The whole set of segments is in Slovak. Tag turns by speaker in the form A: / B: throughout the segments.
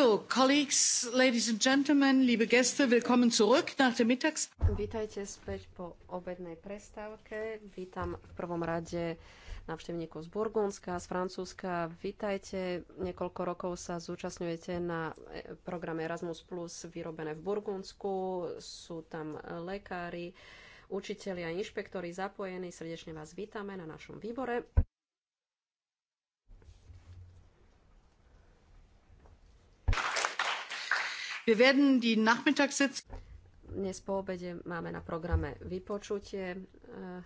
A: Vítajte
B: späť po obednej prestávke. Vítam v prvom rade návštevníkov z Burgundska, z Francúzska. Vítajte, niekoľko rokov sa zúčastňujete na e, programe Erasmus+, Plus vyrobené v Burgundsku. Sú tam lekári, učitelia, inšpektori zapojení. Srdečne vás vítame na našom výbore.
A: Wir werden die Nachmittagssitzung
B: dnes po obede máme na programe vypočutie eh,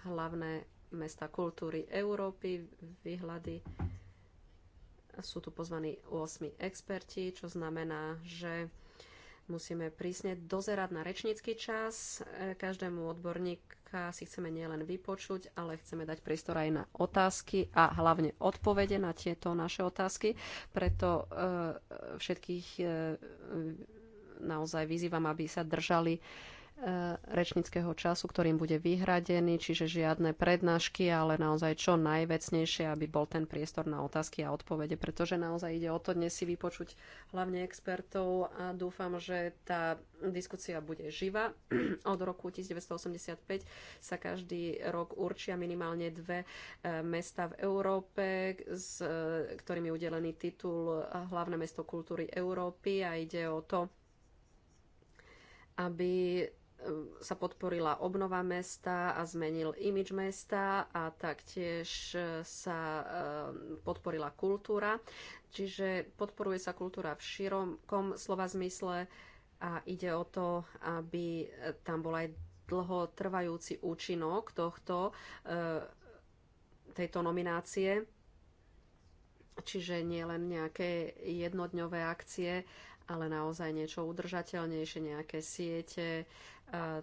B: hlavné mesta kultúry Európy, výhľady. Sú tu pozvaní 8 experti, čo znamená, že musíme prísne dozerať na rečnícky čas. Eh, každému odborníka si chceme nielen vypočuť, ale chceme dať priestor aj na otázky a hlavne odpovede na tieto naše otázky. Preto eh, všetkých naozaj vyzývam, aby sa držali e, rečnického času, ktorým bude vyhradený, čiže žiadne prednášky, ale naozaj čo najvecnejšie, aby bol ten priestor na otázky a odpovede, pretože naozaj ide o to dnes si vypočuť hlavne expertov a dúfam, že tá diskusia bude živa Od roku 1985 sa každý rok určia minimálne dve e, mesta v Európe, s e, ktorými je udelený titul Hlavné mesto kultúry Európy a ide o to, aby eh, sa podporila obnova mesta a zmenil imič mesta a taktiež eh, sa eh, podporila kultúra. Čiže podporuje sa kultúra v širokom slova zmysle a ide o to, aby tam bol aj dlhotrvajúci účinok tohto, tejto nominácie. Čiže nie len nejaké jednodňové akcie, ale naozaj niečo udržateľnejšie, nejaké siete,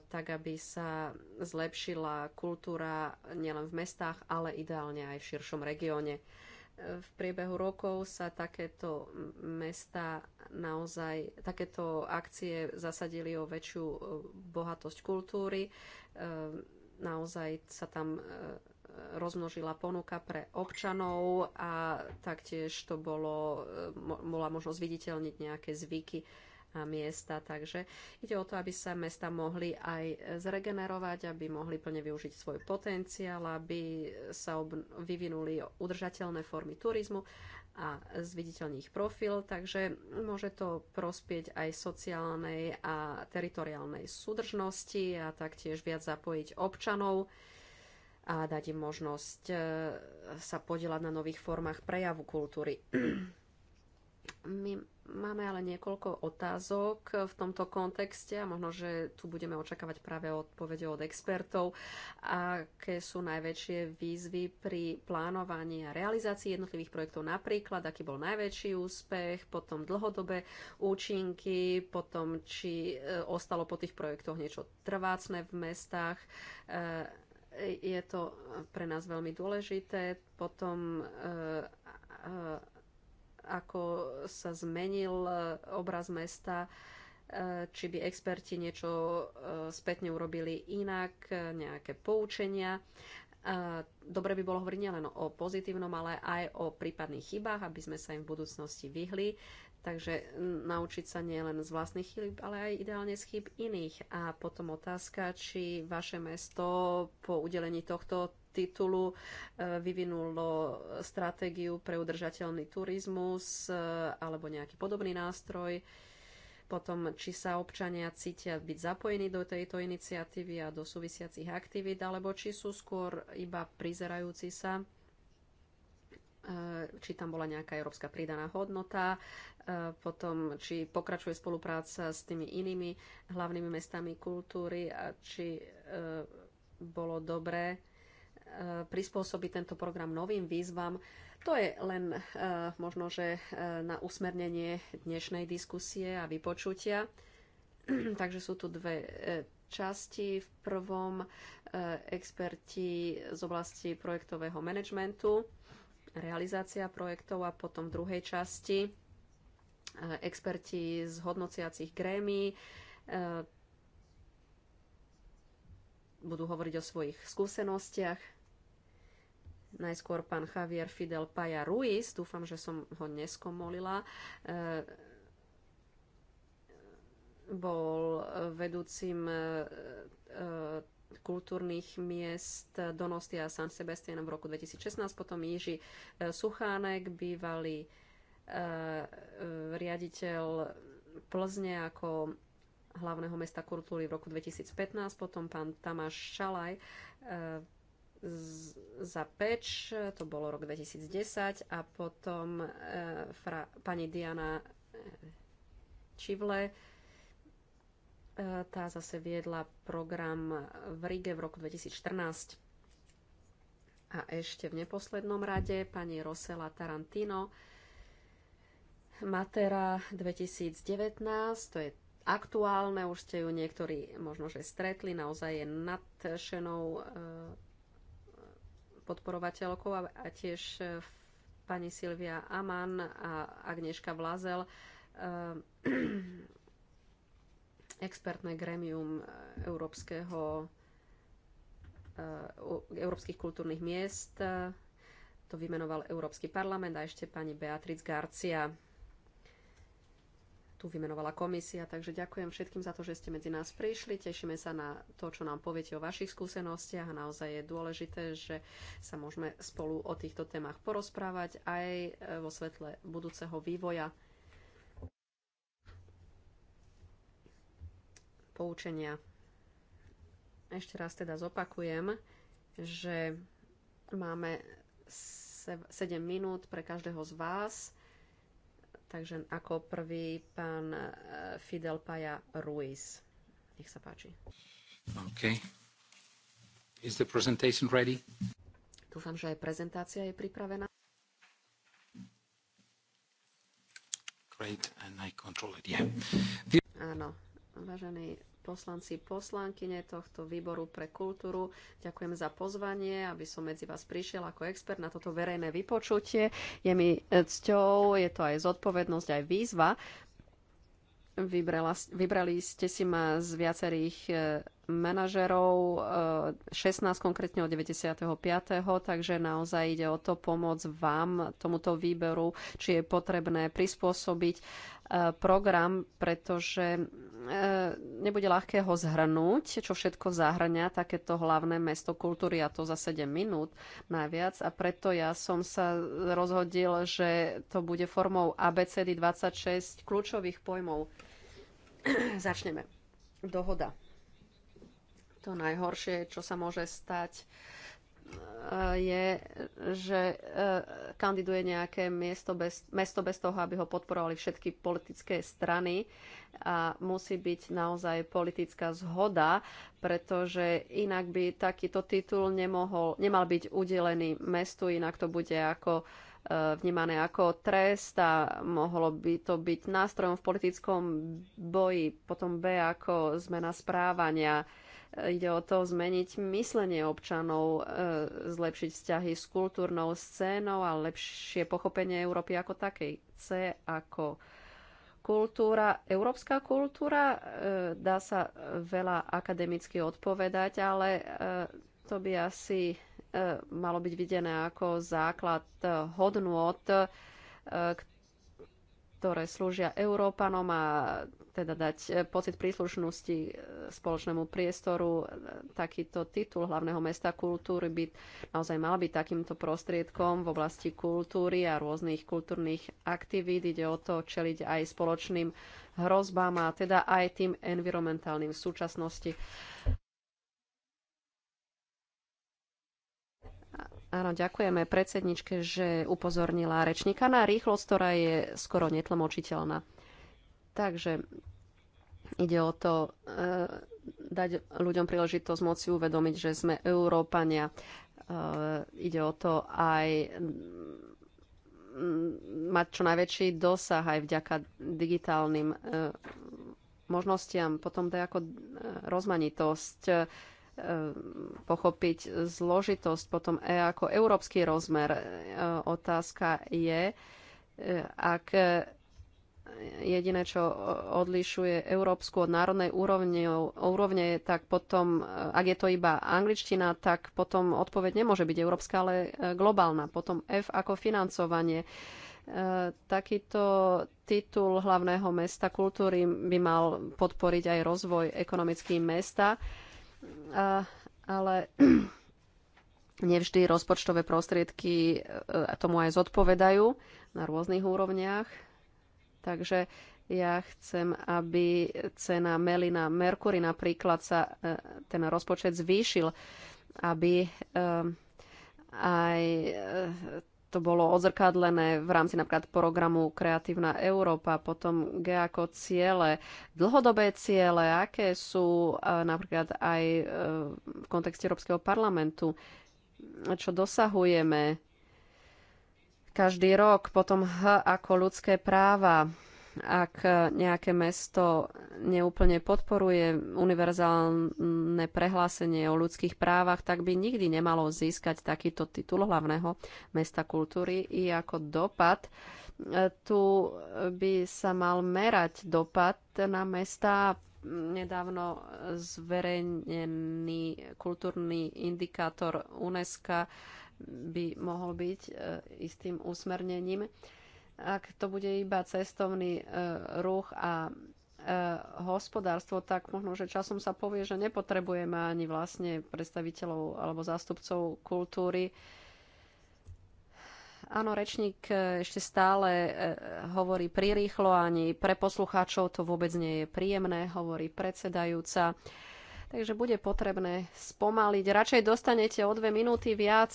B: tak aby sa zlepšila kultúra nielen v mestách, ale ideálne aj v širšom regióne. V priebehu rokov sa takéto mesta naozaj, takéto akcie zasadili o väčšiu e, bohatosť kultúry. E, naozaj sa tam e, rozmnožila ponuka pre občanov a taktiež to bolo, e, bola možnosť viditeľniť nejaké zvyky a miesta. Takže ide o to, aby sa mesta mohli aj zregenerovať, aby mohli plne využiť svoj potenciál, aby sa vyvinuli udržateľné formy turizmu a zviditeľní ich profil, takže môže to prospieť aj sociálnej a teritoriálnej súdržnosti a taktiež viac zapojiť občanov a dať im možnosť e, sa podielať na nových formách prejavu kultúry. My máme ale niekoľko otázok v tomto kontexte a možno, že tu budeme očakávať práve odpovede od expertov, aké sú najväčšie výzvy pri plánovaní a realizácii jednotlivých projektov, napríklad aký bol najväčší úspech, potom dlhodobé účinky, potom či e, ostalo po tých projektoch niečo trvácne v mestách, e, je to pre nás veľmi dôležité. Potom, e, e, ako sa zmenil e, obraz mesta, či by experti niečo spätne urobili inak, nejaké poučenia. Dobre by bolo hovoriť nielen o pozitívnom, ale aj o prípadných chybách, aby sme sa im v budúcnosti vyhli. Takže naučiť sa nie len z vlastných chýb, ale aj ideálne z chýb iných. A potom otázka, či vaše mesto po udelení tohto titulu e, vyvinulo stratégiu pre udržateľný turizmus e, alebo nejaký podobný nástroj. Potom, či sa občania cítia byť zapojení do tejto iniciatívy a do súvisiacich aktivít, alebo či sú skôr iba prizerajúci sa Eh, či tam bola nejaká európska pridaná hodnota, eh, potom či pokračuje spolupráca s tými inými hlavnými mestami kultúry a či eh, bolo dobré prispôsobiť tento program novým výzvam. To je len možno, že na usmernenie dnešnej diskusie a vypočutia. Takže sú tu dve časti. V prvom experti z oblasti projektového manažmentu realizácia projektov a potom v druhej časti e, experti z hodnociacich grémy. E, budú hovoriť o svojich skúsenostiach. Najskôr pán Javier Fidel Paja Ruiz, dúfam, že som ho neskomolila, e, bol vedúcim kultúrnych miest Donosti a San Sebastian v roku 2016, potom Jiži e, Suchánek, bývalý e, e, riaditeľ Plzne ako hlavného mesta kultúry v roku 2015, potom pán Tamáš Šalaj za Peč, to bolo rok 2010, a potom fra, pani Diana Čivle E, tá zase viedla program v Rige v roku 2014. A ešte v neposlednom rade pani Rosela Tarantino, Matera 2019, to je aktuálne, už ste ju niektorí možno, že stretli, naozaj je nadšenou e, podporovateľkou a, tiež e, pani Silvia Aman a Agneška Vlazel expertné gremium e, Európskeho, e, európskych kultúrnych miest. E, to vymenoval Európsky parlament a ešte pani Beatriz Garcia tu vymenovala komisia, takže ďakujem všetkým za to, že ste medzi nás prišli. Tešíme sa na to, čo nám poviete o vašich skúsenostiach a naozaj je dôležité, že sa môžeme spolu o týchto témach porozprávať aj vo svetle budúceho vývoja poučenia. Ešte raz teda zopakujem, že máme 7 minút pre každého z vás. Takže ako prvý pán e, Fidel Paja Ruiz. Nech sa páči.
A: OK. Is the presentation ready?
B: Dúfam, že aj prezentácia je pripravená.
A: Great, and I control it, yeah.
B: Áno, vážení poslanci, poslankyne tohto výboru pre kultúru. Ďakujem za pozvanie, aby som medzi vás prišiel ako expert na toto verejné vypočutie. Je mi cťou, je to aj zodpovednosť, aj výzva. Vybrala, vybrali ste si ma z viacerých e, manažerov, 16 e, konkrétne od 95. Takže naozaj ide o to pomôcť vám tomuto výberu, či je potrebné prispôsobiť program, pretože e, nebude ľahké ho zhrnúť, čo všetko zahrňa takéto hlavné mesto kultúry a to za 7 minút najviac a preto ja som sa rozhodil, že to bude formou ABCD 26 kľúčových pojmov. Začneme. Dohoda. To najhoršie, čo sa môže stať, je, že e, kandiduje nejaké miesto bez, mesto bez toho, aby ho podporovali všetky politické strany a musí byť naozaj politická zhoda, pretože inak by takýto titul nemohol, nemal byť udelený mestu, inak to bude ako e, vnímané ako trest a mohlo by to byť nástrojom v politickom boji. Potom B ako zmena správania Ide o to zmeniť myslenie občanov, e, zlepšiť vzťahy s kultúrnou scénou a lepšie pochopenie Európy ako takej. C ako kultúra, európska kultúra, e, dá sa veľa akademicky odpovedať, ale e, to by asi malo byť videné ako základ hodnôt, ktoré slúžia Európanom a teda dať e, pocit príslušnosti e, spoločnému priestoru. E, takýto titul hlavného mesta kultúry by naozaj mal byť takýmto prostriedkom v oblasti kultúry a rôznych kultúrnych aktivít. Ide o to čeliť aj spoločným hrozbám a teda aj tým environmentálnym v súčasnosti. Áno, ďakujeme predsedničke, že upozornila rečníka na rýchlosť, ktorá je skoro netlmočiteľná. Takže ide o to e, dať ľuďom príležitosť moci uvedomiť, že sme Európania. E, ide o to aj mať čo najväčší dosah aj vďaka digitálnym e, možnostiam. Potom to je ako e, rozmanitosť. E, Eh, pochopiť zložitosť, potom E ako európsky rozmer. Eh, otázka je, eh, ak jediné, čo odlišuje európsku od národnej úrovne, úrovne, tak potom, ak je to iba angličtina, tak potom odpoveď nemôže byť európska, ale globálna. Potom F ako financovanie. Takýto titul hlavného mesta kultúry by mal podporiť aj rozvoj ekonomických mesta. A, ale nevždy rozpočtové prostriedky e, tomu aj zodpovedajú na rôznych úrovniach. Takže ja chcem, aby cena melina Merkury napríklad sa e, ten rozpočet zvýšil, aby e, aj to bolo odzrkadlené v rámci napríklad programu Kreatívna Európa, potom G ako ciele, dlhodobé ciele, aké sú e, napríklad aj e, v kontexte Európskeho parlamentu, čo dosahujeme každý rok, potom H ako ľudské práva, ak nejaké mesto neúplne podporuje univerzálne prehlásenie o ľudských právach, tak by nikdy nemalo získať takýto titul hlavného mesta kultúry. I ako dopad, e, tu by sa mal merať dopad na mesta nedávno zverejnený kultúrny indikátor UNESCO by mohol byť e, istým usmernením. Ak to bude iba cestovný e, ruch a e, hospodárstvo, tak možno, že časom sa povie, že nepotrebujeme ani vlastne predstaviteľov alebo zástupcov kultúry. Áno, rečník e, ešte stále e, hovorí prirýchlo, ani pre poslucháčov to vôbec nie je príjemné, hovorí predsedajúca. Takže bude potrebné spomaliť. Radšej dostanete o dve minúty viac,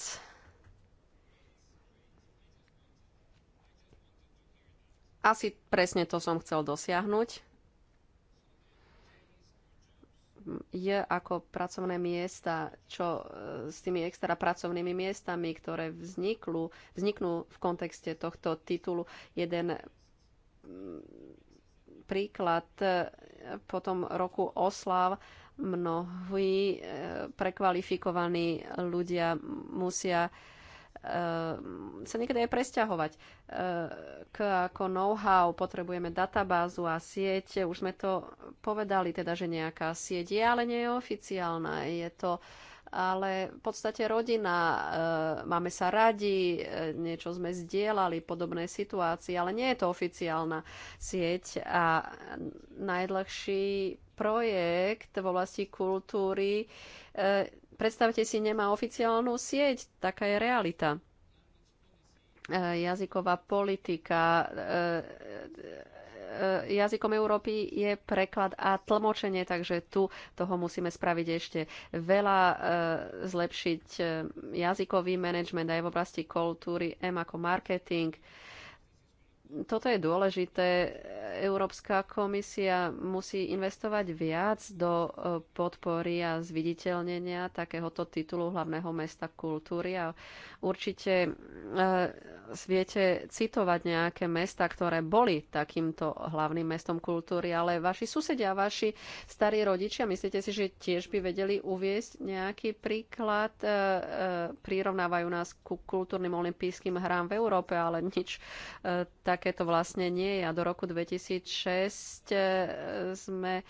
B: Asi presne to som chcel dosiahnuť. Je ako pracovné miesta, čo e, s tými extra pracovnými miestami, ktoré vzniknú, vzniknú v kontexte tohto titulu. Jeden mm, príklad e, po tom roku oslav mnohí e, prekvalifikovaní ľudia musia Ehm, sa niekedy aj presťahovať. Ehm, k ako know-how potrebujeme databázu a sieť. Už sme to povedali, teda, že nejaká sieť je, ale nie je oficiálna. Je to ale v podstate rodina, ehm, máme sa radi, niečo sme zdieľali, podobné situácie, ale nie je to oficiálna sieť a najdlhší projekt v oblasti kultúry predstavte si, nemá oficiálnu sieť, taká je realita. E, jazyková politika. E, e, jazykom Európy je preklad a tlmočenie, takže tu toho musíme spraviť ešte veľa, zlepšiť jazykový manažment aj v oblasti kultúry, M ako marketing, toto je dôležité. Európska komisia musí investovať viac do e, podpory a zviditeľnenia takéhoto titulu hlavného mesta kultúry a určite e, viete citovať nejaké mesta, ktoré boli takýmto hlavným mestom kultúry, ale vaši susedia, vaši starí rodičia, myslíte si, že tiež by vedeli uviesť nejaký príklad? E, e, prirovnávajú nás ku kultúrnym olympijským hrám v Európe, ale nič e, takéto vlastne nie je. A do roku 2006 e, sme e,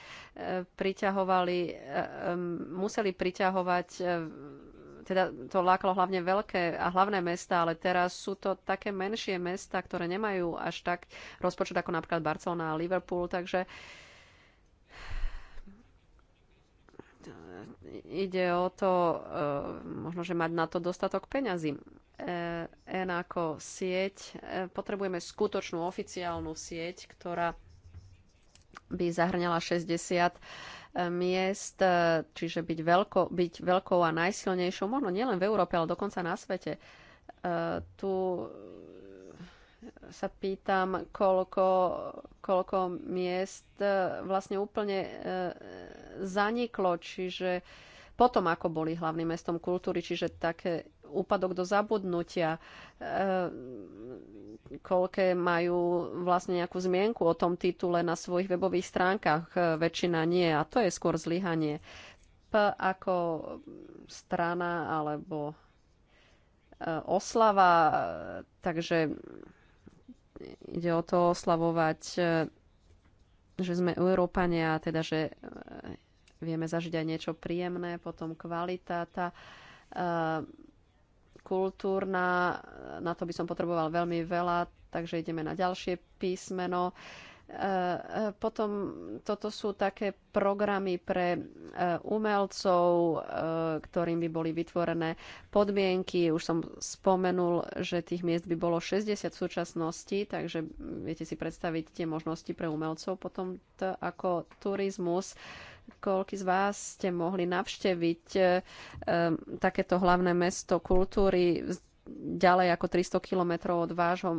B: priťahovali, e, museli priťahovať teda to lákalo hlavne veľké a hlavné mesta, ale teraz sú to také menšie mesta, ktoré nemajú až tak rozpočet ako napríklad Barcelona a Liverpool, takže ide o to, eh, možno, že mať na to dostatok peňazí. E, ako sieť. Eh, potrebujeme skutočnú oficiálnu sieť, ktorá by zahrňala 60 miest, e, čiže byť, veľko, byť veľkou a najsilnejšou, možno nielen v Európe, ale dokonca na svete. E, tu sa pýtam, koľko, koľko miest e, vlastne úplne zaniklo, čiže potom, ako boli hlavným mestom kultúry, čiže také úpadok do zabudnutia, e, koľké majú vlastne nejakú zmienku o tom titule na svojich webových stránkach. E, väčšina nie a to je skôr zlyhanie. P ako strana alebo e, oslava, takže ide o to oslavovať, že sme Európania, teda že vieme zažiť aj niečo príjemné, potom kvalita, tá kultúrna. Na to by som potreboval veľmi veľa, takže ideme na ďalšie písmeno. E, e, potom toto sú také programy pre e, umelcov, ktorým by boli vytvorené podmienky. Už som spomenul, že tých miest by bolo 60 v súčasnosti, takže viete si predstaviť tie možnosti pre umelcov. Potom to ako turizmus Koľko z vás ste mohli navšteviť e, takéto hlavné mesto kultúry ďalej ako 300 kilometrov od vášho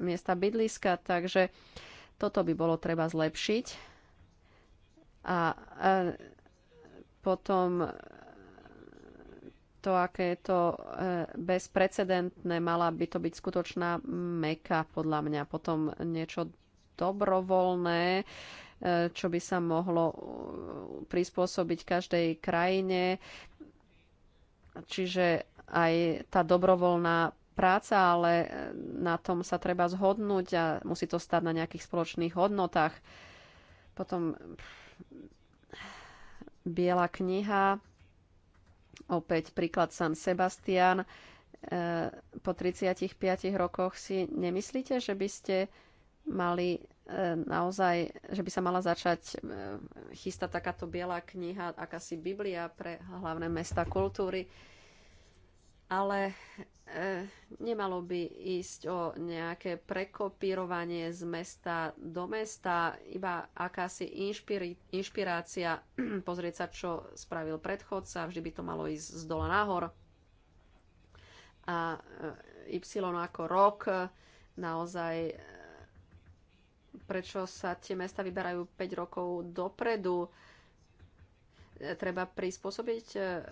B: miesta bydliska, takže toto by bolo treba zlepšiť. A e, potom to, aké je to bezprecedentné, mala by to byť skutočná meka podľa mňa. Potom niečo dobrovoľné, čo by sa mohlo uh, prispôsobiť každej krajine. Čiže aj tá dobrovoľná práca, ale uh, na tom sa treba zhodnúť a musí to stať na nejakých spoločných hodnotách. Potom Biela kniha, opäť príklad San Sebastian. Uh, po 35 rokoch si nemyslíte, že by ste mali Ehm, naozaj, že by sa mala začať ehm, chystať takáto biela kniha, akási Biblia pre hlavné mesta kultúry. Ale ehm, nemalo by ísť o nejaké prekopírovanie z mesta do mesta, iba akási inšpirácia, pozrieť sa, čo spravil predchodca, vždy by to malo ísť z dola nahor. A Y ako rok naozaj prečo sa tie mesta vyberajú 5 rokov dopredu. Treba prispôsobiť e,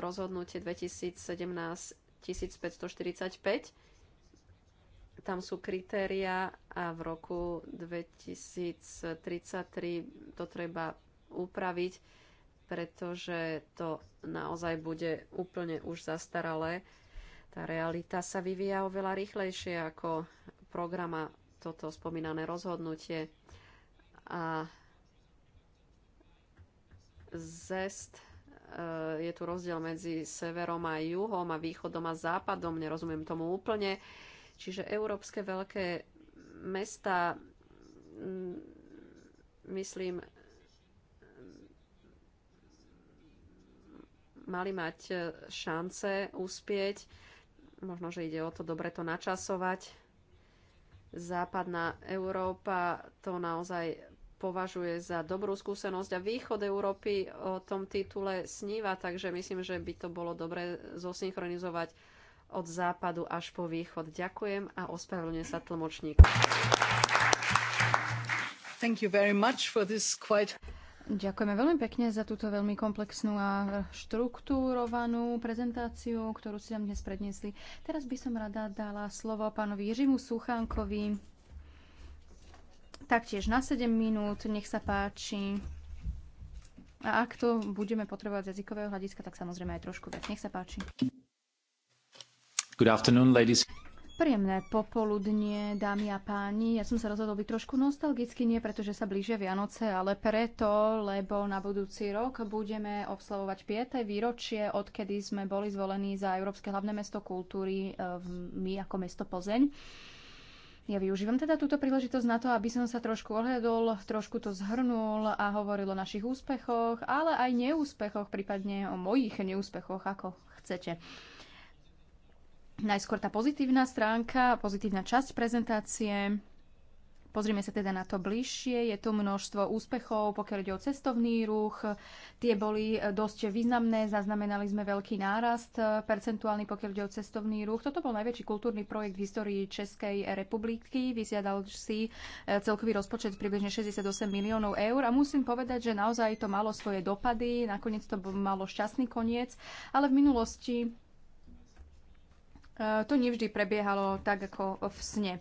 B: rozhodnutie 2017 1545. Tam sú kritéria a v roku 2033 to treba upraviť, pretože to naozaj bude úplne už zastaralé. Tá realita sa vyvíja oveľa rýchlejšie ako programa toto spomínané rozhodnutie. A zest e, je tu rozdiel medzi severom a juhom a východom a západom, nerozumiem tomu úplne. Čiže európske veľké mesta, mm, myslím, mali mať e, šance uspieť. Možno, že ide o to dobre to načasovať. Západná Európa to naozaj považuje za dobrú skúsenosť a východ Európy o tom titule sníva, takže myslím, že by to bolo dobre zosynchronizovať od západu až po východ. Ďakujem a ospravedlňujem sa tlmočníkom.
C: Thank you very much for this quite... Ďakujeme veľmi pekne za túto veľmi komplexnú a štruktúrovanú prezentáciu, ktorú si nám dnes predniesli. Teraz by som rada dala slovo pánovi Jiřimu Suchánkovi. Taktiež na 7 minút, nech sa páči. A ak to budeme potrebovať z jazykového hľadiska, tak samozrejme aj trošku viac. Nech sa páči.
B: Good
A: afternoon, ladies.
C: Príjemné popoludnie, dámy a páni. Ja som sa rozhodol byť trošku nostalgicky, nie preto, že sa blížia Vianoce, ale preto, lebo na budúci rok budeme obslavovať 5. výročie, odkedy sme boli zvolení za Európske hlavné mesto kultúry, e, my ako mesto Plzeň. Ja využívam teda túto príležitosť na to, aby som sa trošku ohľadol, trošku to zhrnul a hovoril o našich úspechoch, ale aj neúspechoch, prípadne o mojich neúspechoch, ako chcete. Najskôr tá pozitívna stránka, pozitívna časť prezentácie. Pozrime sa teda na to bližšie. Je tu množstvo úspechov, pokiaľ ide o cestovný ruch. Tie boli eh, dosť významné, zaznamenali sme veľký nárast eh, percentuálny, pokiaľ ide o cestovný ruch. Toto bol najväčší kultúrny projekt v histórii Českej republiky. Vysiadal si eh, celkový rozpočet približne 68 miliónov eur a musím povedať, že naozaj to malo svoje dopady. Nakoniec to malo šťastný koniec, ale v minulosti to nevždy prebiehalo tak, ako v sne.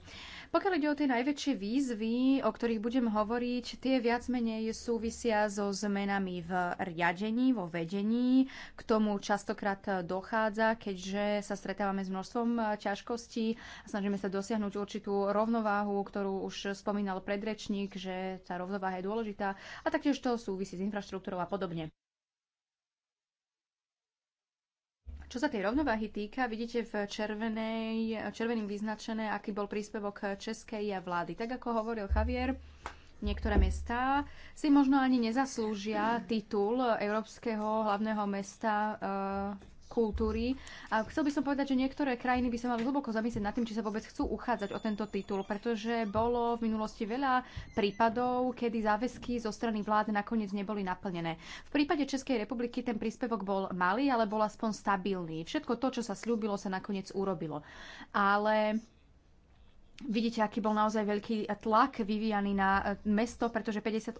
C: Pokiaľ ide o tie najväčšie výzvy, o ktorých budem hovoriť, tie viac menej súvisia so zmenami v riadení, vo vedení. K tomu častokrát dochádza, keďže sa stretávame s množstvom ťažkostí a snažíme sa dosiahnuť určitú rovnováhu, ktorú už spomínal predrečník, že tá rovnováha je dôležitá a taktiež to súvisí s infraštruktúrou a podobne. Čo sa tej rovnováhy týka, vidíte v červenej, červeným vyznačené, aký bol príspevok českej vlády. Tak ako hovoril Javier, niektoré mestá si možno ani nezaslúžia titul Európskeho hlavného mesta eh, kultúry. A chcel by som povedať, že niektoré krajiny by sa mali hlboko zamyslieť nad tým, či sa vôbec chcú uchádzať o tento titul, pretože bolo v minulosti veľa prípadov, kedy záväzky zo strany vlád nakoniec neboli naplnené. V prípade Českej republiky ten príspevok bol malý, ale bol aspoň stabilný. Všetko to, čo sa slúbilo, sa nakoniec urobilo. Ale Vidíte, aký bol naozaj veľký tlak vyvíjaný na mesto, pretože 58%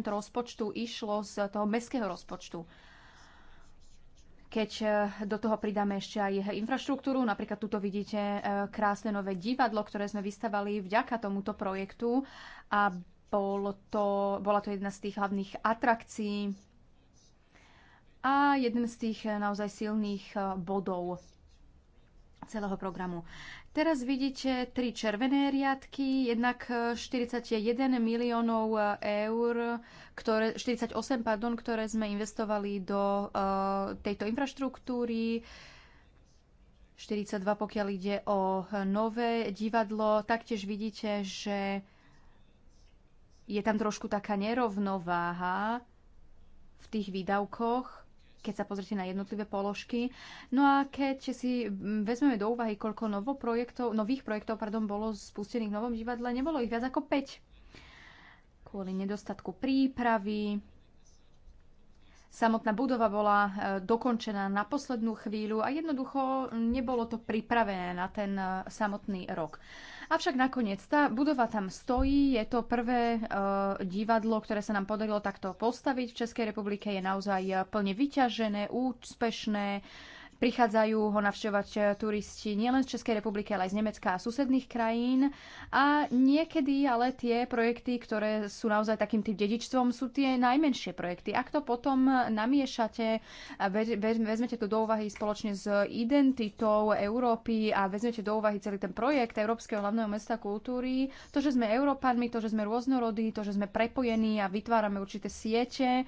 C: rozpočtu išlo z toho mestského rozpočtu. Keď e, do toho pridáme ešte aj infraštruktúru, napríklad tuto vidíte e, krásne nové divadlo, ktoré sme vystavali vďaka tomuto projektu a bolo to, bola to jedna z tých hlavných atrakcií a jeden z tých naozaj silných e, bodov celého programu. Teraz vidíte tri červené riadky, jednak 41 e, miliónov e, eur, ktoré, 48, pardon, ktoré sme investovali do uh, tejto infraštruktúry, 42 pokiaľ ide o nové divadlo. Taktiež vidíte, že je tam trošku taká nerovnováha v tých výdavkoch keď sa pozrite na jednotlivé položky. No a keď si vezmeme do úvahy, koľko projektov, nových projektov pardon, bolo spustených v novom divadle, nebolo ich viac ako 5 kvôli nedostatku prípravy, Samotná budova bola e, dokončená na poslednú chvíľu a jednoducho nebolo to pripravené na ten e, samotný rok. Avšak nakoniec tá budova tam stojí, je to prvé e, divadlo, ktoré sa nám podarilo takto postaviť v Českej republike, je naozaj e, plne vyťažené, úspešné, Prichádzajú ho navštevovať eh, turisti nielen z Českej republiky, ale aj z Nemecka a susedných krajín. A niekedy ale tie projekty, ktoré sú naozaj takým tým dedičstvom, sú tie najmenšie projekty. Ak to potom namiešate, vezmete to do úvahy spoločne s identitou Európy a vezmete do úvahy celý ten projekt Európskeho hlavného mesta kultúry, to, že sme Európanmi, to, že sme rôznorodí, to, že sme prepojení a vytvárame určité siete,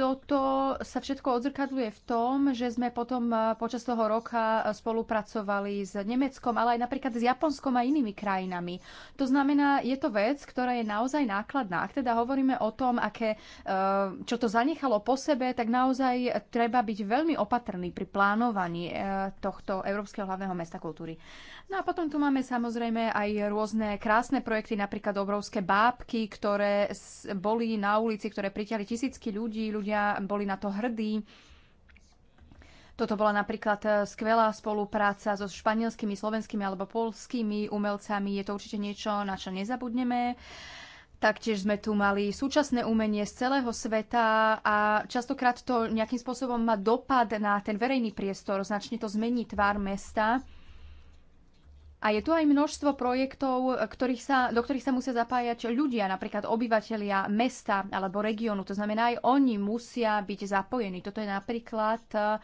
C: toto sa všetko odzrkadluje v tom, že sme potom eh, počas toho roka eh, spolupracovali s Nemeckom, ale aj napríklad s Japonskom a inými krajinami. To znamená, je to vec, ktorá je naozaj nákladná. Ak teda hovoríme o tom, aké, eh, čo to zanechalo po sebe, tak naozaj treba byť veľmi opatrný pri plánovaní tohto Európskeho hlavného mesta kultúry. No a potom tu máme samozrejme aj rôzne krásne projekty, napríklad obrovské bábky, ktoré boli na ulici, ktoré pritiali tisícky ľudí, ľudí ľudia boli na to hrdí. Toto bola napríklad eh, skvelá spolupráca so španielskými, slovenskými alebo polskými umelcami. Je to určite niečo, na čo nezabudneme. Taktiež sme tu mali súčasné umenie z celého sveta a častokrát to nejakým spôsobom má dopad na ten verejný priestor, značne to zmení tvár mesta. A je tu aj množstvo projektov, ktorých sa, do ktorých sa musia zapájať ľudia, napríklad obyvateľia mesta alebo regiónu. To znamená, aj oni musia byť zapojení. Toto je napríklad uh,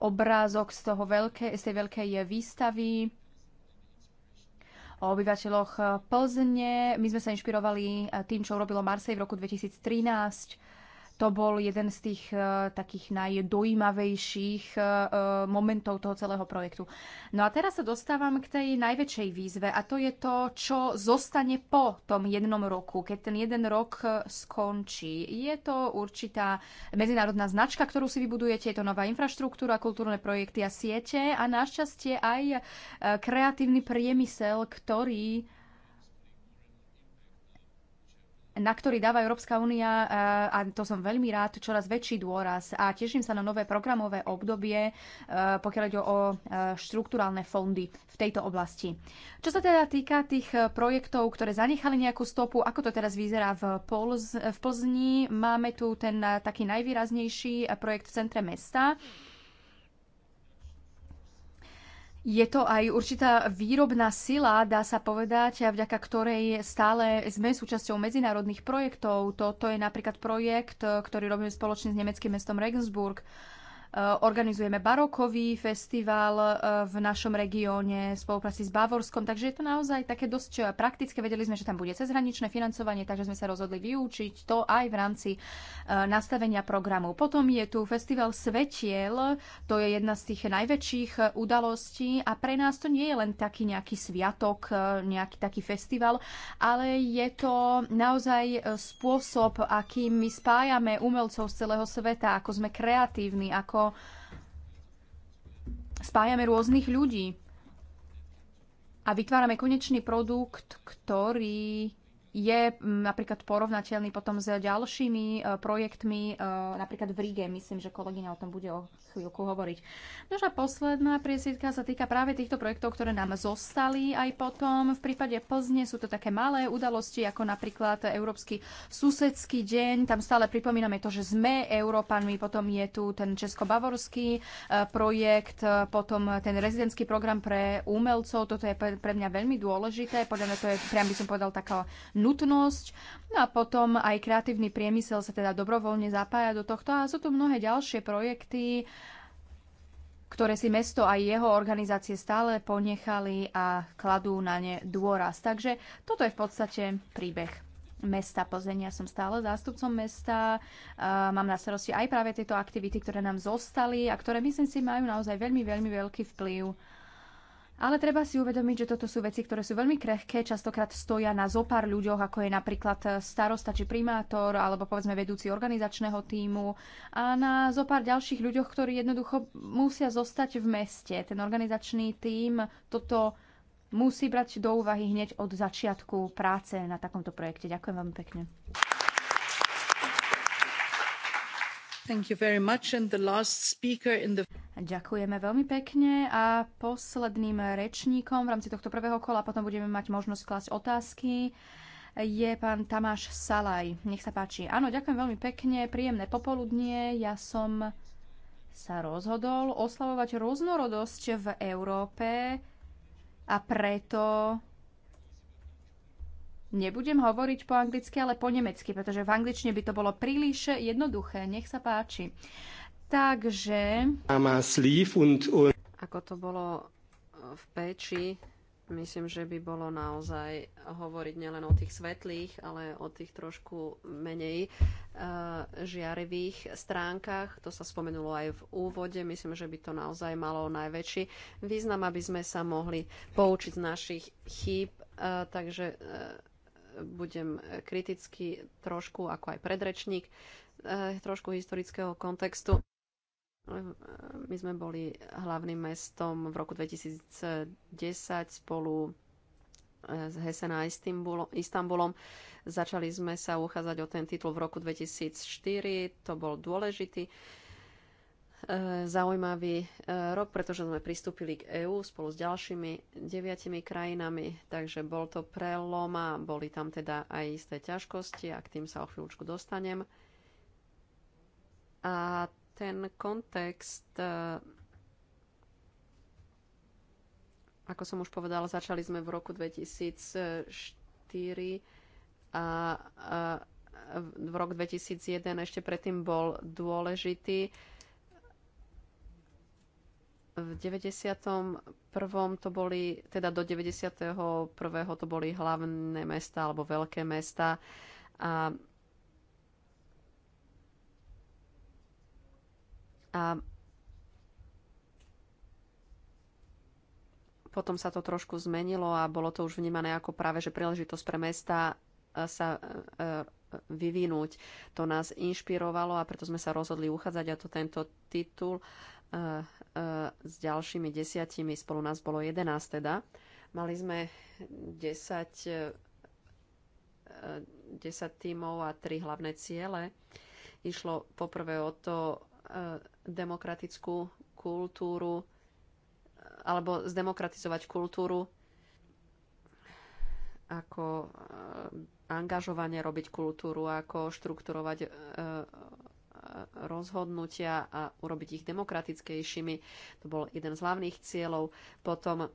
C: obrázok z, toho veľké, z tej veľkej výstavy o obyvateľoch Plzne. My sme sa inšpirovali e, tým, čo urobilo Marsej v roku 2013 to bol jeden z tých uh, takých najdojímavejších uh, momentov toho celého projektu. No a teraz sa dostávam k tej najväčšej výzve a to je to, čo zostane po tom jednom roku, keď ten jeden rok skončí. Je to určitá medzinárodná značka, ktorú si vybudujete, je to nová infraštruktúra, kultúrne projekty a siete a našťastie aj kreatívny priemysel, ktorý na ktorý dáva Európska únia, eh, a to som veľmi rád, čoraz väčší dôraz. A teším sa na nové programové obdobie, eh, pokiaľ ide o eh, štruktúralne fondy v tejto oblasti. Čo sa teda týka tých projektov, ktoré zanechali nejakú stopu, ako to teraz vyzerá v, Polz, v Plzni, máme tu ten taký najvýraznejší projekt v centre mesta, je to aj určitá výrobná sila, dá sa povedať, a vďaka ktorej stále sme súčasťou medzinárodných projektov. Toto je napríklad projekt, ktorý robíme spoločne s nemeckým mestom Regensburg Eh, organizujeme barokový festival eh, v našom regióne v spolupráci s Bavorskom, takže je to naozaj také dosť eh, praktické. Vedeli sme, že tam bude cezhraničné financovanie, takže sme sa rozhodli vyučiť to aj v rámci nastavenia programu. Potom je tu festival Svetiel, to je jedna z tých najväčších udalostí a pre nás to nie je len taký nejaký sviatok, nejaký taký festival, ale je to naozaj spôsob, akým my spájame umelcov z celého sveta, ako sme kreatívni, ako ako spájame rôznych ľudí a vytvárame konečný produkt, ktorý je mm, napríklad porovnateľný potom s ďalšími e, projektmi, e, napríklad v Ríge, myslím, že kolegyňa o tom bude o chvíľku hovoriť. a posledná priesvitka sa týka práve týchto projektov, ktoré nám zostali aj potom. V prípade Plzne sú to také malé udalosti, ako napríklad Európsky susedský deň, tam stále pripomíname to, že sme Európanmi, potom je tu ten česko-bavorský e, projekt, potom ten rezidentský program pre umelcov, toto je pre mňa veľmi dôležité, podľa mňa to je, priam by som povedal, taká nutnosť. No a potom aj kreatívny priemysel sa teda dobrovoľne zapája do tohto a sú tu mnohé ďalšie projekty, ktoré si mesto a jeho organizácie stále ponechali a kladú na ne dôraz. Takže toto je v podstate príbeh mesta Plzeň. Ja som stále zástupcom mesta. Uh, mám na starosti aj práve tieto aktivity, ktoré nám zostali a ktoré myslím si majú naozaj veľmi, veľmi veľký vplyv ale treba si uvedomiť, že toto sú veci, ktoré sú veľmi krehké, častokrát stoja na zopár ľuďoch, ako je napríklad starosta či primátor, alebo povedzme vedúci organizačného týmu a na zopár ďalších ľuďoch, ktorí jednoducho musia zostať v meste. Ten organizačný tím toto musí brať do úvahy hneď od začiatku práce na takomto projekte. Ďakujem veľmi pekne. Ďakujeme veľmi pekne a posledným rečníkom v rámci tohto prvého kola, potom budeme mať možnosť klásť otázky, je pán Tamáš Salaj. Nech sa páči. Áno, ďakujem veľmi pekne, príjemné popoludnie. Ja som sa rozhodol oslavovať rôznorodosť v Európe a preto Nebudem hovoriť po anglicky, ale po nemecky, pretože v angličtine by to bolo príliš jednoduché. Nech sa páči. Takže... Ako to bolo
B: v péči, myslím, že by bolo naozaj hovoriť nielen o tých svetlých, ale o tých trošku menej eh, žiarivých stránkach. To sa spomenulo aj v úvode. Myslím, že by to naozaj malo najväčší význam, aby sme sa mohli poučiť z našich chýb. Eh, takže eh, budem kriticky, trošku, ako aj predrečník, eh, trošku historického kontextu. My sme boli hlavným mestom v roku 2010 spolu eh, s Hesena a Istanbulom. Začali sme sa uchádzať o ten titul v roku 2004. To bol dôležitý E, zaujímavý e, rok, pretože sme pristúpili k EÚ spolu s ďalšími deviatimi krajinami, takže bol to prelom a boli tam teda aj isté ťažkosti a k tým sa o chvíľučku dostanem. A ten kontext, e, ako som už povedala, začali sme v roku 2004 a, v rok 2001 ešte predtým bol dôležitý v 91. to boli, teda do 91. to boli hlavné mesta alebo veľké mesta a, a potom sa to trošku zmenilo a bolo to už vnímané ako práve, že príležitosť pre mesta e, sa e, e, vyvinúť. To nás inšpirovalo a preto sme sa rozhodli uchádzať a to tento titul E, s ďalšími desiatimi, spolu nás bolo 11 teda. Mali sme 10, 10 e, e, tímov a tri hlavné ciele. Išlo poprvé o to demokratickú kultúru alebo zdemokratizovať kultúru ako angažovanie robiť kultúru, ako štrukturovať rozhodnutia a urobiť ich demokratickejšími. To bol jeden z hlavných cieľov. Potom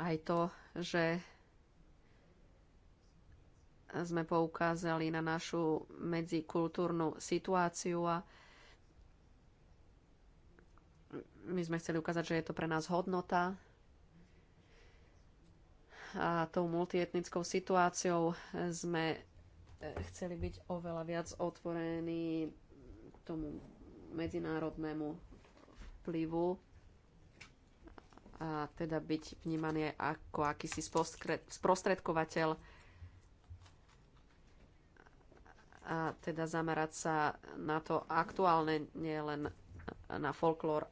B: aj to, že sme poukázali na našu medzikultúrnu situáciu a my sme chceli ukázať, že je to pre nás hodnota a tou multietnickou situáciou sme E, chceli byť oveľa viac otvorení tomu medzinárodnému vplyvu a teda byť vnímaný ako akýsi sprostredkovateľ a teda zamerať sa na to aktuálne, nie len na folklór.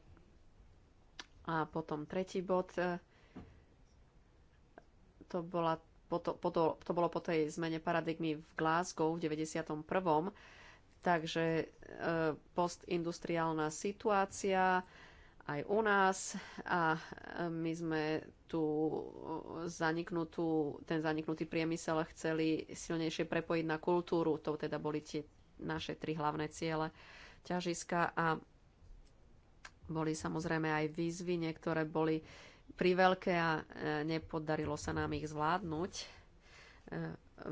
B: A potom tretí bod, e, to bola to, po to, to bolo po tej zmene paradigmy v Glasgow v 91. Takže e, postindustriálna situácia aj u nás a e, my sme tu zaniknutú, ten zaniknutý priemysel chceli silnejšie prepojiť na kultúru. To teda boli tie naše tri hlavné ciele ťažiska a boli samozrejme aj výzvy, niektoré boli veľké a e, nepodarilo sa nám ich zvládnuť. E,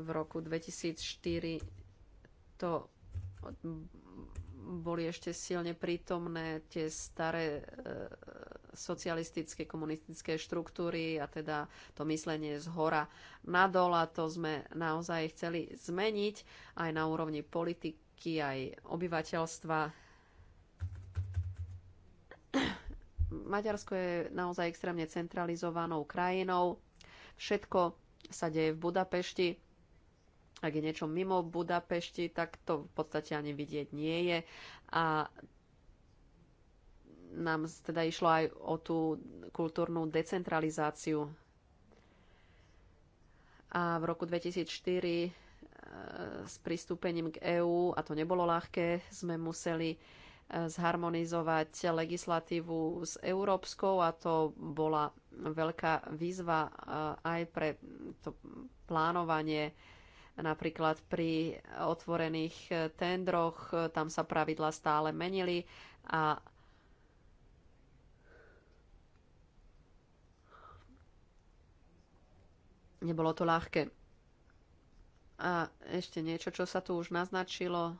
B: v roku 2004 to boli ešte silne prítomné tie staré e, socialistické, komunistické štruktúry a teda to myslenie z hora nadol a to sme naozaj chceli zmeniť aj na úrovni politiky, aj obyvateľstva Maďarsko je naozaj extrémne centralizovanou krajinou. Všetko sa deje v Budapešti. Ak je niečo mimo Budapešti, tak to v podstate ani vidieť nie je. A nám teda išlo aj o tú kultúrnu decentralizáciu. A v roku 2004 e, s pristúpením k EÚ, a to nebolo ľahké, sme museli zharmonizovať legislatívu s európskou a to bola veľká výzva e, aj pre to plánovanie napríklad pri otvorených e, tendroch, e, tam sa pravidla stále menili a nebolo to ľahké. A ešte niečo, čo sa tu už naznačilo,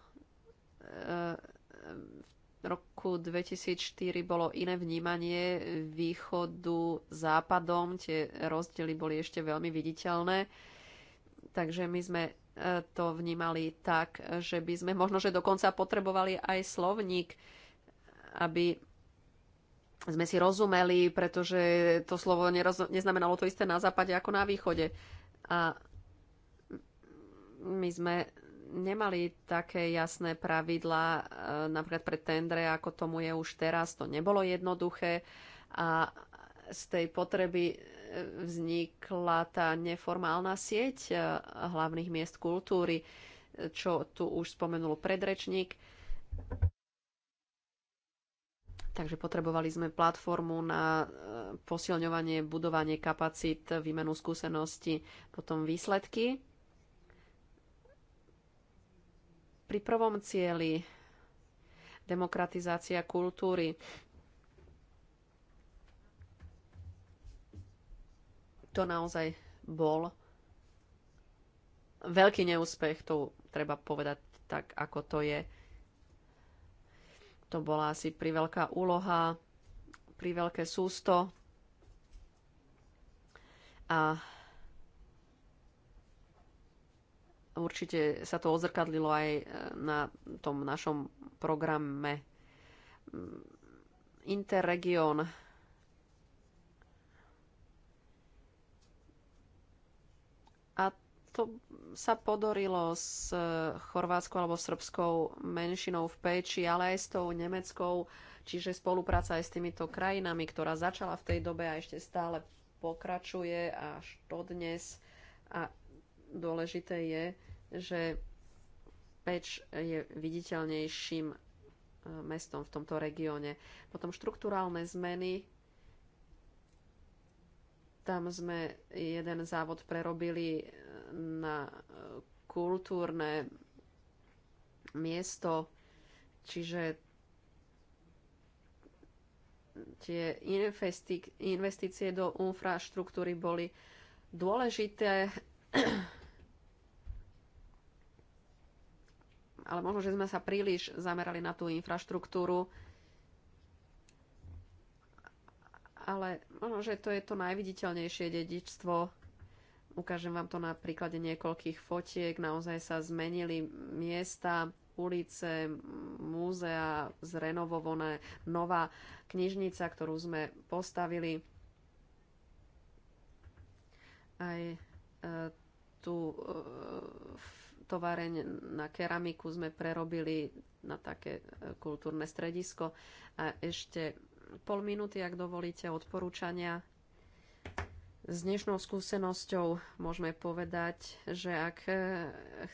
B: roku 2004 bolo iné vnímanie východu západom, tie rozdiely boli ešte veľmi viditeľné. Takže my sme e, to vnímali tak, že by sme možno, že dokonca potrebovali aj slovník, aby sme si rozumeli, pretože to slovo neznamenalo to isté na západe ako na východe. A my sme nemali také jasné pravidlá e, napríklad pre tendre, ako tomu je už teraz. To nebolo jednoduché a z tej potreby e, vznikla tá neformálna sieť e, hlavných miest kultúry, čo tu už spomenul predrečník. Takže potrebovali sme platformu na posilňovanie, budovanie kapacít, výmenu skúseností, potom výsledky. pri prvom cieli demokratizácia kultúry. To naozaj bol veľký neúspech, to treba povedať tak, ako to je. To bola asi priveľká úloha, priveľké sústo a Určite sa to ozrkadlilo aj e, na tom našom programe mm, Interregion. A to sa podorilo s e, chorvátskou alebo srbskou menšinou v Péči, ale aj s tou nemeckou, čiže spolupráca aj s týmito krajinami, ktorá začala v tej dobe a ešte stále pokračuje až dodnes. A dôležité je, že Peč je viditeľnejším e, mestom v tomto regióne. Potom štruktúrálne zmeny. Tam sme jeden závod prerobili e, na e, kultúrne miesto, čiže tie investície do infraštruktúry boli dôležité ale možno, že sme sa príliš zamerali na tú infraštruktúru, ale možno, že to je to najviditeľnejšie dedičstvo. Ukážem vám to na príklade niekoľkých fotiek. Naozaj sa zmenili miesta, ulice, múzea, zrenovované, nová knižnica, ktorú sme postavili. Aj e, tu e, továreň na keramiku sme prerobili na také e, kultúrne stredisko. A ešte pol minúty, ak dovolíte, odporúčania. S dnešnou skúsenosťou môžeme povedať, že ak e,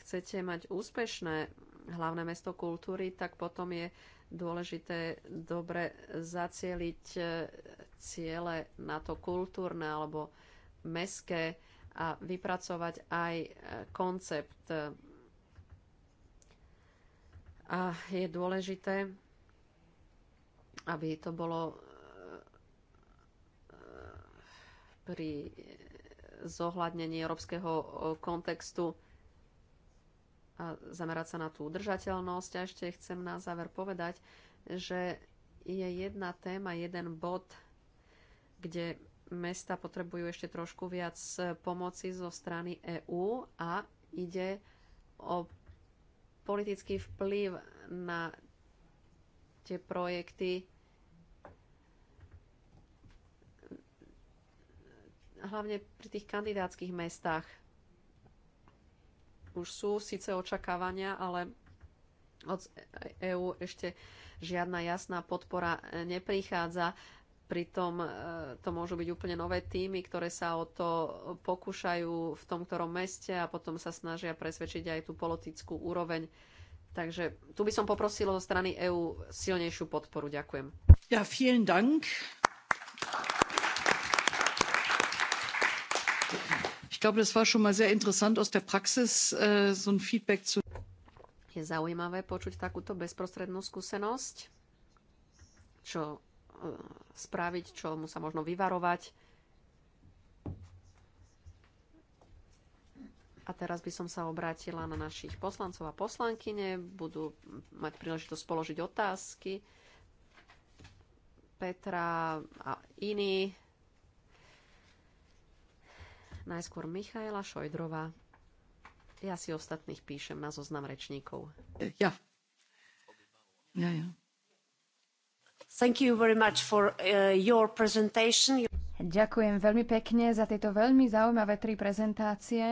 B: chcete mať úspešné hlavné mesto kultúry, tak potom je dôležité dobre zacieliť e, ciele na to kultúrne alebo meské a vypracovať aj koncept a je dôležité, aby to bolo eh, pri zohľadnení európskeho eh, kontextu a zamerať sa na tú udržateľnosť. A ešte chcem na záver povedať, že je jedna téma, jeden bod, kde mesta potrebujú ešte trošku viac eh, pomoci zo strany EÚ a ide o politický vplyv na tie projekty. Hlavne pri tých kandidátskych mestách už sú síce očakávania, ale od EÚ ešte žiadna jasná podpora neprichádza. Pritom e, to môžu byť úplne nové týmy, ktoré sa o to pokúšajú v tom ktorom meste a potom sa snažia presvedčiť aj tú politickú úroveň. Takže tu by som poprosila zo strany EÚ silnejšiu podporu. Ďakujem.
A: Ja, vielen Dank. Ich glaube, das war schon mal sehr interessant aus der Praxis, äh, so ein Feedback zu.
B: Je zaujímavé počuť takúto bezprostrednú skúsenosť, čo spraviť, čo mu sa možno vyvarovať. A teraz by som sa obrátila na našich poslancov a poslankyne. Budú mať príležitosť položiť otázky. Petra a iní. Najskôr Michaela Šojdrova. Ja si ostatných píšem na zoznam rečníkov.
A: Ja.
C: Ja, ja. Uh, ďakujem veľmi pekne za tieto veľmi zaujímavé tri prezentácie.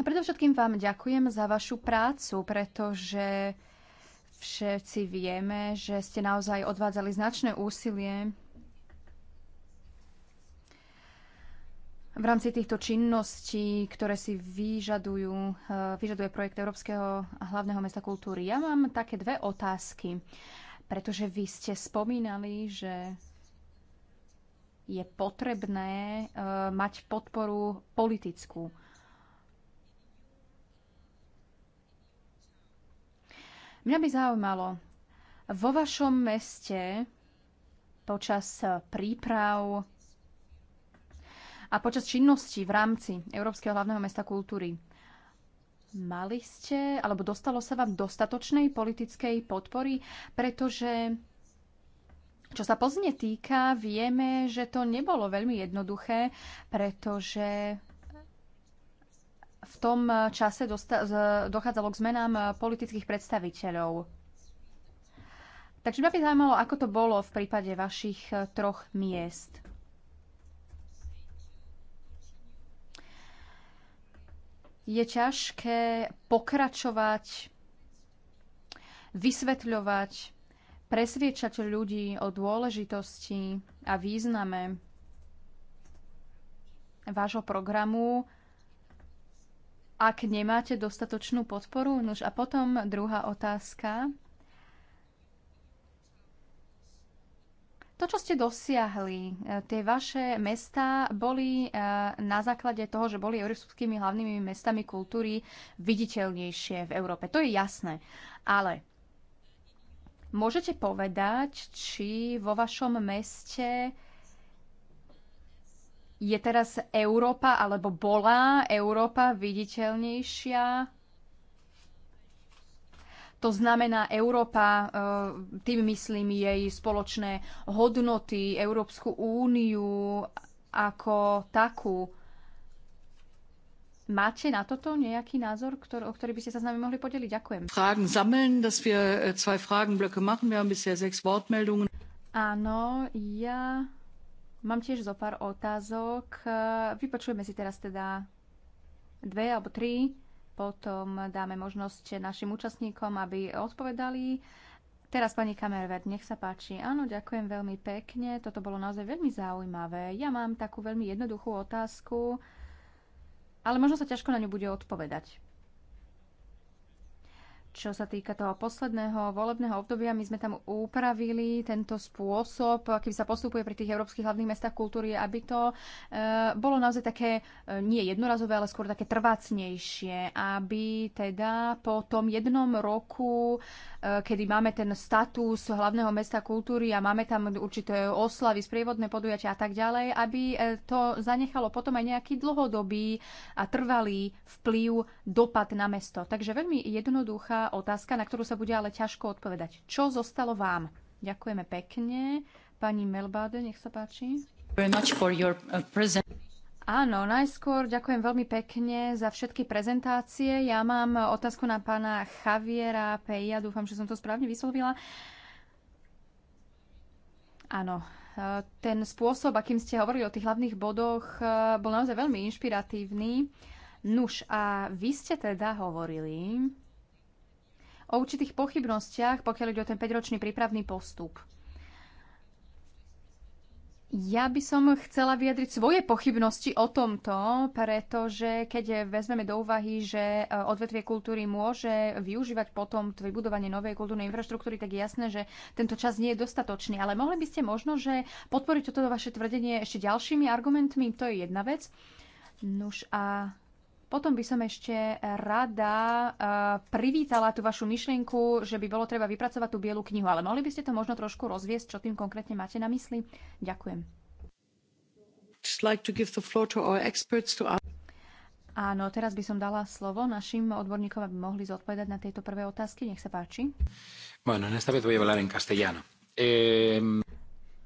C: A predovšetkým vám ďakujem za vašu prácu, pretože všetci vieme, že ste naozaj odvádzali značné úsilie v rámci týchto činností, ktoré si vyžadujú, eh, vyžaduje projekt Európskeho hlavného mesta kultúry. Ja mám také dve otázky. Pretože vy ste spomínali, že je potrebné e, mať podporu politickú. Mňa by zaujímalo, vo vašom meste počas príprav a počas činností v rámci Európskeho hlavného mesta kultúry Mali ste, alebo dostalo sa vám dostatočnej politickej podpory, pretože čo sa pozne týka, vieme, že to nebolo veľmi jednoduché, pretože v tom čase dochádzalo k zmenám politických predstaviteľov. Takže ma by zaujímalo, ako to bolo v prípade vašich troch miest. je ťažké pokračovať, vysvetľovať, presviečať ľudí o dôležitosti a význame vášho programu, ak nemáte dostatočnú podporu. Nož a potom druhá otázka. To, čo ste dosiahli, e, tie vaše mesta boli e, na základe toho, že boli európskymi hlavnými mestami kultúry viditeľnejšie v Európe. To je jasné. Ale môžete povedať, či vo vašom meste je teraz Európa, alebo bola Európa viditeľnejšia to znamená, Európa, e, tým myslím jej spoločné hodnoty, Európsku úniu ako takú. Máte na toto nejaký názor, ktor- o ktorý by ste sa s nami mohli podeliť? Ďakujem.
A: Fragen sammeln, dass wir äh, zwei Fragenblöcke machen. Wir haben bisher sechs Wortmeldungen.
C: Áno, ja mám tiež zo pár otázok. Vypočujeme si teraz teda dve alebo tri potom dáme možnosť našim účastníkom, aby odpovedali. Teraz pani Kamerver, nech sa páči. Áno, ďakujem veľmi pekne. Toto bolo naozaj veľmi zaujímavé. Ja mám takú veľmi jednoduchú otázku, ale možno sa ťažko na ňu bude odpovedať. Čo sa týka toho posledného volebného obdobia, my sme tam upravili tento spôsob, akým sa postupuje pri tých európskych hlavných mestách kultúry, aby to e, bolo naozaj také e, nie jednorazové, ale skôr také trvácnejšie, aby teda po tom jednom roku, e, kedy máme ten status hlavného mesta kultúry a máme tam určité oslavy, sprievodné podujatia a tak ďalej, aby e, to zanechalo potom aj nejaký dlhodobý a trvalý vplyv, dopad na mesto. Takže veľmi jednoduchá otázka, na ktorú sa bude ale ťažko odpovedať. Čo zostalo vám? Ďakujeme pekne. Pani Melbade, nech sa páči. Uh, Áno, najskôr ďakujem veľmi pekne za všetky prezentácie. Ja mám otázku na pána Javiera Peja. Dúfam, že som to správne vyslovila. Áno, uh, ten spôsob, akým ste hovorili o tých hlavných bodoch, uh, bol naozaj veľmi inšpiratívny. Nuž, a vy ste teda hovorili o určitých pochybnostiach, pokiaľ ide o ten 5-ročný prípravný postup. Ja by som chcela vyjadriť svoje pochybnosti o tomto, pretože keď vezmeme do úvahy, že e, odvetvie kultúry môže využívať potom vybudovanie novej kultúrnej infraštruktúry, tak je jasné, že tento čas nie je dostatočný. Ale mohli by ste možno, že podporiť toto vaše tvrdenie ešte ďalšími argumentmi, to je jedna vec. Nuž a potom by som ešte rada eh, privítala tú vašu myšlienku, že by bolo treba vypracovať tú bielu knihu, ale mohli by ste to možno trošku rozviesť, čo tým konkrétne máte na mysli? Ďakujem. Áno, teraz by som dala slovo našim odborníkom, aby mohli zodpovedať na tieto prvé otázky. Nech sa páči.
A: Bueno, en esta vez voy a hablar en castellano. Eh...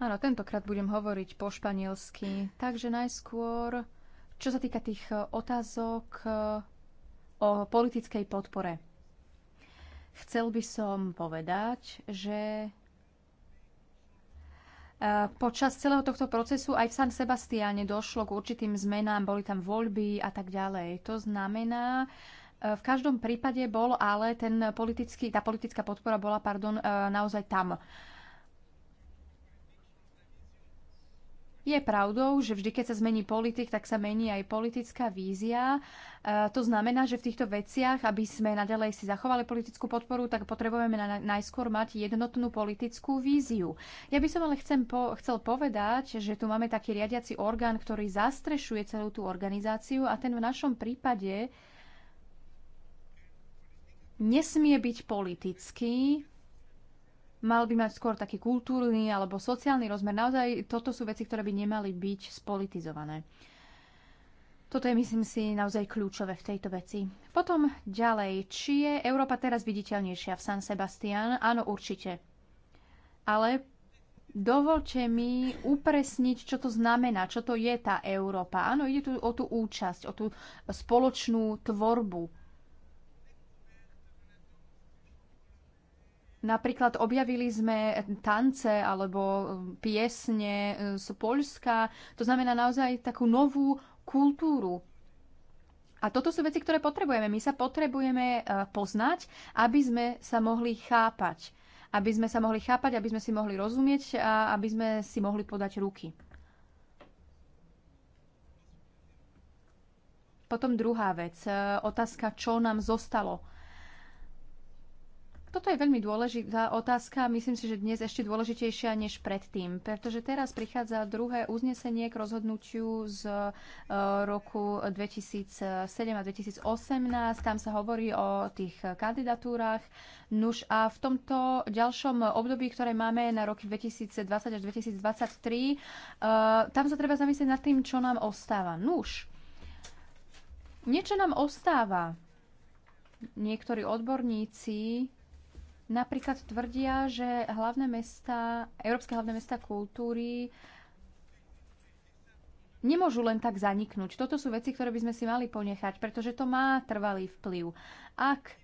C: Áno, tentokrát budem hovoriť po španielsky. Takže najskôr čo sa týka tých e, otázok e, o politickej podpore, chcel by som povedať, že e, počas celého tohto procesu aj v San Sebastiáne došlo k určitým zmenám, boli tam voľby a tak ďalej. To znamená, v každom prípade bol ale ten politický, tá politická podpora bola pardon, naozaj tam. Je pravdou, že vždy, keď sa zmení politik, tak sa mení aj politická vízia. E, to znamená, že v týchto veciach, aby sme nadalej si zachovali politickú podporu, tak potrebujeme na, najskôr mať jednotnú politickú víziu. Ja by som ale chcem po, chcel povedať, že tu máme taký riadiaci orgán, ktorý zastrešuje celú tú organizáciu a ten v našom prípade nesmie byť politický, mal by mať skôr taký kultúrny alebo sociálny rozmer. Naozaj toto sú veci, ktoré by nemali byť spolitizované. Toto je, myslím si, naozaj kľúčové v tejto veci. Potom ďalej, či je Európa teraz viditeľnejšia v San Sebastian? Áno, určite. Ale dovolte mi upresniť, čo to znamená, čo to je tá Európa. Áno, ide tu o tú účasť, o tú spoločnú tvorbu Napríklad objavili sme tance alebo um, piesne um, z Polska. To znamená naozaj takú novú kultúru. A toto sú veci, ktoré potrebujeme. My sa potrebujeme uh, poznať, aby sme sa mohli chápať. Aby sme sa mohli chápať, aby sme si mohli rozumieť a aby sme si mohli podať ruky. Potom druhá vec, uh, otázka, čo nám zostalo toto je veľmi dôležitá otázka, myslím si, že dnes ešte dôležitejšia než predtým, pretože teraz prichádza druhé uznesenie k rozhodnutiu z e, roku 2007 a 2018. Tam sa hovorí o tých kandidatúrach. Nuž a v tomto ďalšom období, ktoré máme na roky 2020 až 2023, e, tam sa treba zamyslieť nad tým, čo nám ostáva. Nuž, niečo nám ostáva. Niektorí odborníci Napríklad tvrdia, že hlavné mesta, európske hlavné mesta kultúry nemôžu len tak zaniknúť. Toto sú veci, ktoré by sme si mali ponechať, pretože to má trvalý vplyv. Ak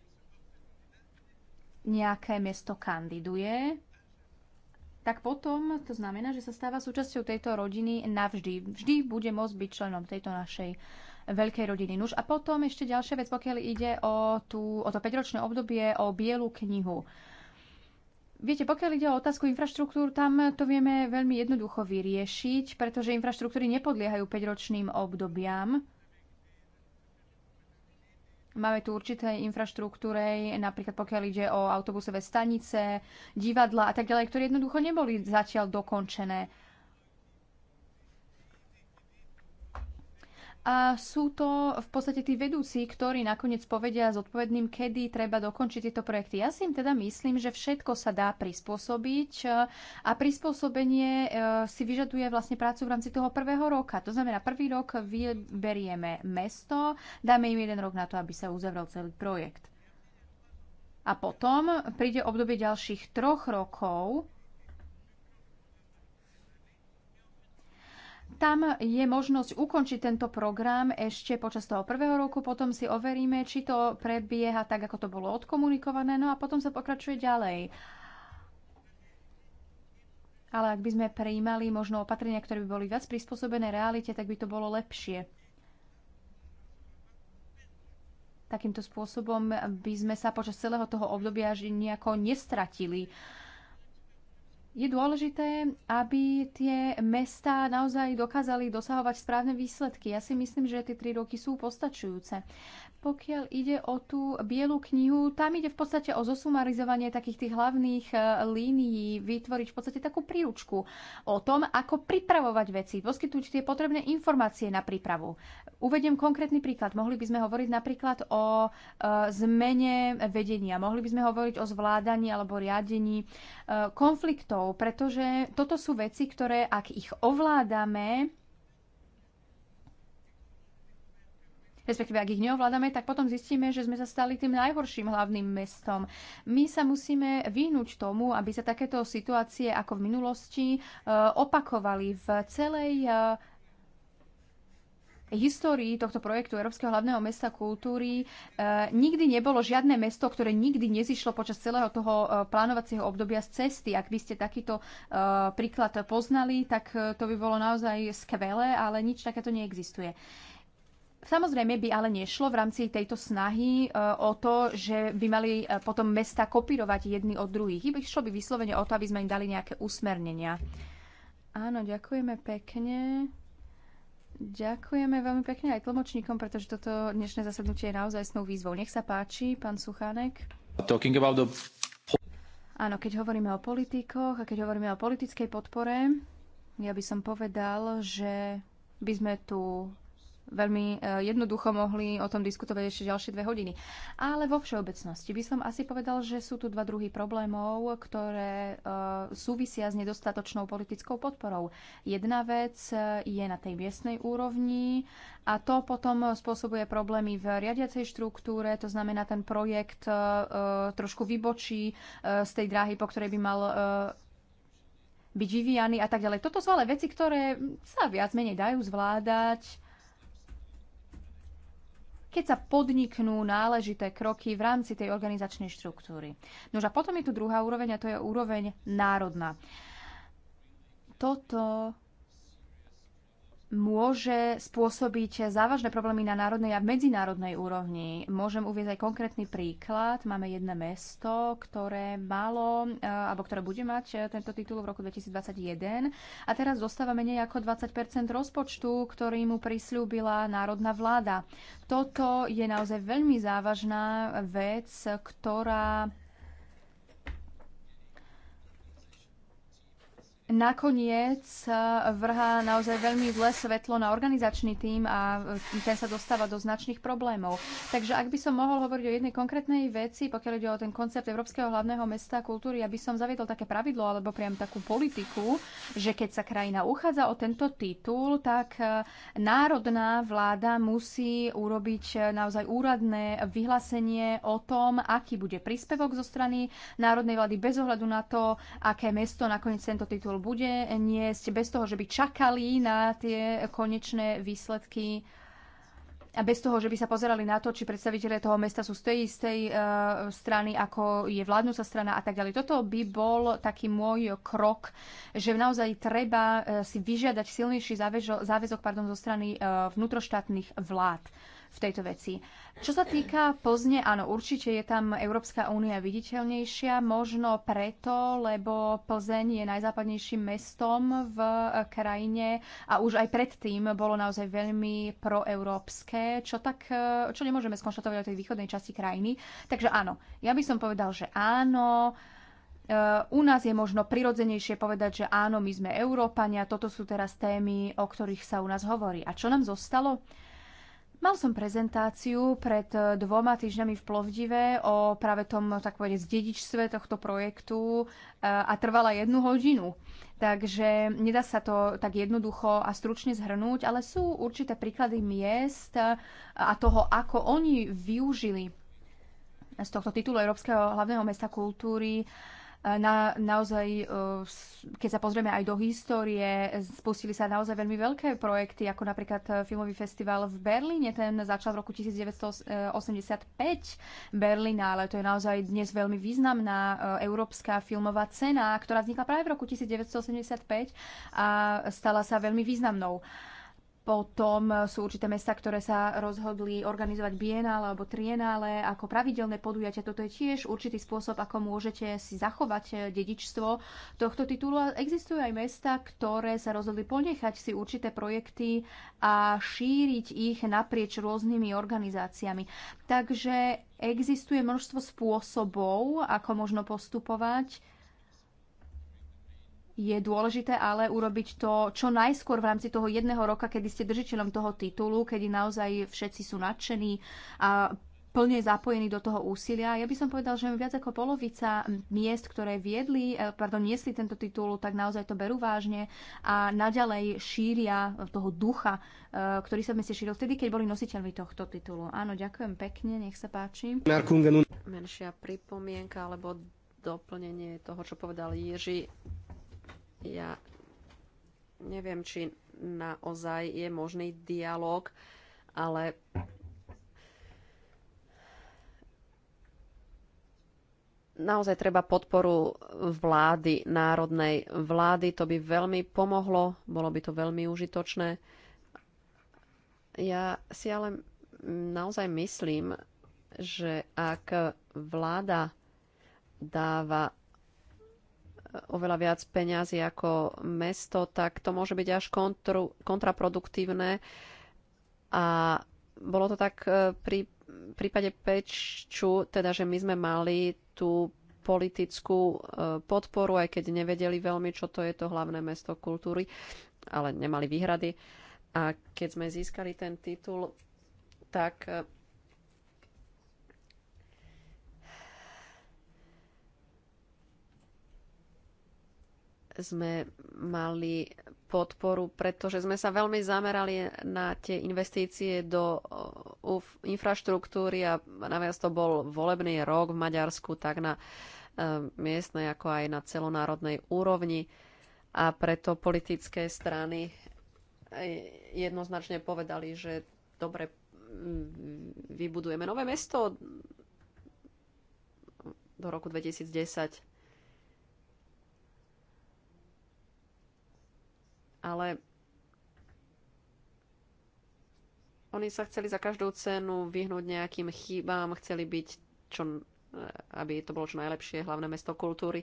C: nejaké mesto kandiduje, tak potom to znamená, že sa stáva súčasťou tejto rodiny navždy. Vždy bude môcť byť členom tejto našej veľkej rodiny. Nuž a potom ešte ďalšia vec, pokiaľ ide o, tú, o to 5-ročné obdobie, o bielu knihu. Viete, pokiaľ ide o otázku infraštruktúr, tam to vieme veľmi jednoducho vyriešiť, pretože infraštruktúry nepodliehajú 5-ročným obdobiam. Máme tu určité infraštruktúry, napríklad pokiaľ ide o autobusové stanice, divadla a tak ďalej, ktoré jednoducho neboli zatiaľ dokončené. A sú to v podstate tí vedúci, ktorí nakoniec povedia zodpovedným, kedy treba dokončiť tieto projekty. Ja si im teda myslím, že všetko sa dá prispôsobiť e, a prispôsobenie e, si vyžaduje vlastne prácu v rámci toho prvého roka. To znamená, prvý rok vyberieme mesto, dáme im jeden rok na to, aby sa uzavrel celý projekt. A potom príde obdobie ďalších troch rokov, tam je možnosť ukončiť tento program ešte počas toho prvého roku, potom si overíme, či to prebieha tak, ako to bolo odkomunikované, no a potom sa pokračuje ďalej. Ale ak by sme prijímali možno opatrenia, ktoré by boli viac prispôsobené realite, tak by to bolo lepšie. Takýmto spôsobom by sme sa počas celého toho obdobia nejako nestratili. Uh, je dôležité, aby tie mesta naozaj dokázali dosahovať správne výsledky. Ja si myslím, že tie tri roky sú postačujúce. Pokiaľ ide o tú bielu knihu, tam ide v podstate o zosumarizovanie takých tých hlavných e, línií, vytvoriť v podstate takú príručku o tom, ako pripravovať veci, poskytnúť tie potrebné informácie na prípravu. Uvediem konkrétny príklad. Mohli by sme hovoriť napríklad o e, zmene vedenia, mohli by sme hovoriť o zvládaní alebo riadení e, konfliktov, štátov, pretože toto sú veci, ktoré, ak ich ovládame, respektíve ak ich neovládame, tak potom zistíme, že sme sa stali tým najhorším hlavným mestom. My sa musíme vyhnúť tomu, aby sa takéto situácie ako v minulosti eh, opakovali v celej eh, histórii tohto projektu Európskeho hlavného mesta kultúry e, nikdy nebolo žiadne mesto, ktoré nikdy nezišlo počas celého toho e, plánovacieho obdobia z cesty. Ak by ste takýto e, príklad poznali, tak e, to by bolo naozaj skvelé, ale nič takéto neexistuje. Samozrejme by ale nešlo v rámci tejto snahy e, o to, že by mali potom mesta kopírovať jedny od druhých. Iba išlo by vyslovene o to, aby sme im dali nejaké usmernenia. Áno, ďakujeme pekne. Ďakujeme veľmi pekne aj tlmočníkom, pretože toto dnešné zasadnutie je naozaj snou výzvou. Nech sa páči, pán Suchánek. The... Áno, keď hovoríme o politikoch a keď hovoríme o politickej podpore, ja by som povedal, že by sme tu veľmi e, jednoducho mohli o tom diskutovať ešte ďalšie dve hodiny. Ale vo všeobecnosti by som asi povedal, že sú tu dva druhy problémov, ktoré e, súvisia s nedostatočnou politickou podporou. Jedna vec e, je na tej miestnej úrovni a to potom spôsobuje problémy v riadiacej štruktúre, to znamená, ten projekt trošku vybočí z tej dráhy, po ktorej by mal byť vyvíjany a tak ďalej. Toto sú ale veci, ktoré sa viac menej dajú zvládať keď sa podniknú náležité kroky v rámci tej organizačnej štruktúry. Nož a potom je tu druhá úroveň a to je úroveň národná. Toto môže spôsobiť závažné problémy na národnej a medzinárodnej úrovni. Môžem uvieť aj konkrétny príklad. Máme jedno mesto, ktoré malo, eh, alebo ktoré bude mať eh, tento titul v roku 2021 a teraz dostáva menej ako 20 rozpočtu, ktorý mu prislúbila národná vláda. Toto je naozaj veľmi závažná vec, ktorá nakoniec e, vrhá naozaj veľmi zlé svetlo na organizačný tím a e, ten sa dostáva do značných problémov. Takže ak by som mohol hovoriť o jednej konkrétnej veci, pokiaľ ide o ten koncept Európskeho hlavného mesta kultúry, aby som zaviedol také pravidlo alebo priam takú politiku, že keď sa krajina uchádza o tento titul, tak e, národná vláda musí urobiť naozaj úradné vyhlásenie o tom, aký bude príspevok zo strany národnej vlády bez ohľadu na to, aké mesto nakoniec tento titul bude niesť bez toho, že by čakali na tie konečné výsledky a bez toho, že by sa pozerali na to, či predstavitelia toho mesta sú z tej istej uh, strany, ako je vládnúca strana a tak ďalej. Toto by bol taký môj krok, že naozaj treba uh, si vyžiadať silnejší záväzok pardon, zo strany uh, vnútroštátnych vlád. Uh, v tejto veci. Čo sa týka pozne, áno, určite je tam Európska únia viditeľnejšia, možno preto, lebo Plzeň je najzápadnejším mestom v krajine a už aj predtým bolo naozaj veľmi proeurópske, čo, tak, čo nemôžeme skonštatovať o tej východnej časti krajiny. Takže áno, ja by som povedal, že áno, e, u nás je možno prirodzenejšie povedať, že áno, my sme Európania, toto sú teraz témy, o ktorých sa u nás hovorí. A čo nám zostalo? Mal som prezentáciu pred eh, dvoma týždňami v Plovdive o práve tom, tak povedať, dedičstve tohto projektu eh, a trvala jednu hodinu. Takže nedá sa to tak jednoducho a stručne zhrnúť, ale sú určité príklady miest eh, a toho, ako oni využili z tohto titulu Európskeho hlavného mesta kultúry uh, E, na, naozaj, e, keď sa pozrieme aj do histórie, spustili sa naozaj veľmi veľké projekty, ako napríklad e, filmový festival v Berlíne, ten začal v roku 1985 Berlína, ale to je naozaj dnes veľmi významná európska filmová cena, ktorá vznikla práve v roku 1985 a stala sa veľmi významnou. Potom sú určité mesta, ktoré sa rozhodli organizovať bienále alebo trienále ako pravidelné podujatia. Toto je tiež určitý spôsob, ako môžete si zachovať eh, dedičstvo tohto titulu. Existujú aj mesta, ktoré sa rozhodli ponechať si určité projekty a šíriť ich naprieč rôznymi organizáciami. Takže existuje množstvo spôsobov, ako možno postupovať je dôležité ale urobiť to čo najskôr v rámci toho jedného roka, kedy ste držiteľom toho titulu, kedy naozaj všetci sú nadšení a plne zapojení do toho úsilia. Ja by som povedal, že viac ako polovica miest, ktoré viedli, eh, pardon, niesli tento titul, tak naozaj to berú vážne a naďalej šíria toho ducha, eh, ktorý sa v meste šíril vtedy, keď boli nositeľmi tohto titulu. Áno, ďakujem pekne, nech sa páči. Menšia pripomienka alebo doplnenie toho, čo
B: povedal Jiří ja neviem, či naozaj je možný dialog, ale naozaj treba podporu vlády, národnej vlády. To by veľmi pomohlo, bolo by to veľmi užitočné. Ja si ale naozaj myslím, že ak vláda dáva oveľa viac peňazí ako mesto, tak to môže byť až kontru, kontraproduktívne. A bolo to tak e, pri prípade Pečču, teda že my sme mali tú politickú e, podporu, aj keď nevedeli veľmi, čo to je to hlavné mesto kultúry, ale nemali výhrady. A keď sme získali ten titul, tak e, sme mali podporu, pretože sme sa veľmi zamerali na tie investície do infraštruktúry a naviac to bol volebný rok v Maďarsku, tak na e, miestnej ako aj na celonárodnej úrovni a preto politické strany e, jednoznačne povedali, že dobre vybudujeme nové mesto do roku 2010. ale oni sa chceli za každú cenu vyhnúť nejakým chybám, chceli byť, čo, e, aby to bolo čo najlepšie, hlavné mesto kultúry.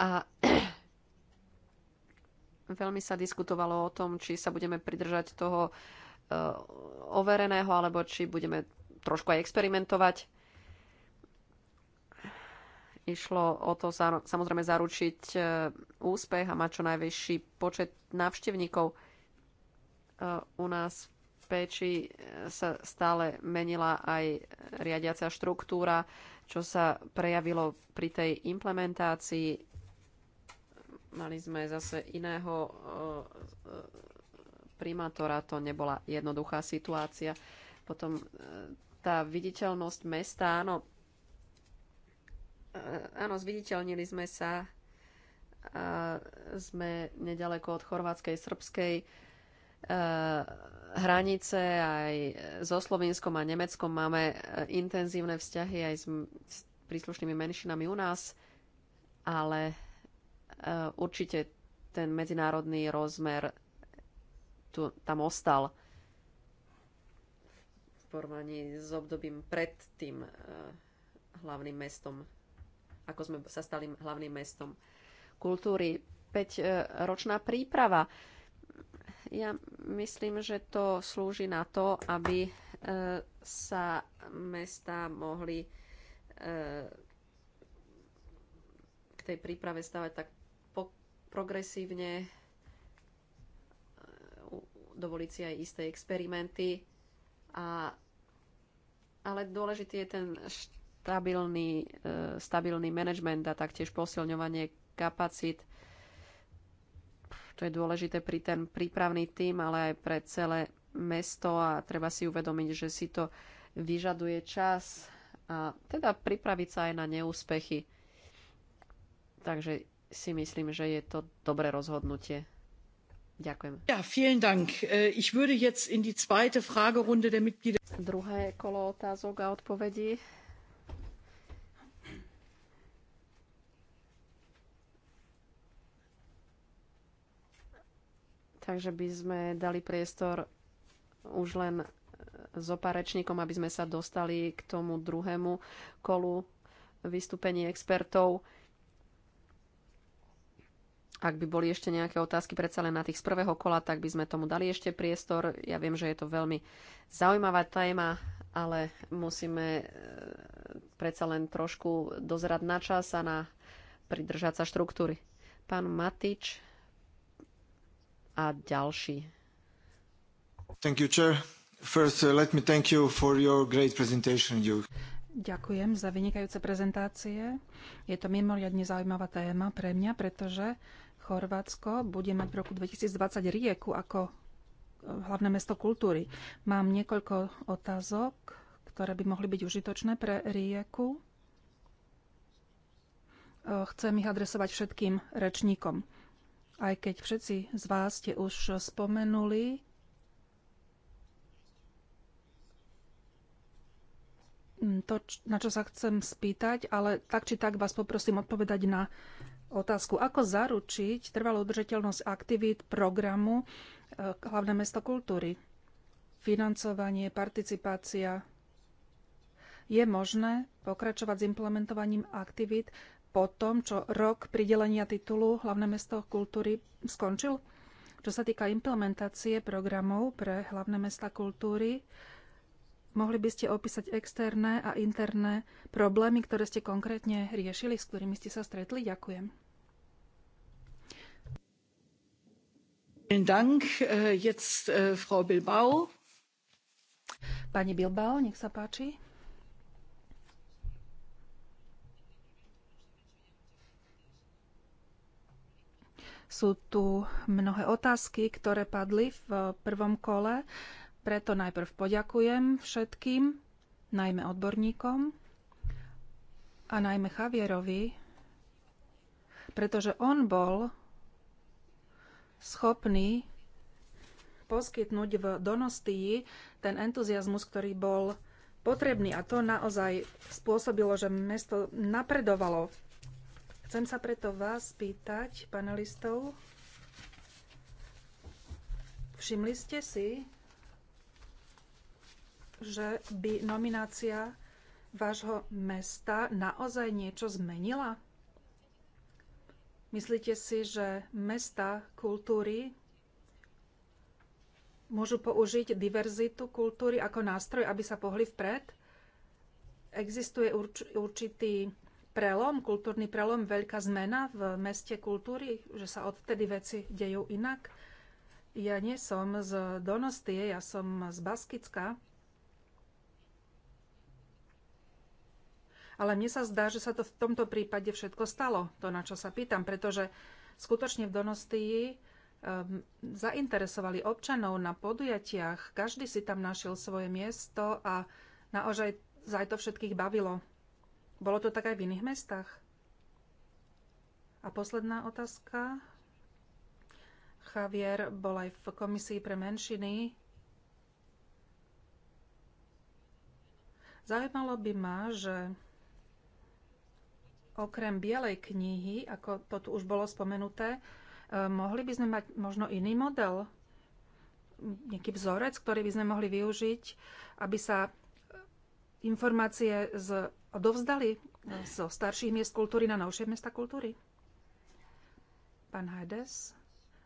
B: A veľmi sa diskutovalo o tom, či sa budeme pridržať toho e, overeného, alebo či budeme trošku aj experimentovať. Išlo o to samozrejme zaručiť e, úspech a mať čo najvyšší počet návštevníkov. E, u nás v Péči e, sa stále menila aj riadiacia štruktúra, čo sa prejavilo pri tej implementácii. Mali sme zase iného primátora, to nebola jednoduchá situácia. Potom tá viditeľnosť mesta, áno, E, áno, zviditeľnili sme sa. A e, sme nedaleko od chorvátskej, srbskej e, hranice. Aj so Slovinskom a Nemeckom máme e, intenzívne vzťahy aj s, s príslušnými menšinami u nás. Ale e, určite ten medzinárodný rozmer tu, tam ostal v porovnaní s obdobím pred tým e, hlavným mestom ako sme sa stali hlavným mestom kultúry. 5-ročná e, príprava. Ja myslím, že to slúži na to, aby e, sa mesta mohli e, k tej príprave stavať tak progresívne, dovoliť si aj isté experimenty. A, ale dôležitý je ten št- stabilný, e, stabilný management a taktiež posilňovanie kapacít. To je dôležité pri ten prípravný tým, ale aj pre celé mesto a treba si uvedomiť, že si to vyžaduje čas a teda pripraviť sa aj na neúspechy. Takže si myslím, že je to dobré rozhodnutie. Ďakujem.
A: Ja, vielen Dank. Äh, ich würde jetzt in die zweite Fragerunde der Mitglieder... Druhé kolo otázok a odpovedí.
B: Takže by sme dali priestor už len so parečníkom, aby sme sa dostali k tomu druhému kolu vystúpení expertov. Ak by boli ešte nejaké otázky predsa len na tých z prvého kola, tak by sme tomu dali ešte priestor. Ja viem, že je to veľmi zaujímavá téma, ale musíme e, predsa len trošku dozerať na čas a na pridržať sa štruktúry. Pán Matič, a ďalší. Thank you, Chair. First, uh, let me thank you for your great presentation. You.
A: Ďakujem za vynikajúce prezentácie. Je to mimoriadne zaujímavá téma pre mňa, pretože Chorvátsko bude mať v roku 2020 Rieku ako uh, hlavné mesto kultúry. Mám niekoľko otázok, ktoré by mohli byť užitočné pre Rieku. Uh, chcem ich adresovať všetkým rečníkom aj keď všetci z vás ste už spomenuli, mm, to, na čo sa chcem spýtať, ale tak či tak vás poprosím odpovedať na otázku, ako zaručiť trvalú udržateľnosť aktivít programu e, Hlavné mesto kultúry. Financovanie, participácia. Je možné pokračovať s implementovaním aktivít po tom, čo rok pridelenia titulu Hlavné mesto kultúry skončil? Čo sa týka implementácie programov pre hlavné mesta kultúry, mohli by ste opísať externé a interné problémy, ktoré ste konkrétne riešili, s ktorými ste sa stretli? Ďakujem. Äh, äh, Pani Bilbao, nech sa páči. Sú tu mnohé otázky, ktoré padli v eh, prvom kole, preto najprv poďakujem všetkým, najmä odborníkom a najmä Javierovi, pretože on bol schopný poskytnúť v Donostii ten entuziasmus, ktorý bol potrebný. A to naozaj spôsobilo, že mesto napredovalo Chcem sa preto vás pýtať, panelistov, všimli ste si, že by nominácia vášho mesta naozaj niečo zmenila? Myslíte si, že mesta kultúry môžu použiť diverzitu kultúry ako nástroj, aby sa pohli vpred? Existuje urč- určitý prelom, kultúrny prelom, veľká zmena v meste kultúry, že sa odtedy veci dejú inak? Ja nie som z Donostie, ja som z Baskicka. Ale mne sa zdá, že sa to v tomto prípade všetko stalo, to na čo sa pýtam, pretože skutočne v Donostii um, zainteresovali občanov na podujatiach, každý si tam našiel svoje miesto a naozaj to všetkých bavilo. Bolo to tak aj v iných mestách? A posledná otázka. Javier bol aj v komisii pre menšiny. Zaujímalo by ma, že okrem Bielej knihy, ako to tu už bolo spomenuté, eh, mohli by sme mať možno iný model, nejaký vzorec, ktorý by sme mohli využiť, aby sa informácie z odovzdali eh, zo starších miest kultúry na novšie miesta kultúry? Pán Hajdes,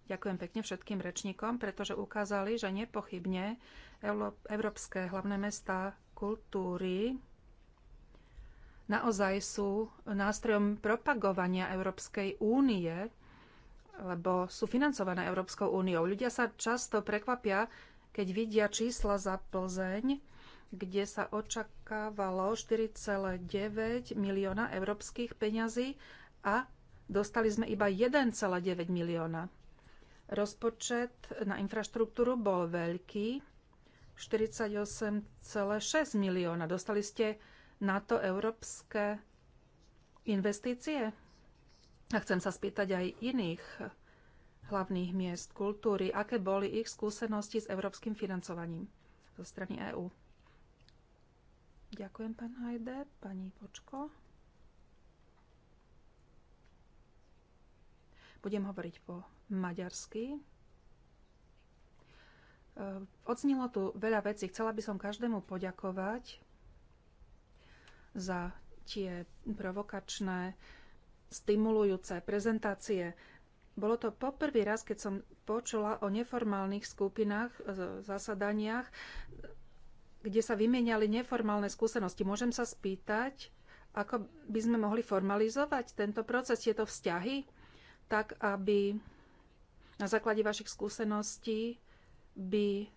A: ďakujem pekne všetkým rečníkom, pretože ukázali, že nepochybne európske hlavné mesta kultúry naozaj sú nástrojom propagovania Európskej únie, lebo sú financované Európskou úniou. Ľudia sa často prekvapia, keď vidia čísla za Plzeň, kde sa očakávalo 4,9 milióna európskych peňazí a dostali sme iba 1,9 milióna. Rozpočet na infraštruktúru bol veľký, 48,6 milióna. Dostali ste na to európske investície? A chcem sa spýtať aj iných hlavných miest kultúry, aké boli ich skúsenosti s európskym financovaním zo strany EÚ. Ďakujem, pán Hajde. Pani Počko. Budem hovoriť po maďarsky. E, odznilo tu veľa vecí. Chcela by som každému poďakovať za tie provokačné, stimulujúce prezentácie. Bolo to poprvý raz, keď som počula o neformálnych skupinách, e, zasadaniach kde sa vymieniali neformálne skúsenosti. Môžem sa spýtať, ako by sme mohli formalizovať tento proces, tieto vzťahy, tak aby na základe vašich skúseností by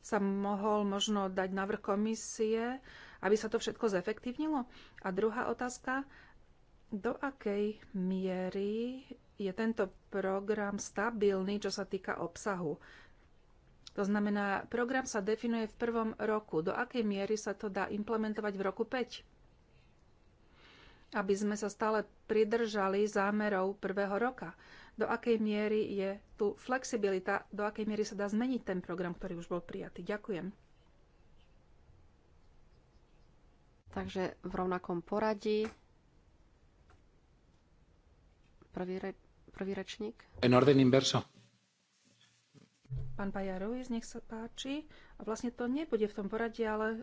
A: sa mohol možno dať návrh komisie, aby sa to všetko zefektívnilo? A druhá otázka, do akej miery je tento program stabilný, čo sa týka obsahu? To znamená, program sa definuje v prvom roku. Do akej miery sa to dá implementovať v roku 5? Aby sme sa stále pridržali zámerov prvého roka. Do akej miery je tu flexibilita, do akej miery sa dá zmeniť ten program, ktorý už bol prijatý. Ďakujem.
B: Takže v rovnakom poradí prvý, re,
A: prvý rečník. En orden inverso. Pán Baja Ruiz, nech sa páči. A vlastne to nebude v tom poradí, ale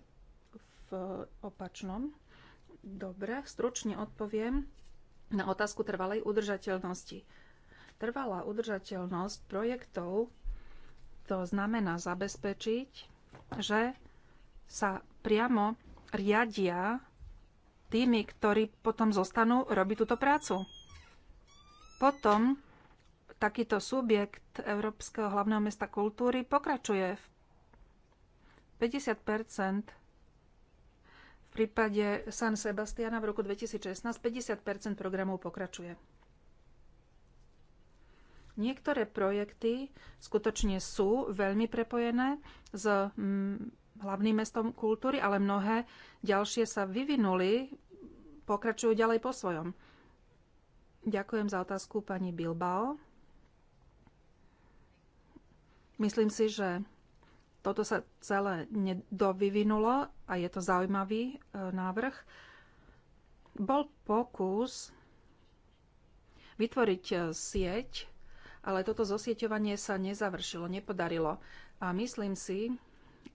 A: v opačnom. Dobre, stručne odpoviem na otázku trvalej udržateľnosti. Trvalá udržateľnosť projektov to znamená zabezpečiť, že sa priamo riadia tými, ktorí potom zostanú robiť túto prácu. Potom takýto subjekt Európskeho hlavného mesta kultúry pokračuje v 50 v prípade San Sebastiana v roku 2016 50 programov pokračuje. Niektoré projekty skutočne sú veľmi prepojené s mm, hlavným mestom kultúry, ale mnohé ďalšie sa vyvinuli, pokračujú ďalej po svojom. Ďakujem za otázku pani Bilbao. Myslím si, že toto sa celé nedovyvinulo a je to zaujímavý e, návrh. Bol pokus vytvoriť e, sieť, ale toto zosieťovanie sa nezavršilo, nepodarilo. A myslím si,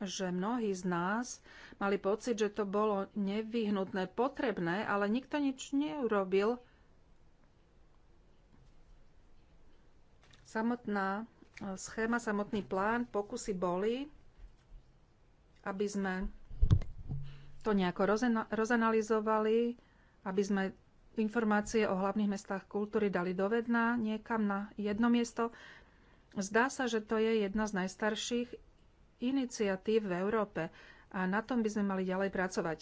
A: že mnohí z nás mali pocit, že to bolo nevyhnutné, potrebné, ale nikto nič neurobil. Samotná Schéma, samotný plán, pokusy boli, aby sme to nejako rozanalizovali, aby sme informácie o hlavných mestách kultúry dali dovedná niekam na jedno miesto. Zdá sa, že to je jedna z najstarších iniciatív v Európe a na tom by sme mali ďalej pracovať.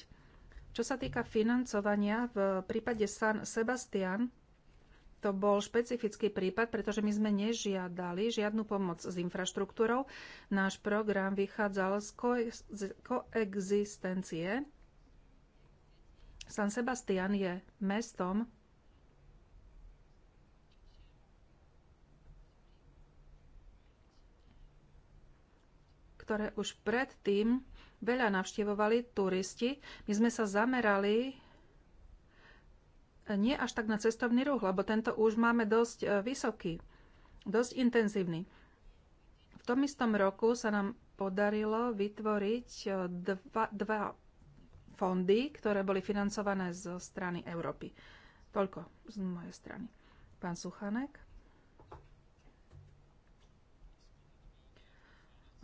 A: Čo sa týka financovania, v prípade San Sebastian to bol špecifický prípad, pretože my sme nežiadali žiadnu pomoc s infraštruktúrou. Náš program vychádzal z, ko- z koexistencie. San Sebastian je mestom, ktoré už predtým veľa navštevovali turisti. My sme sa zamerali nie až tak na cestovný ruch, lebo tento už máme dosť e, vysoký, dosť intenzívny. V tom istom roku sa nám podarilo vytvoriť e, dva, dva fondy, ktoré boli financované zo strany Európy. Toľko z mojej strany. Pán Suchanek.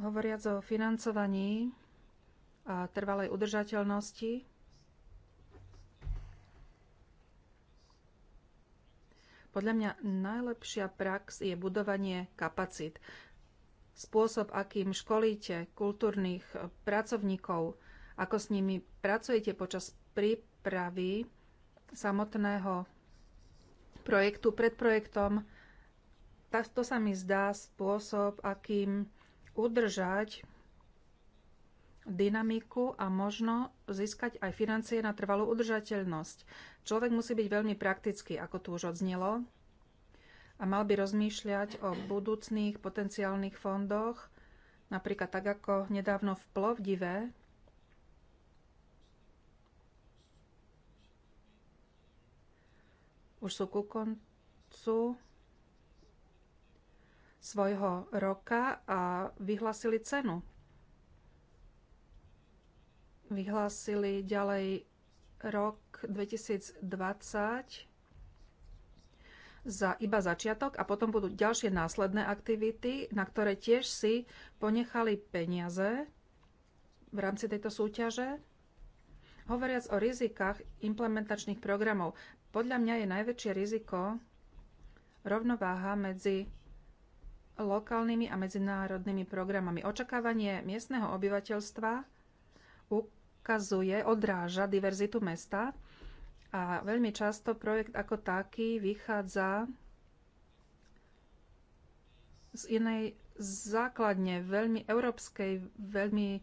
A: Hovoriac o financovaní a trvalej udržateľnosti, Podľa mňa najlepšia prax je budovanie kapacít. Spôsob, akým školíte kultúrnych pracovníkov, ako s nimi pracujete počas prípravy samotného projektu pred projektom, to sa mi zdá spôsob, akým udržať dynamiku a možno získať aj financie na trvalú udržateľnosť. Človek musí byť veľmi praktický, ako tu už odznelo, a mal by rozmýšľať o budúcných potenciálnych fondoch, napríklad tak ako nedávno v Plovdive už sú ku koncu svojho roka a vyhlasili cenu vyhlásili ďalej rok 2020 za iba začiatok a potom budú ďalšie následné aktivity, na ktoré tiež si ponechali peniaze v rámci tejto súťaže. Hovoriac o rizikách implementačných programov, podľa mňa je najväčšie riziko rovnováha medzi lokálnymi a medzinárodnými programami. Očakávanie miestneho obyvateľstva ukazuje, odráža diverzitu mesta a veľmi často projekt ako taký vychádza z inej základne, veľmi európskej, veľmi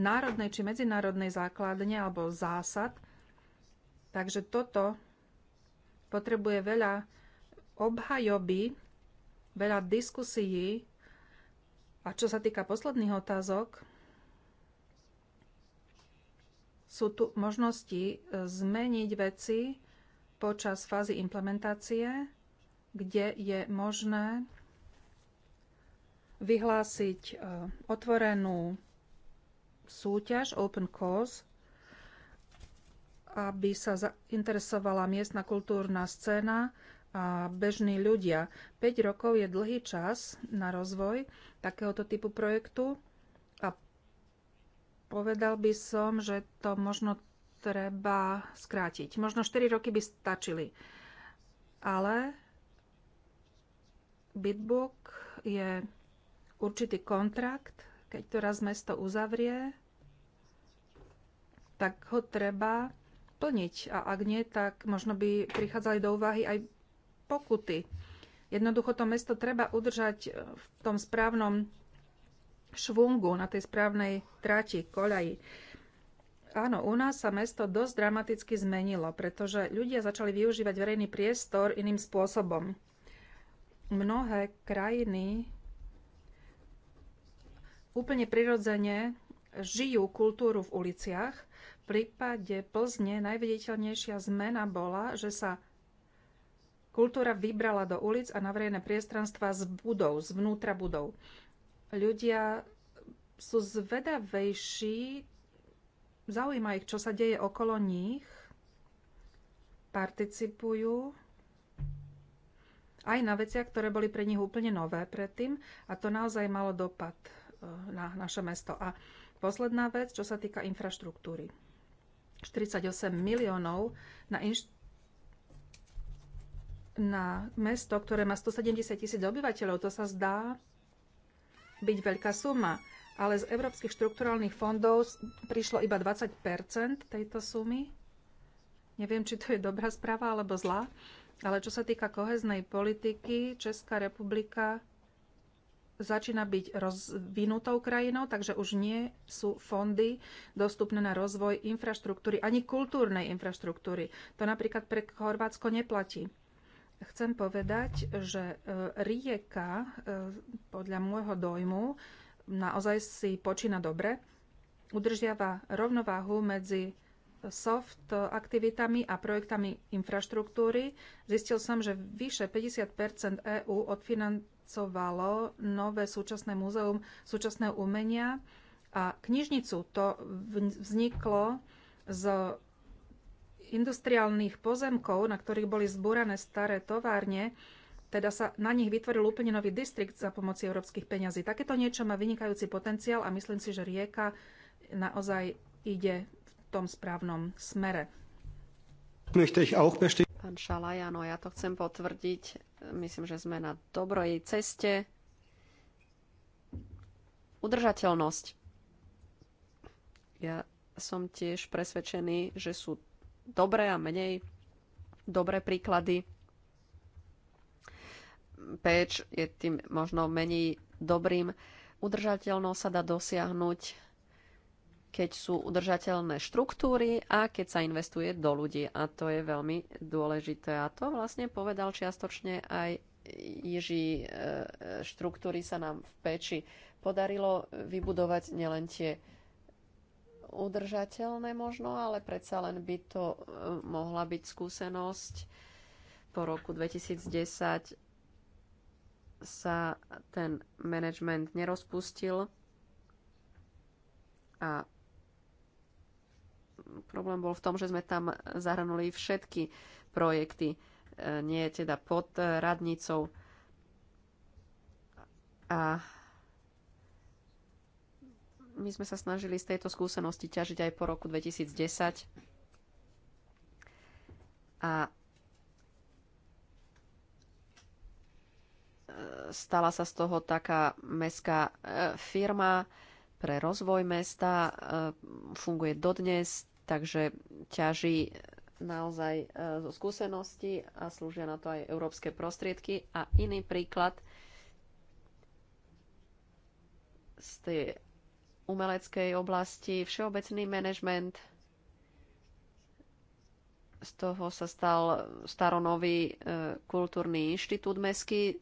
A: národnej či medzinárodnej základne alebo zásad. Takže toto potrebuje veľa obhajoby, veľa diskusií. A čo sa týka posledných otázok, sú tu možnosti e, zmeniť veci počas fázy implementácie, kde je možné vyhlásiť e, otvorenú súťaž Open Cause, aby sa zainteresovala miestna kultúrna scéna a bežní ľudia. 5 rokov je dlhý čas na rozvoj takéhoto typu projektu Povedal by som, že to možno treba skrátiť. Možno 4 roky by stačili. Ale Bitbook je určitý kontrakt, keď to raz mesto uzavrie, tak ho treba plniť. A ak nie, tak možno by prichádzali do úvahy aj pokuty. Jednoducho to mesto treba udržať v tom správnom švungu, na tej správnej trati, koľaji. Áno, u nás sa mesto dosť dramaticky zmenilo, pretože ľudia začali využívať verejný priestor iným spôsobom. Mnohé krajiny úplne prirodzene žijú kultúru v uliciach. V prípade Plzne najviditeľnejšia zmena bola, že sa kultúra vybrala do ulic a na verejné priestranstva z budov, zvnútra budov ľudia sú zvedavejší, zaujíma ich, čo sa deje okolo nich, participujú aj na veciach, ktoré boli pre nich úplne nové predtým a to naozaj malo dopad e, na naše mesto. A posledná vec, čo sa týka infraštruktúry. 48 miliónov na, inš- na mesto, ktoré má 170 tisíc obyvateľov, to sa zdá byť veľká suma, ale z európskych štrukturálnych fondov prišlo iba 20 tejto sumy. Neviem, či to je dobrá správa alebo zlá, ale čo sa týka koheznej politiky, Česká republika začína byť rozvinutou krajinou, takže už nie sú fondy dostupné na rozvoj infraštruktúry, ani kultúrnej infraštruktúry. To napríklad pre Chorvátsko neplatí chcem povedať, že e, rieka, e, podľa môjho dojmu, naozaj si počína dobre, udržiava rovnováhu medzi soft aktivitami a projektami infraštruktúry. Zistil som, že vyše 50 EÚ odfinancovalo nové súčasné múzeum súčasného umenia a knižnicu. To vzniklo z industriálnych pozemkov, na ktorých boli zbúrané staré továrne, teda sa na nich vytvoril úplne nový distrikt za pomoci európskych peňazí. Takéto niečo má vynikajúci potenciál a myslím si, že rieka naozaj ide v tom správnom smere. Pán Šalaj, áno, ja to chcem potvrdiť. Myslím,
B: že sme na dobrej ceste. Udržateľnosť. Ja som tiež presvedčený, že sú dobré a menej dobré príklady. Péč je tým možno menej dobrým. Udržateľnosť sa dá dosiahnuť, keď sú udržateľné štruktúry a keď sa investuje do ľudí. A to je veľmi dôležité. A to vlastne povedal čiastočne aj Jiří. E, e, štruktúry sa nám v péči podarilo vybudovať nielen tie udržateľné možno, ale predsa len by to e, mohla byť skúsenosť. Po roku 2010 sa ten management nerozpustil a problém bol v tom, že sme tam zahrnuli všetky projekty, e, nie teda pod radnicou. A my sme sa snažili z tejto skúsenosti ťažiť aj po roku 2010. A e, stala sa z toho taká mestská e, firma pre rozvoj mesta, e, funguje dodnes, takže ťaží naozaj zo skúsenosti a slúžia na to aj európske prostriedky. A iný príklad z tej umeleckej oblasti, všeobecný manažment. Z toho sa stal staronový e, kultúrny inštitút mestský.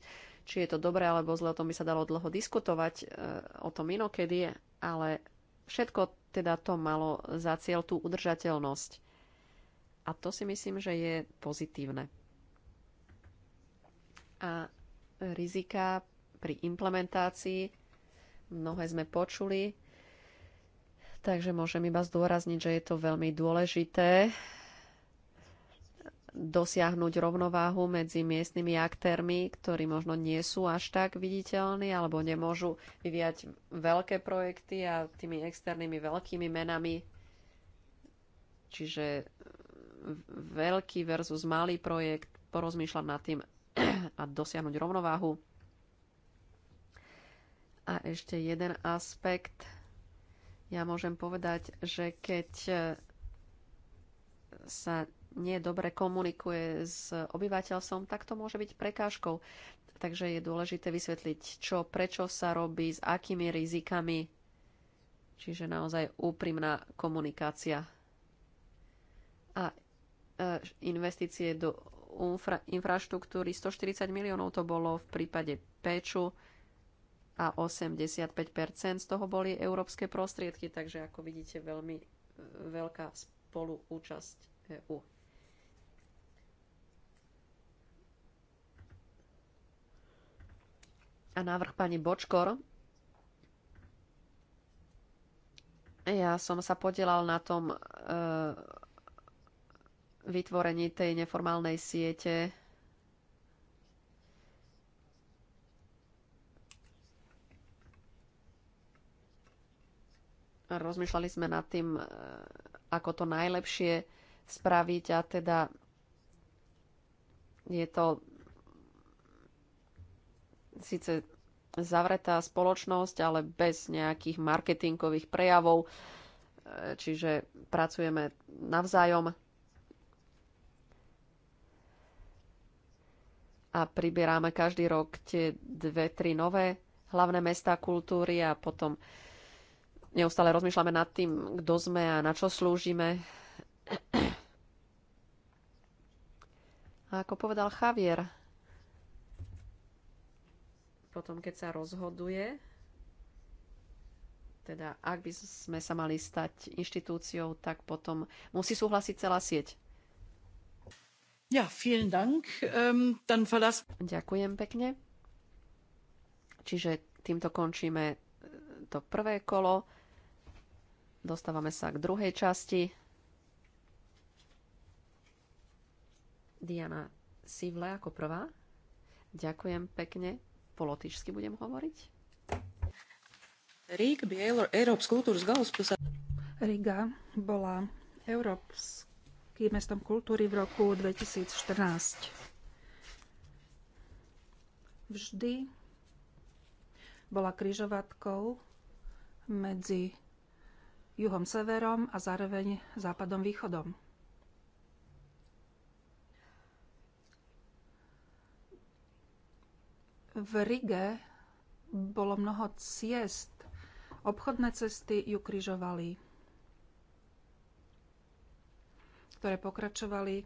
B: Či je to dobré alebo zle, o tom by sa dalo dlho diskutovať, e, o tom inokedy, ale všetko teda to malo za cieľ tú udržateľnosť. A to si myslím, že je pozitívne. A rizika pri implementácii mnohé sme počuli, Takže môžem iba zdôrazniť, že je to veľmi dôležité dosiahnuť rovnováhu medzi miestnymi aktérmi, ktorí možno nie sú až tak viditeľní alebo nemôžu vyvíjať veľké projekty a tými externými veľkými menami. Čiže veľký versus malý projekt, porozmýšľať nad tým a dosiahnuť rovnováhu. A ešte jeden aspekt – ja môžem povedať, že keď e, sa nedobre komunikuje s obyvateľstvom, tak to môže byť prekážkou. Takže je dôležité vysvetliť, čo, prečo sa robí, s akými rizikami. Čiže naozaj úprimná komunikácia. A e, investície do infra, infraštruktúry 140 miliónov to bolo v prípade Péču a 85 z toho boli európske prostriedky, takže ako vidíte, veľmi e, veľká spoluúčasť EU. A návrh pani Bočkor. Ja som sa podielal na tom e, vytvorení tej neformálnej siete Rozmýšľali sme nad tým, e, ako to najlepšie spraviť a teda je to síce zavretá spoločnosť, ale bez nejakých marketingových prejavov, e, čiže pracujeme navzájom a priberáme každý rok tie dve, tri nové hlavné mestá kultúry a potom Neustále rozmýšľame nad tým, kto sme a na čo slúžime. A ako povedal Javier, potom keď sa rozhoduje, teda ak by sme sa mali stať inštitúciou, tak potom musí súhlasiť celá sieť. Ja, vielen Dank. Um, dann verlas- Ďakujem pekne. Čiže týmto končíme to prvé kolo. Dostávame sa k druhej časti. Diana Sivle ako prvá. Ďakujem pekne. Po lotyšsky budem hovoriť. Rík Bielor,
A: Európs z Gauspusa. Riga bola európskym mestom kultúry v roku 2014. Vždy bola kryžovatkou medzi juhom, severom a zároveň západom, východom. V Rige bolo mnoho ciest. Obchodné cesty ju križovali, ktoré pokračovali e,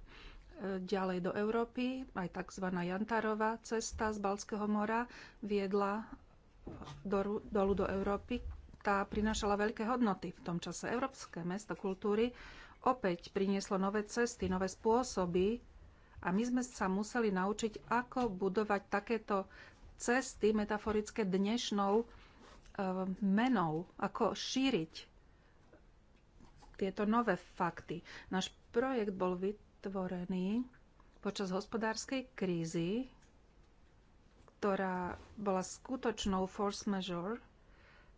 A: ďalej do Európy. Aj tzv. Jantarová cesta z Balského mora viedla dolu do Európy tá prinášala veľké hodnoty v tom čase. Európske mesto kultúry opäť prinieslo nové cesty, nové spôsoby a my sme sa museli naučiť, ako budovať takéto cesty metaforické dnešnou e, menou, ako šíriť tieto nové fakty. Náš projekt bol vytvorený počas hospodárskej krízy, ktorá bola skutočnou force majeure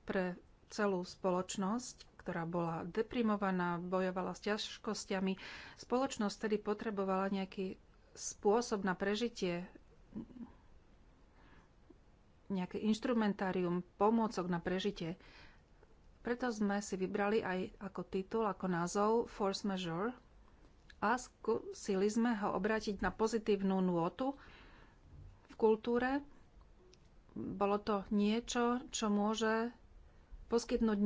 A: pre celú spoločnosť, ktorá bola deprimovaná, bojovala s ťažkosťami. Spoločnosť tedy potrebovala nejaký spôsob na prežitie, nejaké instrumentárium, pomôcok na prežitie. Preto sme si vybrali aj ako titul, ako názov Force Majeure a skúsili sme ho obrátiť na pozitívnu nôtu v kultúre. Bolo to niečo, čo môže poskytnúť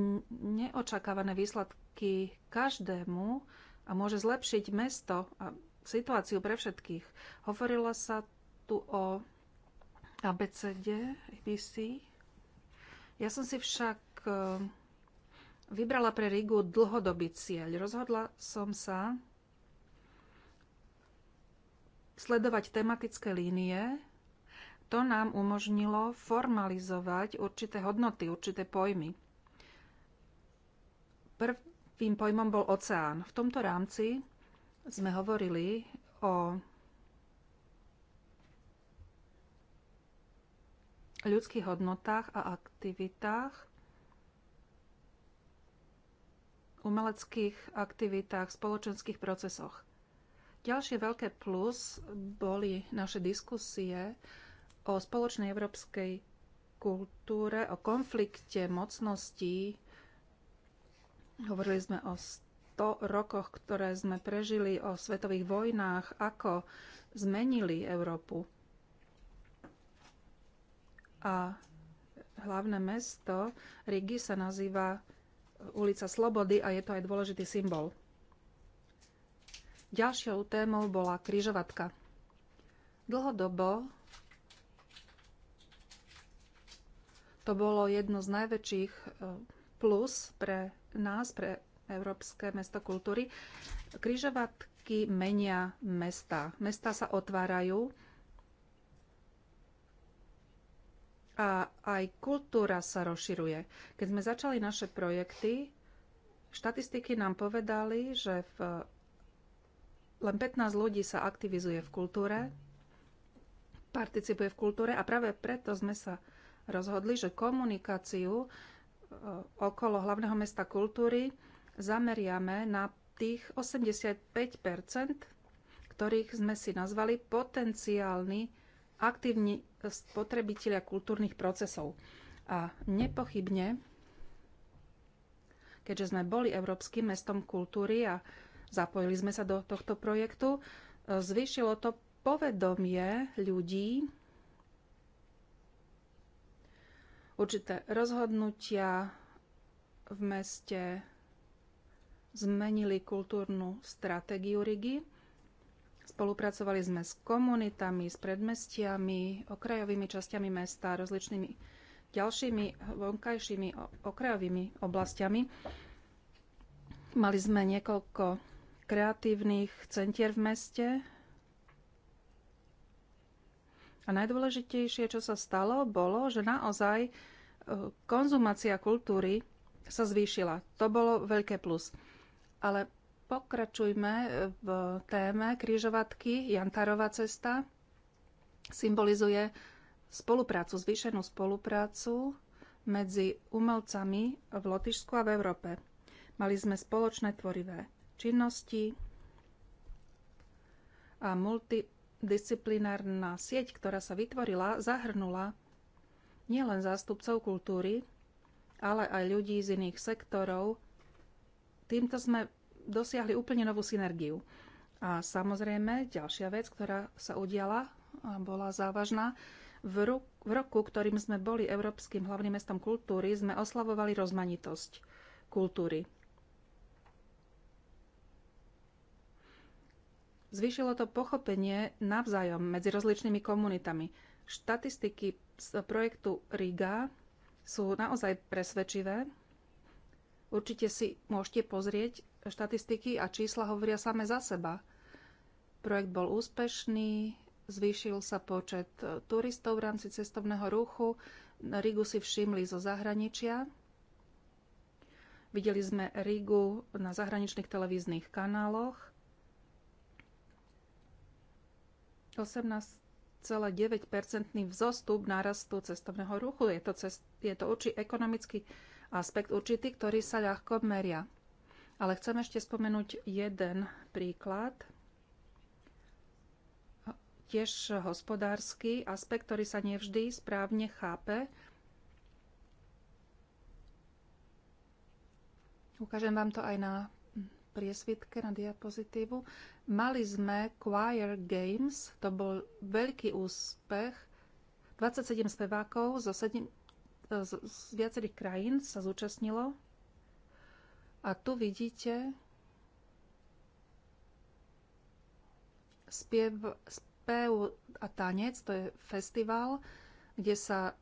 A: neočakávané výsledky každému a môže zlepšiť mesto a situáciu pre všetkých. Hovorilo sa tu o ABCD, ABC. Ja som si však e, vybrala pre Rigu dlhodobý cieľ. Rozhodla som sa sledovať tematické línie. To nám umožnilo formalizovať určité hodnoty, určité pojmy. Prvým pojmom bol oceán. V tomto rámci sme hovorili o ľudských hodnotách a aktivitách, umeleckých aktivitách, spoločenských procesoch. Ďalšie veľké plus boli naše diskusie o spoločnej európskej kultúre, o konflikte mocností Hovorili sme o 100 rokoch, ktoré sme prežili, o svetových vojnách, ako zmenili Európu. A hlavné mesto Rigi sa nazýva ulica Slobody a je to aj dôležitý symbol. Ďalšou témou bola križovatka. Dlhodobo to bolo jedno z najväčších e, plus pre nás, pre Európske mesto kultúry, kryžovatky menia mesta. Mesta sa otvárajú a aj kultúra sa rozširuje. Keď sme začali naše projekty, štatistiky nám povedali, že v, len 15 ľudí sa aktivizuje v kultúre, participuje v kultúre a práve preto sme sa rozhodli, že komunikáciu E, okolo hlavného mesta kultúry zameriame na tých 85 ktorých sme si nazvali potenciálni aktívni spotrebitelia kultúrnych procesov. A nepochybne, keďže sme boli Európskym mestom kultúry a zapojili sme sa do tohto projektu, e, zvýšilo to povedomie ľudí určité rozhodnutia v meste zmenili kultúrnu stratégiu Rigi. Spolupracovali sme s komunitami, s predmestiami, okrajovými časťami mesta, rozličnými ďalšími vonkajšími okrajovými oblastiami. Mali sme niekoľko kreatívnych centier v meste, a najdôležitejšie, čo sa stalo, bolo, že naozaj e, konzumácia kultúry sa zvýšila. To bolo veľké plus. Ale pokračujme e, v téme krížovatky. Jantarová cesta symbolizuje spoluprácu, zvýšenú spoluprácu medzi umelcami v Lotyšsku a v Európe. Mali sme spoločné tvorivé činnosti a multi Disciplinárna sieť, ktorá sa vytvorila, zahrnula nielen zástupcov kultúry, ale aj ľudí z iných sektorov. Týmto sme dosiahli úplne novú synergiu. A samozrejme, ďalšia vec, ktorá sa udiala a bola závažná, v, roku, ktorým sme boli Európskym hlavným mestom kultúry, sme oslavovali rozmanitosť kultúry. Zvýšilo to pochopenie navzájom medzi rozličnými komunitami. Štatistiky z projektu Riga sú naozaj presvedčivé. Určite si môžete pozrieť štatistiky a čísla hovoria same za seba. Projekt bol úspešný, zvýšil sa počet turistov v rámci cestovného ruchu, Rigu si všimli zo zahraničia. Videli sme Rigu na zahraničných televíznych kanáloch – 18,9-percentný vzostup nárastu cestovného ruchu. Je to, cest, je to určitý ekonomický aspekt určitý, ktorý sa ľahko meria. Ale chcem ešte spomenúť jeden príklad. Tiež hospodársky aspekt, ktorý sa nevždy správne chápe. Ukážem vám to aj na priesvitke, na diapozitívu. Mali sme Choir Games, to bol veľký úspech. 27 spevákov zo, sedem, e, z, z viacerých krajín sa zúčastnilo. A tu vidíte spiev, spev a tanec, to je festival, kde sa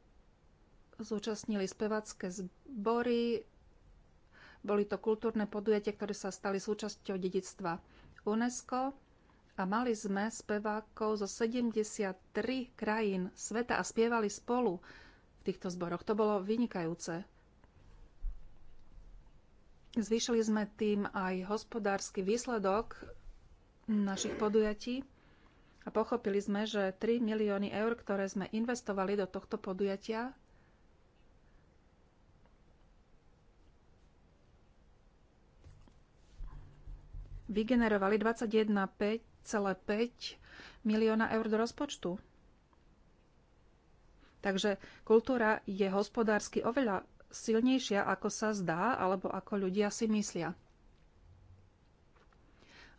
A: zúčastnili spevacké zbory, boli to kultúrne podujatia, ktoré sa stali súčasťou dedictva UNESCO a mali sme spevákov zo 73 krajín sveta a spievali spolu v týchto zboroch. To bolo vynikajúce. Zvýšili sme tým aj hospodársky výsledok našich podujatí a pochopili sme, že 3 milióny eur, ktoré sme investovali do tohto podujatia, vygenerovali 21,5 milióna eur do rozpočtu. Takže kultúra je hospodársky oveľa silnejšia, ako sa zdá, alebo ako ľudia si myslia.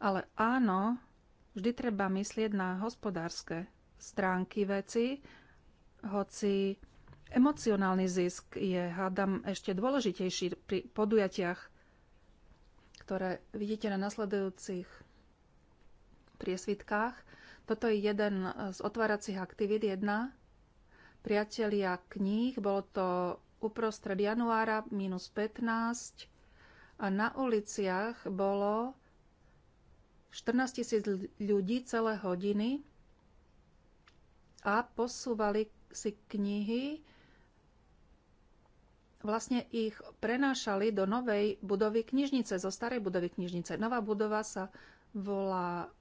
A: Ale áno, vždy treba myslieť na hospodárske stránky veci, hoci emocionálny zisk je, hádam, ešte dôležitejší pri podujatiach ktoré vidíte na nasledujúcich priesvitkách. Toto je jeden z otváracích aktivít, jedna. Priatelia kníh, bolo to uprostred januára minus 15 a na uliciach bolo 14 tisíc ľudí celé hodiny a posúvali si knihy vlastne ich prenášali do novej budovy knižnice, zo starej budovy knižnice. Nová budova sa volá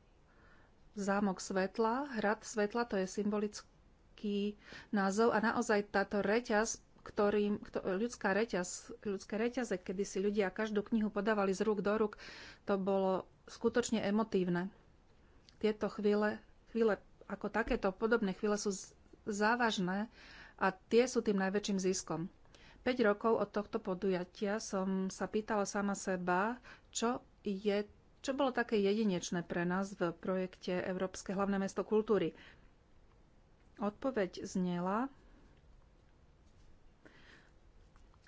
A: Zámok svetla, Hrad svetla, to je symbolický názov a naozaj táto reťaz, ktorým, kto, ľudská reťaz, ľudské reťaze, kedy si ľudia každú knihu podávali z rúk do rúk, to bolo skutočne emotívne. Tieto chvíle, chvíle ako takéto podobné chvíle sú závažné a tie sú tým najväčším ziskom. 5 rokov od tohto podujatia som sa pýtala sama seba, čo je čo bolo také jedinečné pre nás v projekte Európske hlavné mesto kultúry. Odpoveď znela,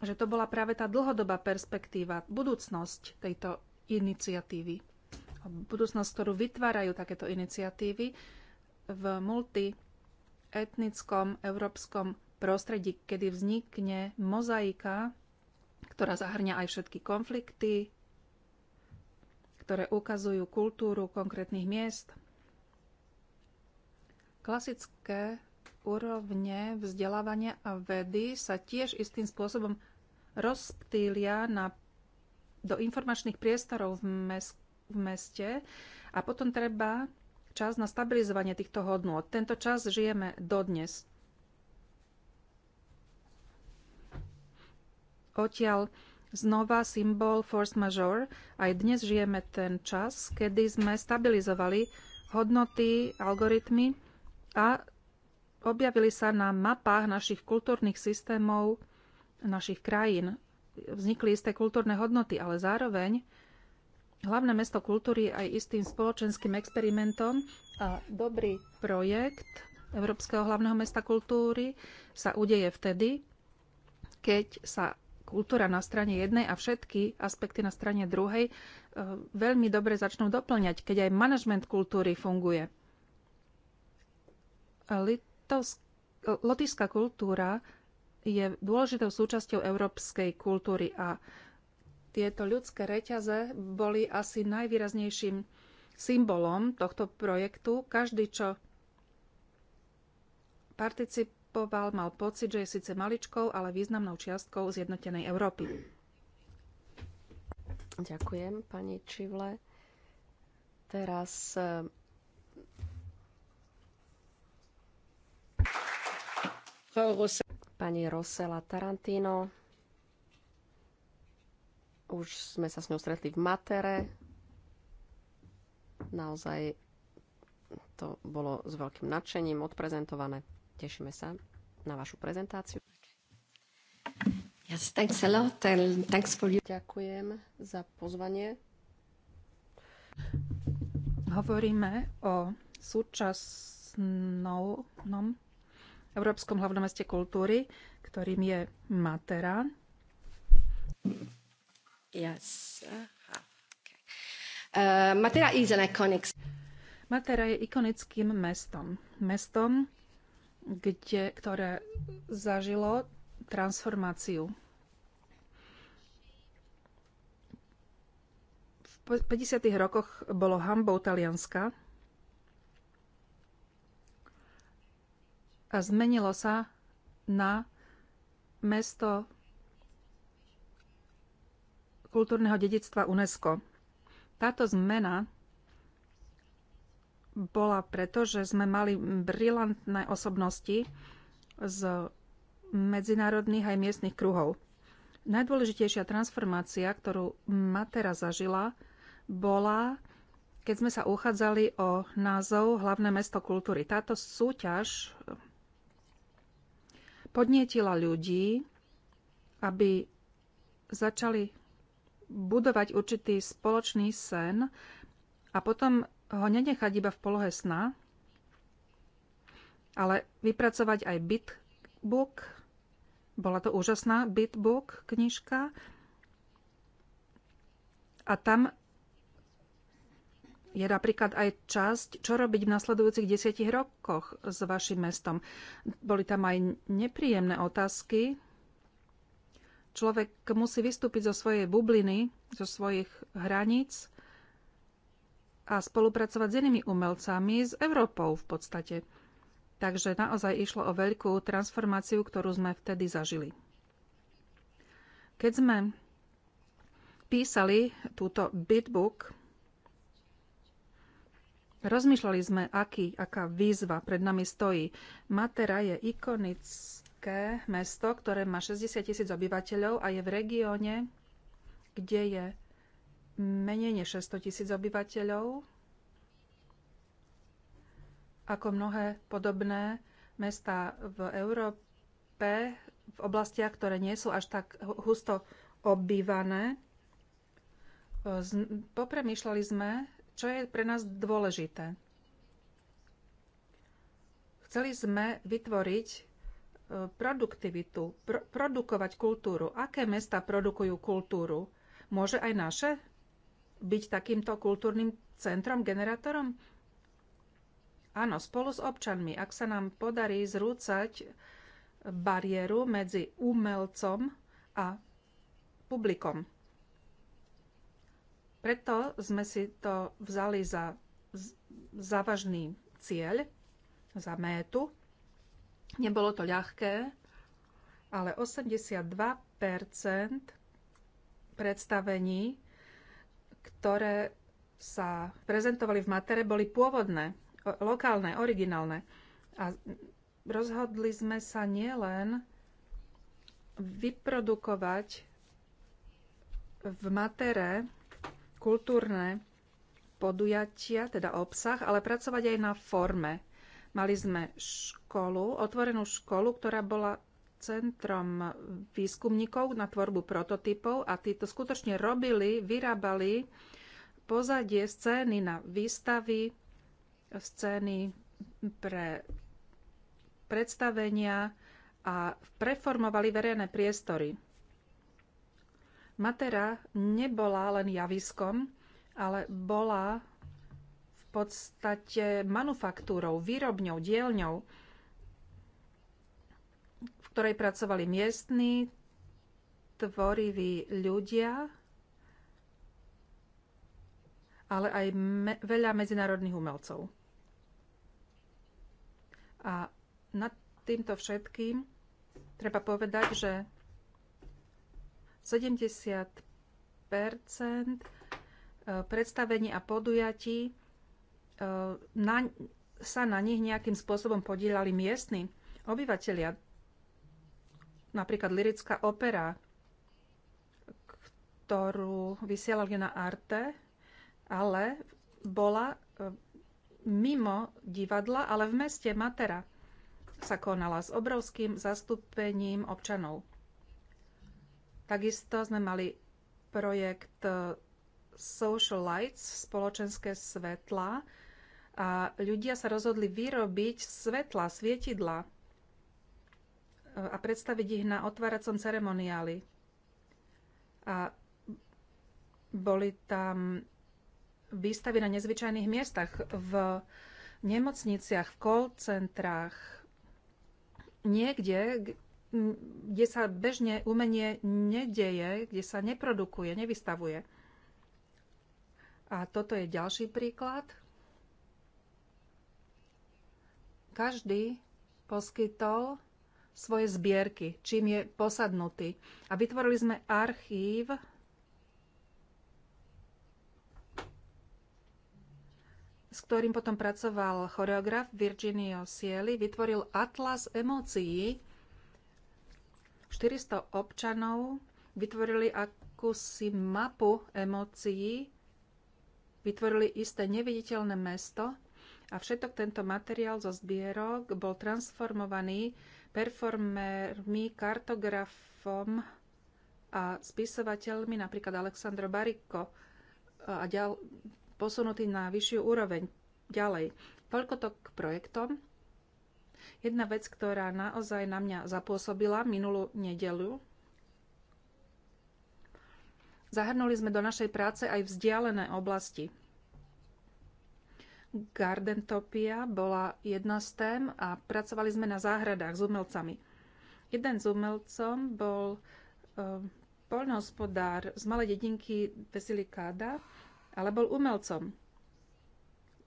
A: že to bola práve tá dlhodobá perspektíva, budúcnosť tejto iniciatívy. Budúcnosť, ktorú vytvárajú takéto iniciatívy v multietnickom európskom prostredí, kedy vznikne mozaika, ktorá zahrňa aj všetky konflikty, ktoré ukazujú kultúru konkrétnych miest. Klasické úrovne vzdelávania a vedy sa tiež istým spôsobom rozptýlia na, do informačných priestorov v, mes, v meste a potom treba čas na stabilizovanie týchto hodnôt. Tento čas žijeme dodnes. odtiaľ znova symbol force majeure. Aj dnes žijeme ten čas, kedy sme stabilizovali hodnoty, algoritmy a objavili sa na mapách našich kultúrnych systémov, našich krajín. Vznikli isté kultúrne hodnoty, ale zároveň hlavné mesto kultúry je aj istým spoločenským experimentom a dobrý projekt Európskeho hlavného mesta kultúry sa udeje vtedy, keď sa kultúra na strane jednej a všetky aspekty na strane druhej e, veľmi dobre začnú doplňať, keď aj manažment kultúry funguje. Lotyšská kultúra je dôležitou súčasťou európskej kultúry a tieto ľudské reťaze boli asi najvýraznejším symbolom tohto projektu. Každý, čo particip- vystupoval, mal pocit, že je síce maličkou, ale významnou čiastkou zjednotenej Európy. Ďakujem, pani Čivle. Teraz
B: e, pani Rosela Tarantino. Už sme sa s ňou stretli v Matere. Naozaj to bolo s veľkým nadšením odprezentované. Tešíme sa na vašu prezentáciu. Yes, thanks a lot and thanks for you. Ďakujem za pozvanie.
A: Hovoríme o súčasnom Európskom hlavnom meste kultúry, ktorým je Matera. Yes. Uh, ah, uh, Matera is an iconic... Matera je ikonickým mestom. Mestom, kde, ktoré zažilo transformáciu. V 50. rokoch bolo hambou Talianska a zmenilo sa na mesto kultúrneho dedictva UNESCO. Táto zmena bola preto, že sme mali brilantné osobnosti z medzinárodných aj miestnych kruhov. Najdôležitejšia transformácia, ktorú Matera zažila, bola, keď sme sa uchádzali o názov Hlavné mesto kultúry. Táto súťaž podnietila ľudí, aby začali budovať určitý spoločný sen a potom ho nenechať iba v polohe sna, ale vypracovať aj bitbook. Bola to úžasná bitbook knižka. A tam je napríklad aj časť, čo robiť v nasledujúcich desiatich rokoch s vašim mestom. Boli tam aj nepríjemné otázky. Človek musí vystúpiť zo svojej bubliny, zo svojich hraníc a spolupracovať s inými umelcami, s Európou v podstate. Takže naozaj išlo o veľkú transformáciu, ktorú sme vtedy zažili. Keď sme písali túto bitbook, rozmýšľali sme, aký, aká výzva pred nami stojí. Matera je ikonické mesto, ktoré má 60 tisíc obyvateľov a je v regióne, kde je menej než 600 tisíc obyvateľov, ako mnohé podobné mesta v Európe, v oblastiach, ktoré nie sú až tak husto obývané. Popremýšľali sme, čo je pre nás dôležité. Chceli sme vytvoriť e, produktivitu, pro- produkovať kultúru. Aké mesta produkujú kultúru? Môže aj naše? byť takýmto kultúrnym centrom, generátorom? Áno, spolu s občanmi. Ak sa nám podarí zrúcať bariéru medzi umelcom a publikom. Preto sme si to vzali za závažný cieľ, za métu. Nebolo to ľahké, ale 82 predstavení ktoré sa prezentovali v matere, boli pôvodné, lokálne, originálne. A rozhodli sme sa nielen vyprodukovať v matere kultúrne podujatia, teda obsah, ale pracovať aj na forme. Mali sme školu, otvorenú školu, ktorá bola centrom výskumníkov na tvorbu prototypov a títo skutočne robili, vyrábali pozadie scény na výstavy, scény pre predstavenia a preformovali verejné priestory. Matera nebola len javiskom, ale bola v podstate manufaktúrou, výrobňou, dielňou, ktorej pracovali miestni, tvoriví ľudia, ale aj me- veľa medzinárodných umelcov. A nad týmto všetkým treba povedať, že 70 e, predstavení a podujatí e, na, sa na nich nejakým spôsobom podielali miestni obyvateľia. Napríklad lyrická opera, ktorú vysielali na Arte, ale bola e, mimo divadla, ale v meste Matera sa konala s obrovským zastúpením občanov. Takisto sme mali projekt e, Social Lights, spoločenské svetla, a ľudia sa rozhodli vyrobiť svetla, svietidla, a predstaviť ich na otváracom ceremoniáli. A boli tam výstavy na nezvyčajných miestach, v nemocniciach, v call centrách, niekde, kde sa bežne umenie nedeje, kde sa neprodukuje, nevystavuje. A toto je ďalší príklad. Každý poskytol svoje zbierky, čím je posadnutý. A vytvorili sme archív s ktorým potom pracoval choreograf Virginio Sieli, vytvoril Atlas emócií. 400 občanov vytvorili akúsi mapu emócií, vytvorili isté neviditeľné mesto a všetok tento materiál zo zbierok bol transformovaný performermi, kartografom a spisovateľmi, napríklad Alexandro Bariko a ďal, posunutý na vyššiu úroveň ďalej. Toľko to k projektom. Jedna vec, ktorá naozaj na mňa zapôsobila minulú nedelu. Zahrnuli sme do našej práce aj vzdialené oblasti. Gardentopia bola jedna z tém a pracovali sme na záhradách s umelcami. Jeden z umelcom bol ehm, poľnohospodár z malej dedinky Vesilikáda, ale bol umelcom.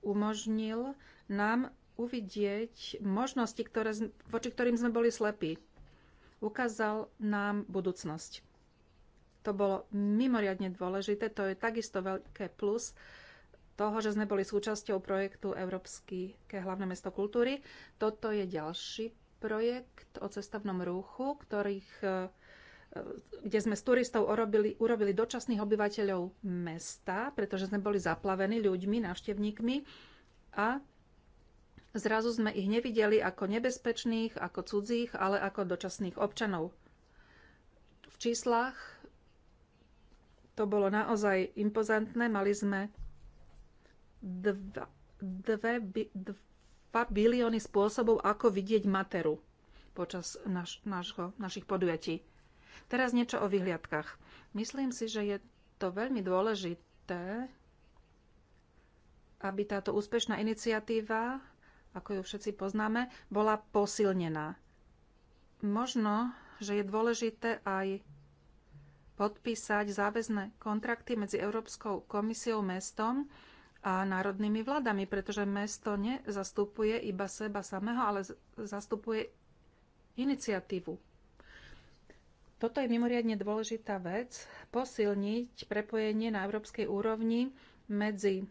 A: Umožnil nám uvidieť možnosti, ktoré, voči ktorým sme boli slepí. Ukázal nám budúcnosť. To bolo mimoriadne dôležité, to je takisto veľké plus toho, že sme boli súčasťou projektu Európske hlavné mesto kultúry. Toto je ďalší projekt o cestovnom ruchu, ktorých, e, e, kde sme s turistov urobili, urobili dočasných obyvateľov mesta, pretože sme boli zaplavení ľuďmi, návštevníkmi a zrazu sme ich nevideli ako nebezpečných, ako cudzích, ale ako dočasných občanov. V číslach to bolo naozaj impozantné. Mali sme dva, dve, dva bilióny spôsobov, ako vidieť materu počas naš, našho, našich podujatí. Teraz niečo o vyhliadkach. Myslím si, že je to veľmi dôležité, aby táto úspešná iniciatíva, ako ju všetci poznáme, bola posilnená. Možno, že je dôležité aj podpísať záväzné kontrakty medzi Európskou komisiou mestom a národnými vládami, pretože mesto nezastupuje iba seba samého, ale zastupuje iniciatívu. Toto je mimoriadne dôležitá vec, posilniť prepojenie na európskej úrovni medzi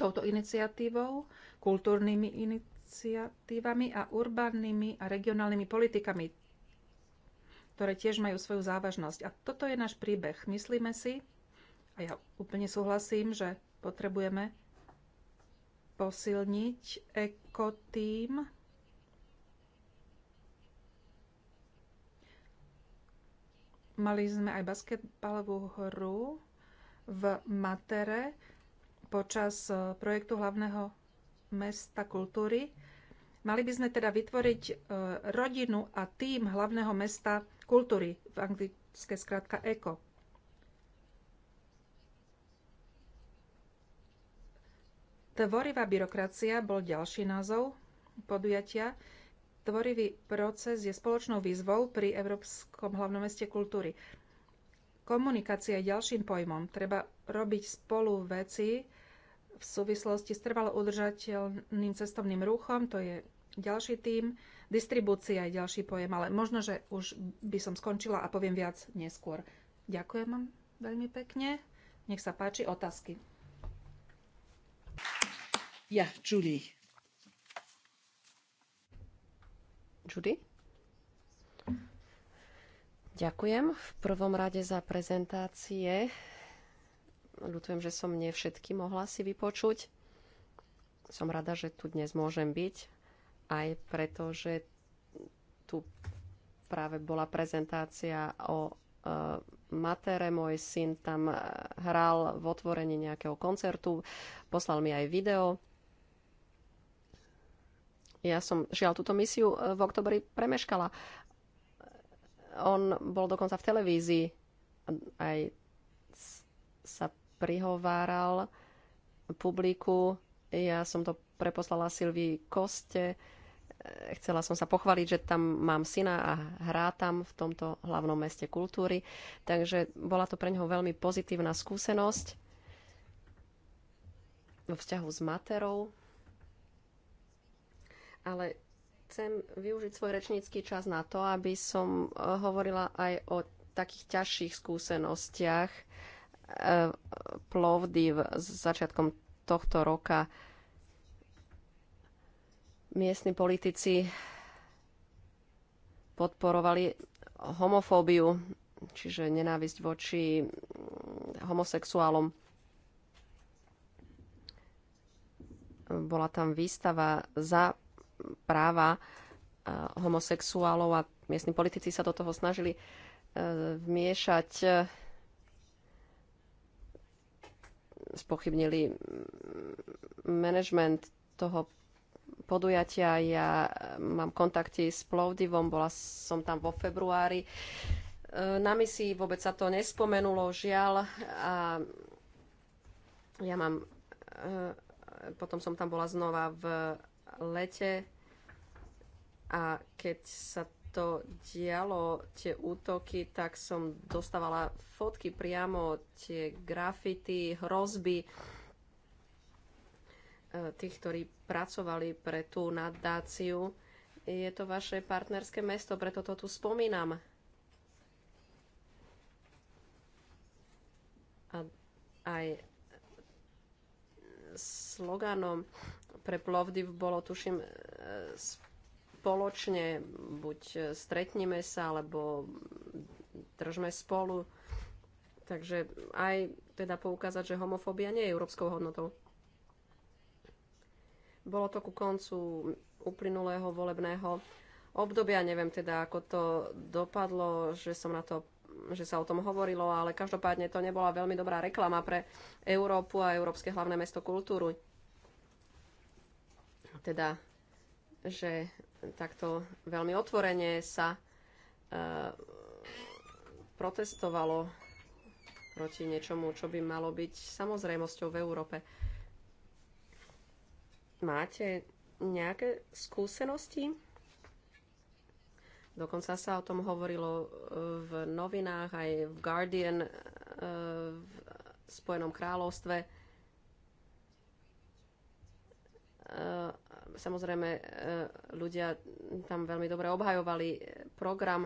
A: touto iniciatívou, kultúrnymi iniciatívami a urbánnymi a regionálnymi politikami, ktoré tiež majú svoju závažnosť. A toto je náš príbeh. Myslíme si, a ja úplne súhlasím, že Potrebujeme posilniť ekotým. Mali sme aj basketbalovú hru v Matere počas eh, projektu hlavného mesta kultúry. Mali by sme teda vytvoriť eh, rodinu a tým hlavného mesta kultúry, v anglické skratka ECO. Tvorivá byrokracia bol ďalší názov podujatia. Tvorivý proces je spoločnou výzvou pri Európskom hlavnom meste kultúry. Komunikácia je ďalším pojmom. Treba robiť spolu veci v súvislosti s trvalo udržateľným cestovným ruchom, to je ďalší tým. Distribúcia je ďalší pojem, ale možno, že už by som skončila a poviem viac neskôr. Ďakujem vám veľmi pekne. Nech sa páči otázky. Judy.
B: Judy? Ďakujem v prvom rade za prezentácie. Ľutujem, že som nie všetky mohla si vypočuť. Som rada, že tu dnes môžem byť, aj preto, že tu práve bola prezentácia o e, matere. Môj syn tam hral v otvorení nejakého koncertu, poslal mi aj video. Ja som žiaľ túto misiu e, v oktobri premeškala. On bol dokonca v televízii aj sa prihováral publiku. Ja som to preposlala Silvii Koste. E, chcela som sa pochváliť, že tam mám syna a hrá tam v tomto hlavnom meste kultúry. Takže bola to pre neho veľmi pozitívna skúsenosť vo vzťahu s materou ale chcem využiť svoj rečnícky čas na to, aby som e, hovorila aj o takých ťažších skúsenostiach e, plovdy v začiatkom tohto roka. Miestni politici podporovali homofóbiu, čiže nenávisť voči mm, homosexuálom. Bola tam výstava za práva e, homosexuálov a miestni politici sa do toho snažili e, vmiešať e, spochybnili management toho podujatia. Ja mám kontakty s Plovdivom, bola som tam vo februári. Na misii vôbec sa to nespomenulo, žiaľ. A ja mám... Potom som tam bola znova v lete a keď sa to dialo, tie útoky, tak som dostávala fotky priamo, tie grafity, hrozby e, tých, ktorí pracovali pre tú nadáciu. Je to vaše partnerské mesto, preto to tu spomínam. A aj sloganom pre Plovdiv bolo, tuším, e, spoločne buď stretnime sa, alebo držme spolu. Takže aj teda poukázať, že homofóbia nie je európskou hodnotou. Bolo to ku koncu uplynulého volebného obdobia. Neviem teda, ako to dopadlo, že som na to že sa o tom hovorilo, ale každopádne to nebola veľmi dobrá reklama pre Európu a Európske hlavné mesto kultúru teda, že takto veľmi otvorene sa e, protestovalo proti niečomu, čo by malo byť samozrejmosťou v Európe. Máte nejaké skúsenosti? Dokonca sa o tom hovorilo e, v novinách, aj v Guardian e, v Spojenom kráľovstve. E, Samozrejme, e, ľudia tam veľmi dobre obhajovali e, program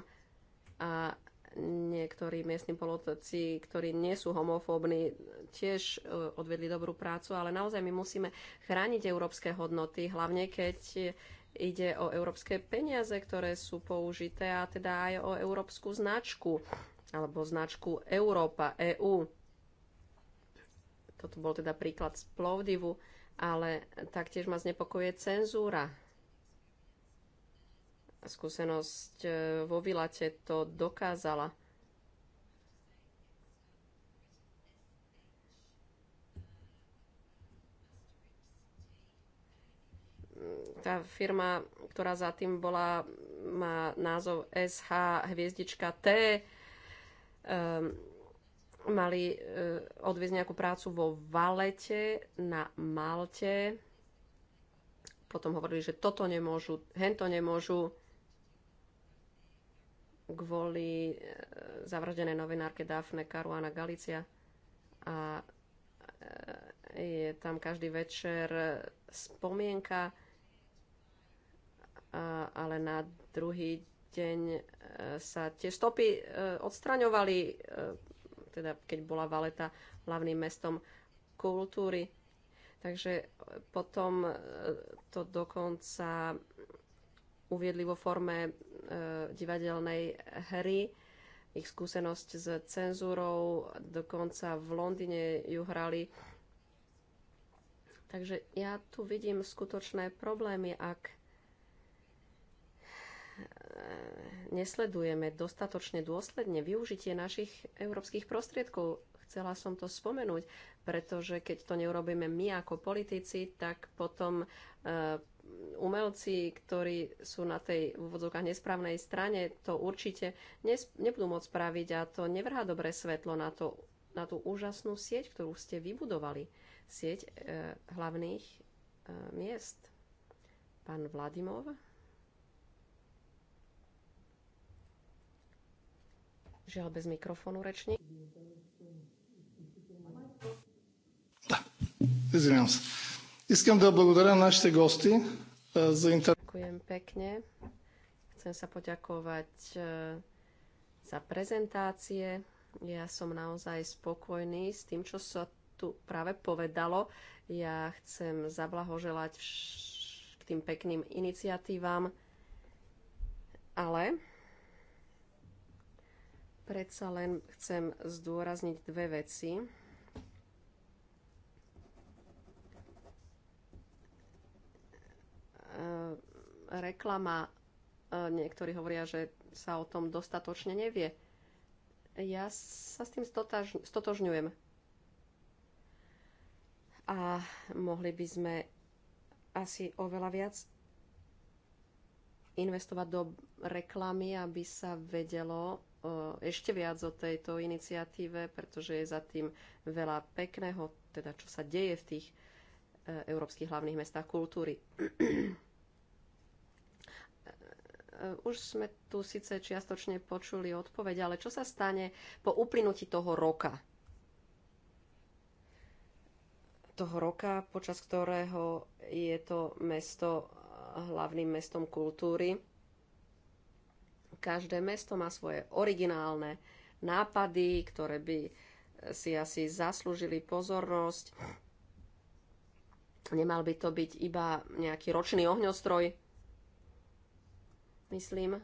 B: a niektorí miestni polotoci, ktorí nie sú homofóbni, tiež e, odvedli dobrú prácu, ale naozaj my musíme chrániť európske hodnoty, hlavne keď ide o európske peniaze, ktoré sú použité a teda aj o európsku značku alebo značku Európa, EU. Toto bol teda príklad z Plovdivu ale taktiež ma znepokojuje cenzúra. Skúsenosť e, vo Vilate to dokázala. tá firma, ktorá za tým bola, má názov SH hviezdička T. Um, mali e, odviezť nejakú prácu vo Valete na Malte. Potom hovorili, že toto nemôžu, hento nemôžu kvôli e, zavraždenej novinárke Daphne Caruana Galicia. A e, je tam každý večer spomienka, ale na druhý deň sa tie stopy odstraňovali teda keď bola Valeta hlavným mestom kultúry. Takže potom e, to dokonca uviedli vo forme e, divadelnej hry. Ich skúsenosť s cenzúrou, dokonca v Londýne ju hrali. Takže ja tu vidím skutočné problémy, ak nesledujeme dostatočne dôsledne využitie našich európskych prostriedkov. Chcela som to spomenúť, pretože keď to neurobíme my ako politici, tak potom e, umelci, ktorí sú na tej úvodzovkách nesprávnej strane, to určite nebudú môcť spraviť a to nevrhá dobré svetlo na, to, na tú úžasnú sieť, ktorú ste vybudovali. Sieť e, hlavných e, miest. Pán Vladimov. Žiaľ bez mikrofónu rečník.
A: Izvinám sa. Iskám da благодаря našte gosti e, za inter...
B: Ďakujem pekne. Chcem sa poďakovať e, za prezentácie. Ja som naozaj spokojný s tým, čo sa tu práve povedalo. Ja chcem zablahoželať k tým pekným iniciatívam, ale Predsa len chcem zdôrazniť dve veci. E, reklama, e, niektorí hovoria, že sa o tom dostatočne nevie. Ja sa s tým stotožňujem. A mohli by sme asi oveľa viac investovať do reklamy, aby sa vedelo, ešte viac o tejto iniciatíve, pretože je za tým veľa pekného, teda čo sa deje v tých e, európskych hlavných mestách kultúry. E, už sme tu síce čiastočne počuli odpoveď, ale čo sa stane po uplynutí toho roka? Toho roka, počas ktorého je to mesto hlavným mestom kultúry Každé mesto má svoje originálne nápady, ktoré by eh, si asi zaslúžili pozornosť. Nemal by to byť iba nejaký ročný ohňostroj. Myslím,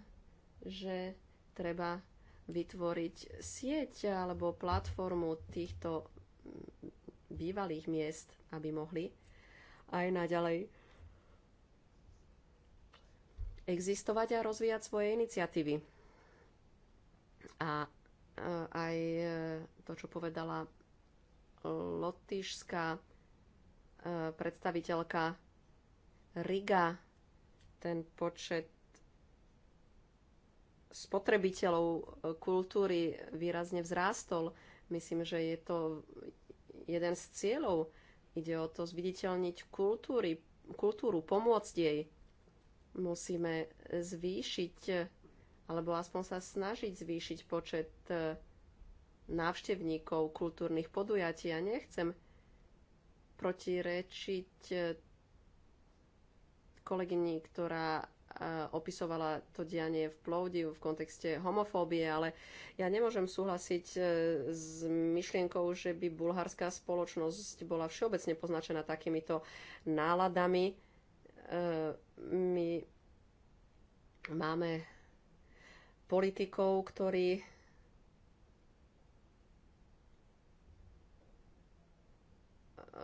B: že treba vytvoriť sieť alebo platformu týchto mm, bývalých miest, aby mohli aj naďalej existovať a rozvíjať svoje iniciatívy. A e, aj e, to, čo povedala e, lotyšská predstaviteľka Riga, ten počet spotrebiteľov kultúry výrazne vzrástol. Myslím, že je to jeden z cieľov. Ide o to zviditeľniť kultúry, kultúru, pomôcť jej. Musíme zvýšiť, alebo aspoň sa snažiť zvýšiť počet e, návštevníkov kultúrnych podujatí. Ja nechcem protirečiť e, kolegyni, ktorá e, opisovala to dianie v Ploudi v kontexte homofóbie, ale ja nemôžem súhlasiť s myšlienkou, že by bulharská spoločnosť bola všeobecne poznačená takýmito náladami my máme politikov, ktorí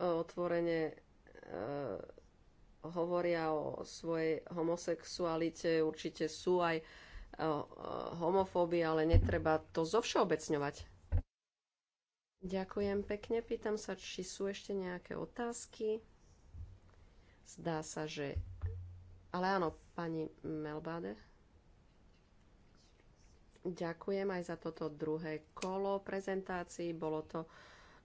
B: otvorene e, hovoria o svojej homosexualite, určite sú aj e, homofóby, ale netreba to zovšeobecňovať. Ďakujem pekne. Pýtam sa, či sú ešte nejaké otázky. Zdá sa, že... Ale áno, pani Melbade. Ďakujem aj za toto druhé kolo prezentácií. Bolo to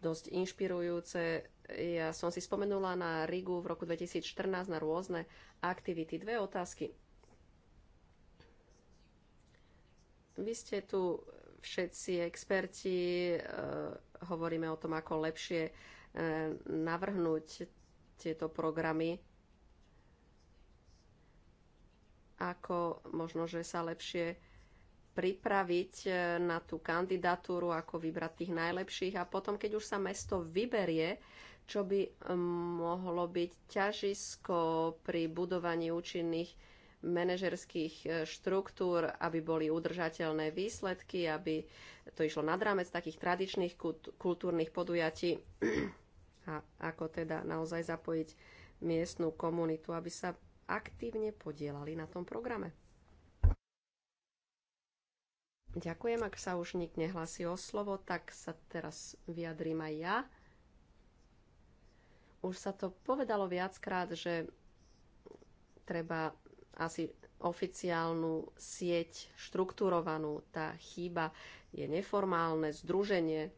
B: dosť inšpirujúce. Ja som si spomenula na Rigu v roku 2014 na rôzne aktivity. Dve otázky. Vy ste tu všetci experti, eh, hovoríme o tom, ako lepšie eh, navrhnúť tieto programy. ako možno, že sa lepšie pripraviť e, na tú kandidatúru, ako vybrať tých najlepších a potom, keď už sa mesto vyberie, čo by mohlo byť ťažisko pri budovaní účinných manažerských e, štruktúr, aby boli udržateľné výsledky, aby to išlo nad rámec takých tradičných kultúrnych podujatí a ako teda naozaj zapojiť miestnú komunitu, aby sa aktívne podielali na tom programe. Ďakujem, ak sa už nik nehlasí o slovo, tak sa teraz vyjadrím aj ja. Už sa to povedalo viackrát, že treba asi oficiálnu sieť štruktúrovanú. Tá chyba je neformálne združenie.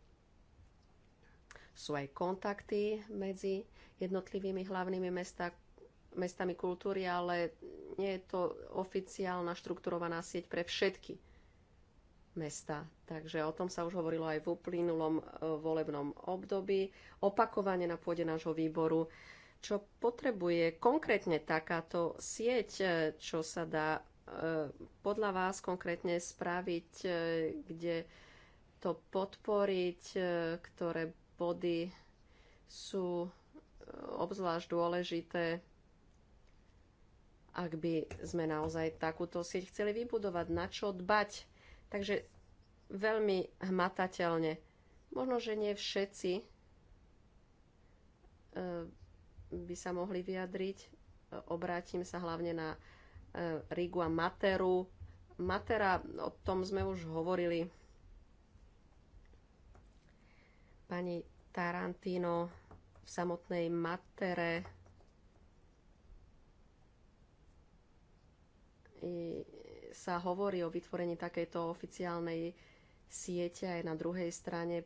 B: Sú aj kontakty medzi jednotlivými hlavnými mestami mestami kultúry, ale nie je to oficiálna štrukturovaná sieť pre všetky mesta. Takže o tom sa už hovorilo aj v uplynulom e, volebnom období. Opakovane na pôde nášho výboru, čo potrebuje konkrétne takáto sieť, e, čo sa dá e, podľa vás konkrétne spraviť, kde to podporiť, ktoré body sú obzvlášť dôležité ak by sme naozaj takúto sieť chceli vybudovať, na čo dbať. Takže veľmi hmatateľne. Možno, že nie všetci e, by sa mohli vyjadriť. Obrátim sa hlavne na e, Rigu a Materu. Matera, o tom sme už hovorili. Pani Tarantino v samotnej Matere sa hovorí o vytvorení takejto oficiálnej siete aj na druhej strane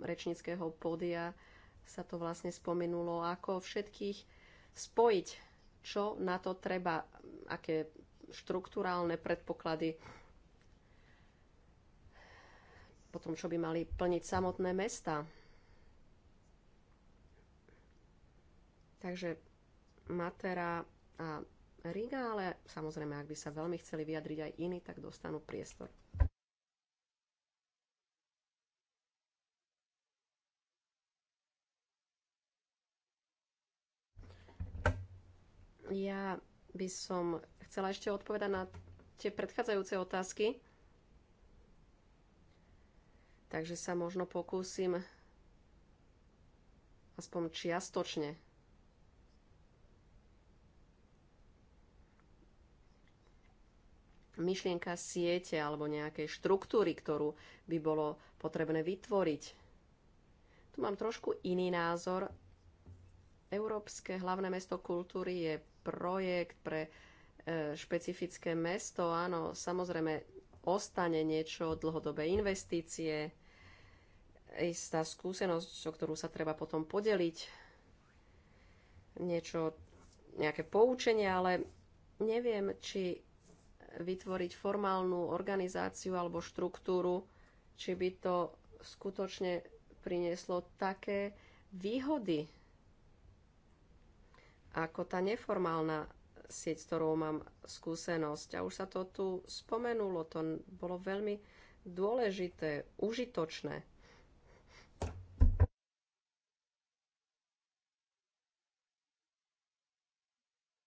B: rečníckého pódia sa to vlastne spomenulo, ako všetkých spojiť, čo na to treba, aké štruktúrálne predpoklady, potom čo by mali plniť samotné mesta. Takže Matera a Riga, ale samozrejme, ak by sa veľmi chceli vyjadriť aj iní, tak dostanú priestor. Ja by som chcela ešte odpovedať na tie predchádzajúce otázky. Takže sa možno pokúsim aspoň čiastočne myšlienka siete alebo nejakej štruktúry, ktorú by bolo potrebné vytvoriť. Tu mám trošku iný názor. Európske hlavné mesto kultúry je projekt pre e, špecifické mesto. Áno, samozrejme, ostane niečo, dlhodobé investície, istá skúsenosť, o ktorú sa treba potom podeliť, niečo, nejaké poučenie, ale neviem, či vytvoriť formálnu organizáciu alebo štruktúru, či by to skutočne prinieslo také výhody, ako tá neformálna sieť, s ktorou mám skúsenosť. A už sa to tu spomenulo, to bolo veľmi dôležité, užitočné.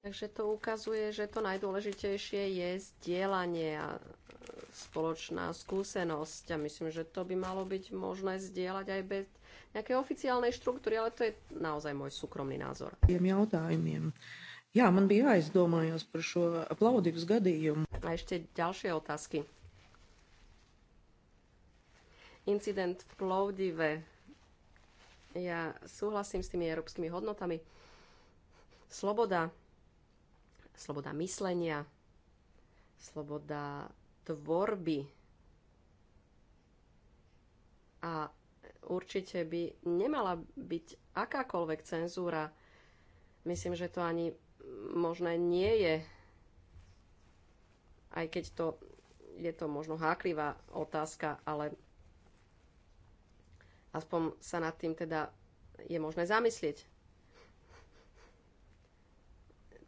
B: Takže to ukazuje, že to najdôležitejšie je zdieľanie a e, spoločná skúsenosť. A myslím, že to by malo byť možné zdieľať aj bez nejakej oficiálnej štruktúry, ale to je naozaj môj súkromný názor. Ja,
A: man bija aizdomājos par šo aplaudīgus gadījumu.
B: A ešte ďalšie otázky. Incident v Plovdive. Ja súhlasím s tými európskymi hodnotami. Sloboda, sloboda myslenia, sloboda tvorby. A určite by nemala byť akákoľvek cenzúra. Myslím, že to ani možné nie je, aj keď to je to možno háklivá otázka, ale aspoň sa nad tým teda je možné zamyslieť.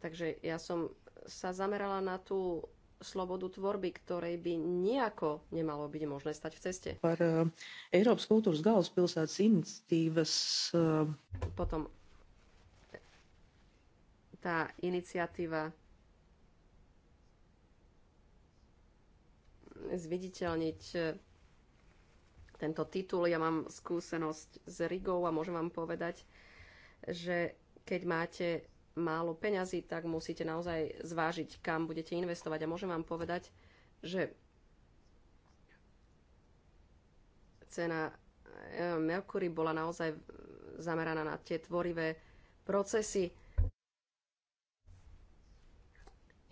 B: Takže ja som sa zamerala na tú slobodu tvorby, ktorej by nejako nemalo byť možné stať v ceste. Par uh, eh, kultúrs gals galvaspilsētas iniciatívas... Uh... Eh, Potom tá iniciatíva zviditeľniť eh, tento titul. Ja mám skúsenosť s Rigou a môžem vám povedať, že keď máte málo peňazí, tak musíte naozaj zvážiť, kam budete investovať. A môžem vám povedať, že cena eh, Mercury bola naozaj zameraná na tie tvorivé procesy.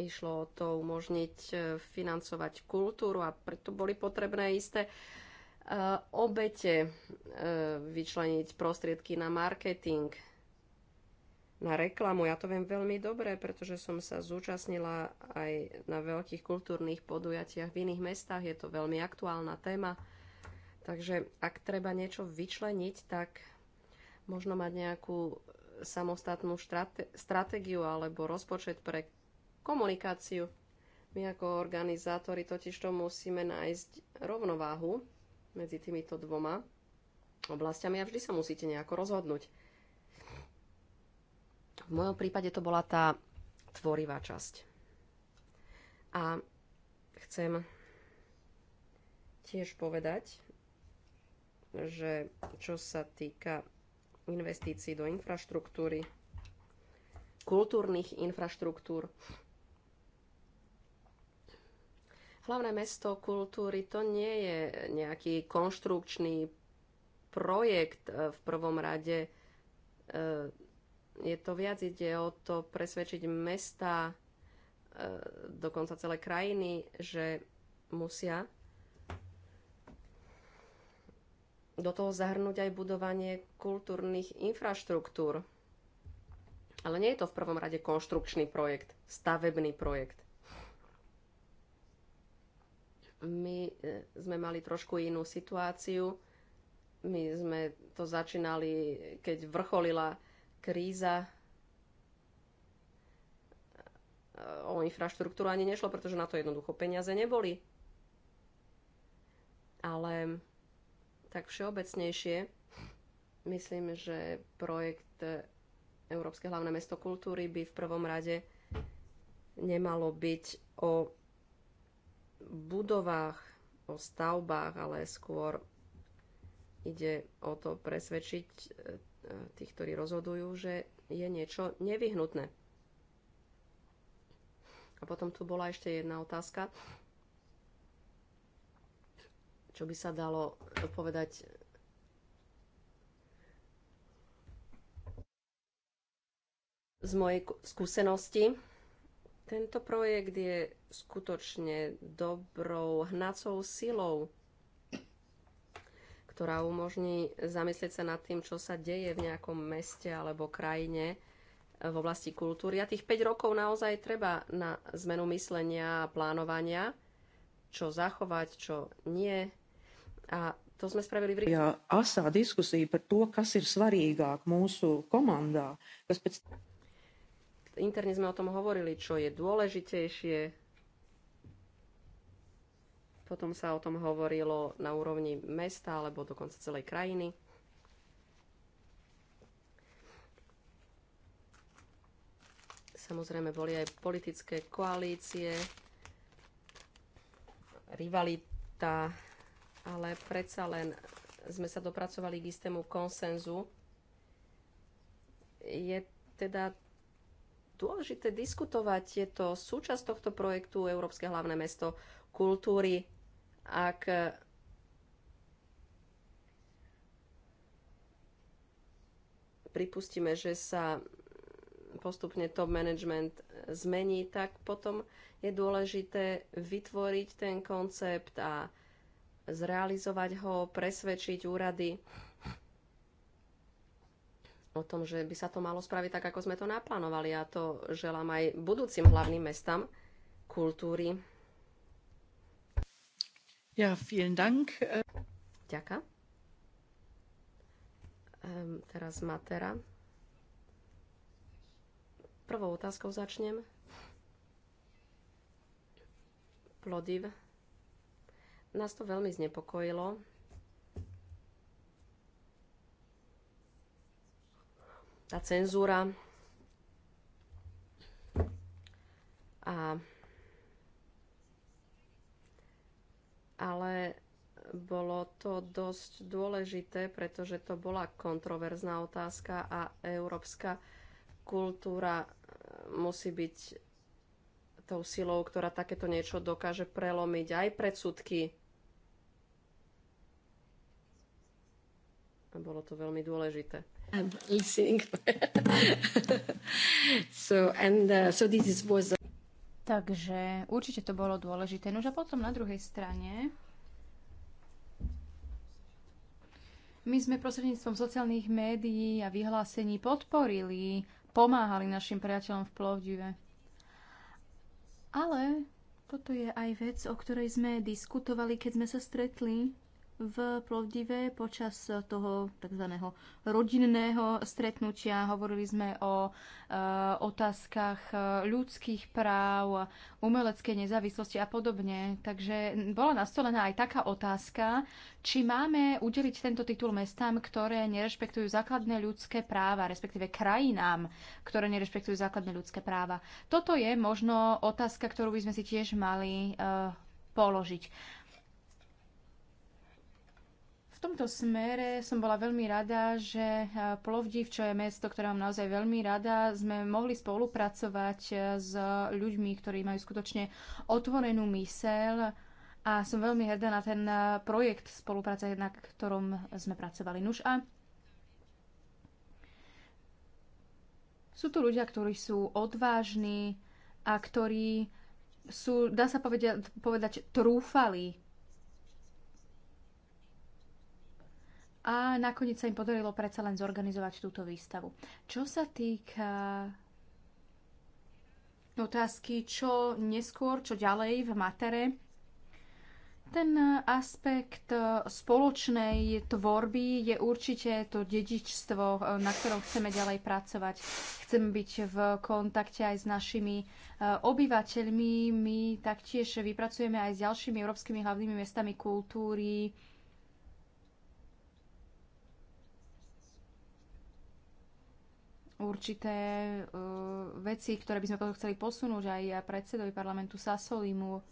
B: Išlo o to umožniť eh, financovať kultúru a preto boli potrebné isté eh, obete vyčleniť prostriedky na marketing, na reklamu. Ja to viem veľmi dobre, pretože som sa zúčastnila aj na veľkých kultúrnych podujatiach v iných mestách. Je to veľmi aktuálna téma. Takže ak treba niečo vyčleniť, tak možno mať nejakú samostatnú štrate- stratégiu alebo rozpočet pre komunikáciu. My ako organizátori totiž to musíme nájsť rovnováhu medzi týmito dvoma oblastiami a vždy sa musíte nejako rozhodnúť v mojom prípade to bola tá tvorivá časť. A chcem tiež povedať, že čo sa týka investícií do infraštruktúry, kultúrnych infraštruktúr, Hlavné mesto kultúry to nie je nejaký konštrukčný projekt e, v prvom rade. E, je to viac, ide o to presvedčiť mesta, e, dokonca celé krajiny, že musia do toho zahrnúť aj budovanie kultúrnych infraštruktúr. Ale nie je to v prvom rade konštrukčný projekt, stavebný projekt. My e, sme mali trošku inú situáciu. My sme to začínali, keď vrcholila kríza eh, o infraštruktúru ani nešlo, pretože na to jednoducho peniaze neboli. Ale tak všeobecnejšie myslím, že projekt eh, Európske hlavné mesto kultúry by v prvom rade nemalo byť o budovách, o stavbách, ale skôr ide o to presvedčiť eh, E, tých, ktorí rozhodujú, že je niečo nevyhnutné. A potom tu bola ešte jedna otázka, čo by sa dalo povedať z mojej skúsenosti. Tento projekt je skutočne dobrou hnacou silou ktorá umožní zamyslieť sa nad tým, čo sa deje v nejakom meste alebo krajine e, v oblasti kultúry. A tých 5 rokov naozaj treba na zmenu myslenia a plánovania, čo zachovať, čo nie. A to sme spravili v Ja asá diskusija pre to, kas ir svarīgāk mūsu komandā, Interne sme o tom hovorili, čo je dôležitejšie, potom sa o tom hovorilo na úrovni mesta alebo dokonca celej krajiny. Samozrejme boli aj politické koalície, rivalita, ale predsa len sme sa dopracovali k istému konsenzu. Je teda dôležité diskutovať. Je to súčasť tohto projektu Európske hlavné mesto kultúry ak e, pripustíme, že sa postupne top management zmení, tak potom je dôležité vytvoriť ten koncept a zrealizovať ho, presvedčiť úrady o tom, že by sa to malo spraviť tak, ako sme to naplánovali. A to želám aj budúcim hlavným mestám kultúry. Ja, vielen Dank. Ďaká. Um, ehm, teraz Matera. Prvou otázkou začnem. Plodiv. Nás to veľmi znepokojilo. Tá cenzúra a ale bolo to dosť dôležité, pretože to bola kontroverzná otázka a európska kultúra eh, musí byť tou silou, ktorá takéto niečo dokáže prelomiť aj predsudky. A bolo to veľmi dôležité. I'm listening. so, and, uh, so
C: this was... Takže určite to bolo dôležité. No a potom na druhej strane my sme prostredníctvom sociálnych médií a vyhlásení podporili, pomáhali našim priateľom v Plovdive. Ale toto je aj vec, o ktorej sme diskutovali, keď sme sa stretli v Plovdive počas toho tzv. rodinného stretnutia. Hovorili sme o e, otázkach e, ľudských práv, umeleckej nezávislosti a podobne. Takže bola nastolená aj taká otázka, či máme udeliť tento titul mestám, ktoré nerešpektujú základné ľudské práva, respektíve krajinám, ktoré nerešpektujú základné ľudské práva. Toto je možno otázka, ktorú by sme si tiež mali e, položiť tomto smere som bola veľmi rada, že e, Plovdiv, čo je mesto, ktoré mám naozaj veľmi rada, sme mohli spolupracovať e, s ľuďmi, ktorí majú skutočne otvorenú myseľ a som veľmi hrdá na ten e, projekt spolupráce, na ktorom sme pracovali. Nuž a sú tu ľudia, ktorí sú odvážni a ktorí sú, dá sa povedať, povedať trúfali a nakoniec sa im podarilo predsa len zorganizovať túto výstavu. Čo sa týka no, otázky, čo neskôr, čo ďalej v Matere, ten aspekt e, spoločnej tvorby je určite to dedičstvo, e, na ktorom chceme ďalej pracovať. chcem byť v kontakte aj s našimi e, obyvateľmi. My taktiež vypracujeme aj s ďalšími európskymi hlavnými mestami kultúry, určité uh, veci, ktoré by sme potom chceli posunúť aj ja predsedovi parlamentu Sasolimu.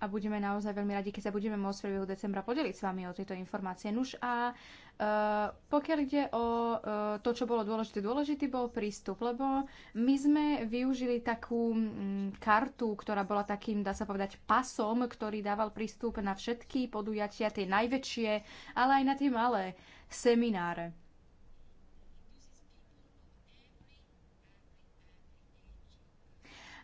C: A budeme naozaj veľmi radi, keď sa budeme môcť v priebehu decembra podeliť s vami o tieto informácie. Nuž a uh, pokiaľ ide o uh, to, čo bolo dôležité, dôležitý bol prístup, lebo my sme využili takú mm, kartu, ktorá bola takým, dá sa povedať, pasom, ktorý dával prístup na všetky podujatia, tie najväčšie, ale aj na tie malé. Uh, semináre.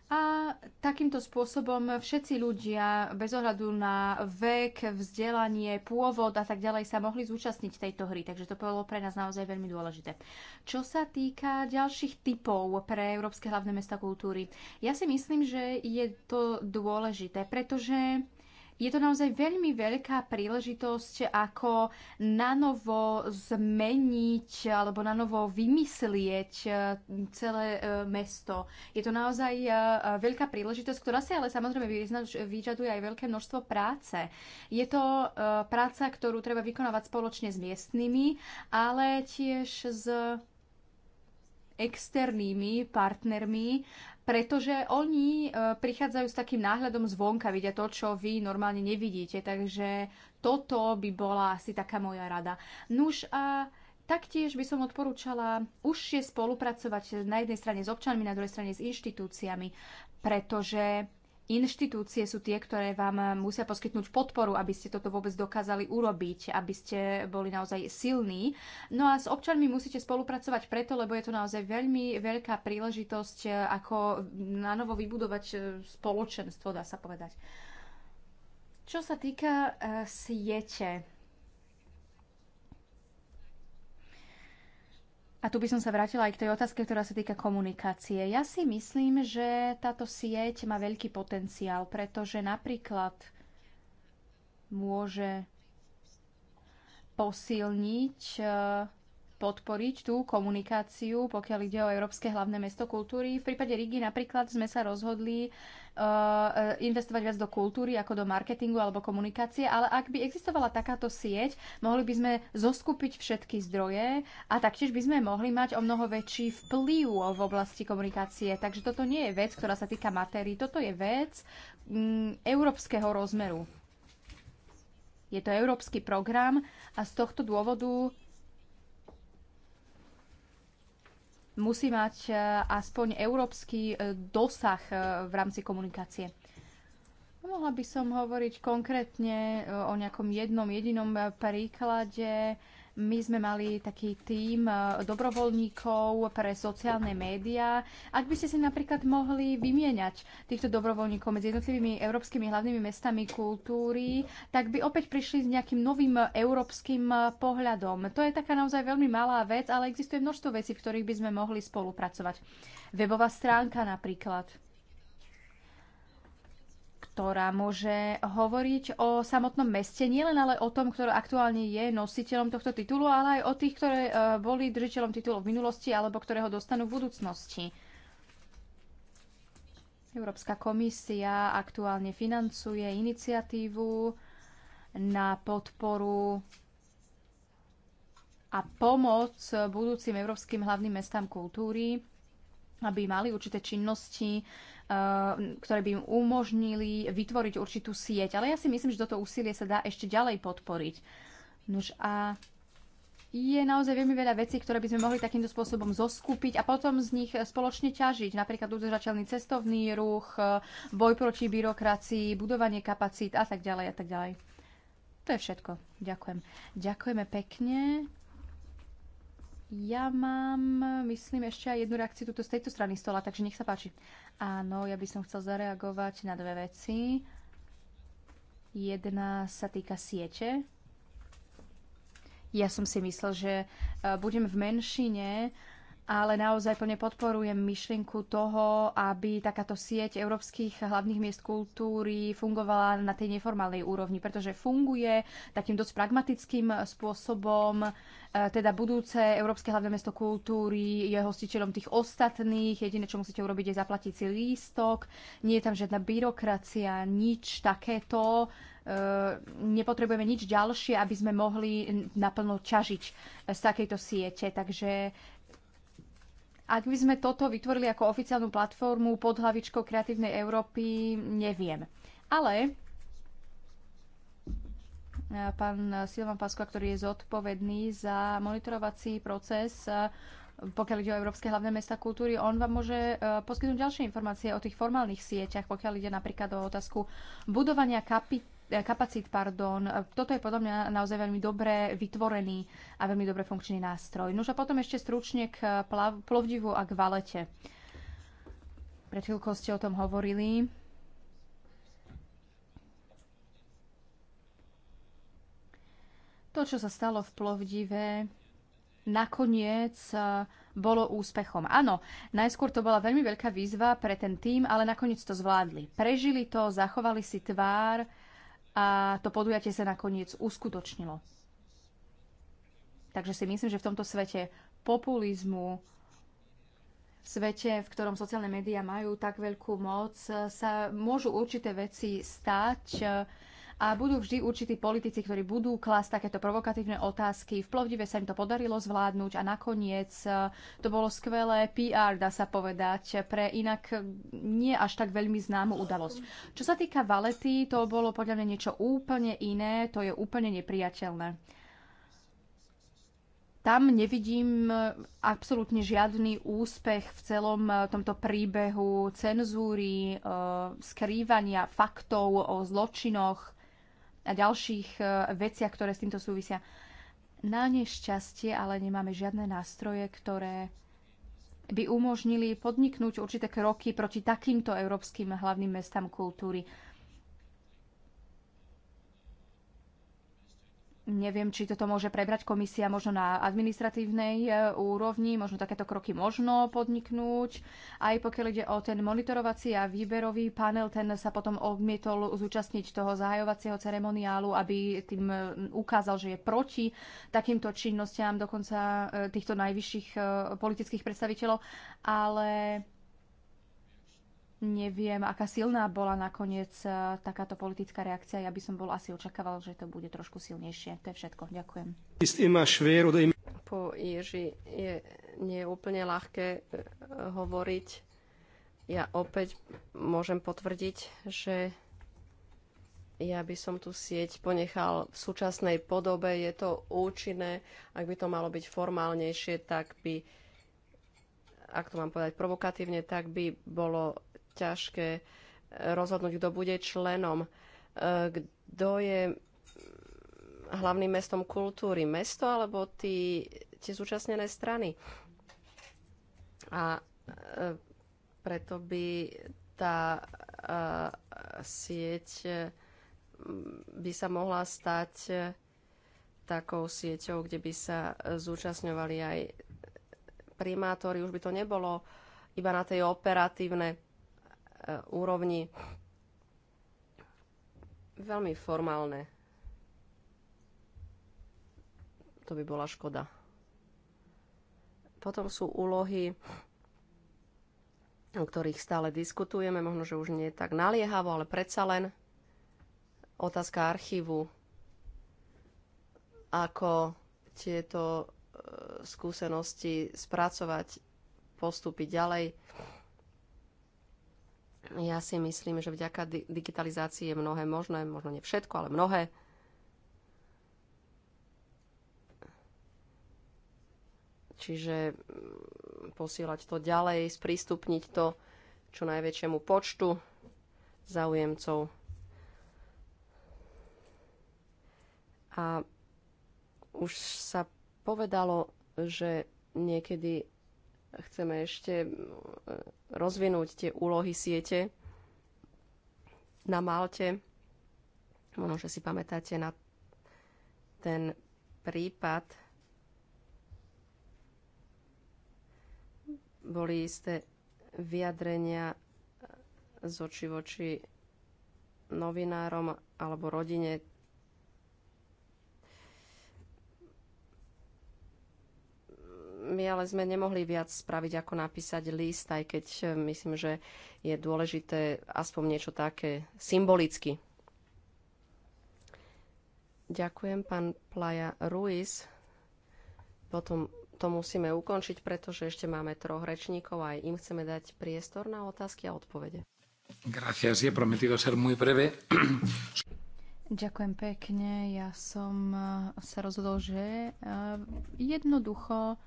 C: A takýmto spôsobom všetci ľudia, bez ohľadu na vek, vzdelanie, pôvod a tak ďalej, sa mohli zúčastniť tejto hry. Takže to bolo pre nás naozaj veľmi dôležité. Čo sa týka ďalších typov pre Európske hlavné mesta kultúry, ja si myslím, že je to dôležité, pretože je to naozaj veľmi veľká príležitosť, ako nanovo zmeniť alebo nanovo vymyslieť e, celé e, mesto. Je to naozaj e, veľká príležitosť, ktorá si ale samozrejme vyžaduje aj veľké množstvo práce. Je to práca, ktorú treba vykonávať spoločne s miestnymi, ale tiež s externými partnermi, pretože oni e, prichádzajú s takým náhľadom zvonka, vidia to, čo vy normálne nevidíte, takže toto by bola asi taká moja rada. Nuž a taktiež by som odporúčala užšie spolupracovať na jednej strane s občanmi, na druhej strane s inštitúciami, pretože inštitúcie sú tie, ktoré vám eh, musia poskytnúť podporu, aby ste toto vôbec dokázali urobiť, aby ste boli naozaj silní. No a s občanmi musíte spolupracovať preto, lebo je to naozaj veľmi veľká príležitosť, eh, ako na novo vybudovať eh, spoločenstvo, dá sa povedať. Čo sa týka siete, a tu by som sa vrátila aj k tej otázke, ktorá sa týka komunikácie. Ja si myslím, že táto sieť má veľký potenciál, pretože napríklad môže posilniť uh, podporiť tú komunikáciu, pokiaľ ide o Európske hlavné mesto kultúry. V prípade Rigi napríklad sme sa rozhodli uh, investovať viac do kultúry ako do marketingu alebo komunikácie, ale ak by existovala takáto sieť, mohli by sme zoskupiť všetky zdroje a taktiež by sme mohli mať o mnoho väčší vplyv v oblasti komunikácie. Takže toto nie je vec, ktorá sa týka matérii, toto je vec mm, európskeho rozmeru. Je to európsky program a z tohto dôvodu musí mať e, aspoň európsky e, dosah e, v rámci komunikácie. Mohla by som hovoriť konkrétne o nejakom jednom jedinom príklade my sme mali taký tím e, dobrovoľníkov pre sociálne médiá. Ak by ste si napríklad mohli vymieňať týchto dobrovoľníkov medzi jednotlivými európskymi hlavnými mestami kultúry, tak by opäť prišli s nejakým novým európskym pohľadom. To je taká naozaj veľmi malá vec, ale existuje množstvo vecí, v ktorých by sme mohli spolupracovať. Webová stránka napríklad ktorá môže hovoriť o samotnom meste, nielen ale o tom, ktoré aktuálne je nositeľom tohto titulu, ale aj o tých, ktoré e, boli držiteľom titulu v minulosti alebo ktoré ho dostanú v budúcnosti. Európska komisia aktuálne financuje iniciatívu na podporu a pomoc budúcim európskym hlavným mestám kultúry, aby mali určité činnosti, Eh, ktoré by im umožnili vytvoriť určitú sieť. Ale ja si myslím, že toto úsilie sa dá ešte ďalej podporiť. Nož a je naozaj veľmi veľa vecí, ktoré by sme mohli takýmto spôsobom zoskúpiť a potom z nich spoločne ťažiť. Napríklad udržateľný cestovný ruch, eh, boj proti byrokracii, budovanie kapacít a tak ďalej a tak ďalej. To je všetko. Ďakujem. Ďakujeme pekne. Ja mám, myslím, ešte aj jednu reakciu tuto z tejto strany stola, takže nech sa páči. Áno, ja by som chcel zareagovať na dve veci. Jedna sa týka siete. Ja som si myslel, že e, budem v menšine, ale naozaj plne podporujem myšlienku toho, aby takáto sieť európskych hlavných miest kultúry fungovala na tej neformálnej úrovni, pretože funguje takým dosť pragmatickým spôsobom. E, teda budúce Európske hlavné mesto kultúry je hostiteľom tých ostatných. Jediné, čo musíte urobiť, je zaplatiť si lístok. Nie je tam žiadna byrokracia, nič takéto e, nepotrebujeme nič ďalšie, aby sme mohli naplno ťažiť z takejto siete. Takže ak by sme toto vytvorili ako oficiálnu platformu pod hlavičkou Kreatívnej Európy, neviem. Ale e, pán Silvan Pasko, ktorý je zodpovedný za monitorovací proces, e, pokiaľ ide o Európske hlavné mesta kultúry, on vám môže e, poskytnúť ďalšie informácie o tých formálnych sieťach, pokiaľ ide napríklad o otázku budovania kapit E, kapacít, pardon. E, toto je podľa mňa naozaj veľmi dobre vytvorený a veľmi dobre funkčný nástroj. No a potom ešte stručne k e, plav, plovdivu a k valete. Pred chvíľkou ste o tom hovorili. To, čo sa stalo v Plovdive, nakoniec bolo úspechom. Áno, najskôr to bola veľmi veľká výzva pre ten tým, ale nakoniec to zvládli. Prežili to, zachovali si tvár, a to podujatie sa nakoniec uskutočnilo. Takže si myslím, že v tomto svete populizmu, v svete, v ktorom sociálne médiá majú tak veľkú moc, sa môžu určité veci stať a budú vždy určití politici, ktorí budú klásť takéto provokatívne otázky. V Plovdive sa im to podarilo zvládnuť a nakoniec e, to bolo skvelé PR, dá sa povedať, pre inak e, nie až tak veľmi známu udalosť. Čo sa týka Valety, to bolo podľa mňa niečo úplne iné, to je úplne nepriateľné tam nevidím e, absolútne žiadny úspech v celom tomto príbehu cenzúry, skrývania faktov o zločinoch, a ďalších e, veciach, ktoré s týmto súvisia. Na nešťastie ale nemáme žiadne nástroje, ktoré by umožnili podniknúť určité kroky proti takýmto európskym hlavným mestám kultúry. Neviem, či toto môže prebrať komisia možno na administratívnej e, úrovni, možno takéto kroky možno podniknúť. Aj pokiaľ ide o ten monitorovací a výberový panel, ten sa potom odmietol zúčastniť toho zahajovacieho ceremoniálu, aby tým e, ukázal, že je proti takýmto činnostiam dokonca e, týchto najvyšších politických predstaviteľov. Ale Neviem, aká silná bola nakoniec e, takáto politická reakcia. Ja by som bol asi očakával, že to bude trošku silnejšie. To je všetko. Ďakujem. Po Ježi je nie je úplne ľahké e,
B: hovoriť. Ja opäť môžem potvrdiť, že ja by som tú sieť ponechal v súčasnej podobe. Je to účinné. Ak by to malo byť formálnejšie, tak by ak to mám povedať provokatívne, tak by bolo ťažké eh, rozhodnúť, kto bude členom, eh, kto je hlavným mestom kultúry, mesto alebo tí, tie zúčastnené strany. A eh, preto by tá sieť mm, by sa mohla stať takou sieťou, kde by sa zúčastňovali aj primátori. Už by to nebolo iba na tej operatívne E, úrovni. Veľmi formálne. To by bola škoda. Potom sú úlohy, o ktorých stále diskutujeme, možno, že už nie je tak naliehavo, ale predsa len otázka archívu, ako tieto e, skúsenosti spracovať, postúpiť ďalej ja si myslím, že vďaka digitalizácii je mnohé možné, možno nie všetko, ale mnohé. Čiže mm, posielať to ďalej, sprístupniť to čo najväčšiemu počtu záujemcov. A už sa povedalo, že niekedy chceme ešte e, rozvinúť tie úlohy siete na Malte. Možno, že si pamätáte na ten prípad. Boli isté vyjadrenia z oči voči novinárom alebo rodine my ale sme nemohli viac spraviť, ako napísať list, aj keď eh, myslím, že je dôležité aspoň niečo také symbolicky. Ďakujem, pán Plaja Ruiz. Potom to musíme ukončiť, pretože ešte máme troch rečníkov a aj im chceme dať priestor na otázky a odpovede.
A: Gracias, je prometido ser muy breve.
C: Ďakujem pekne. Ja som eh, sa rozhodol, že eh, jednoducho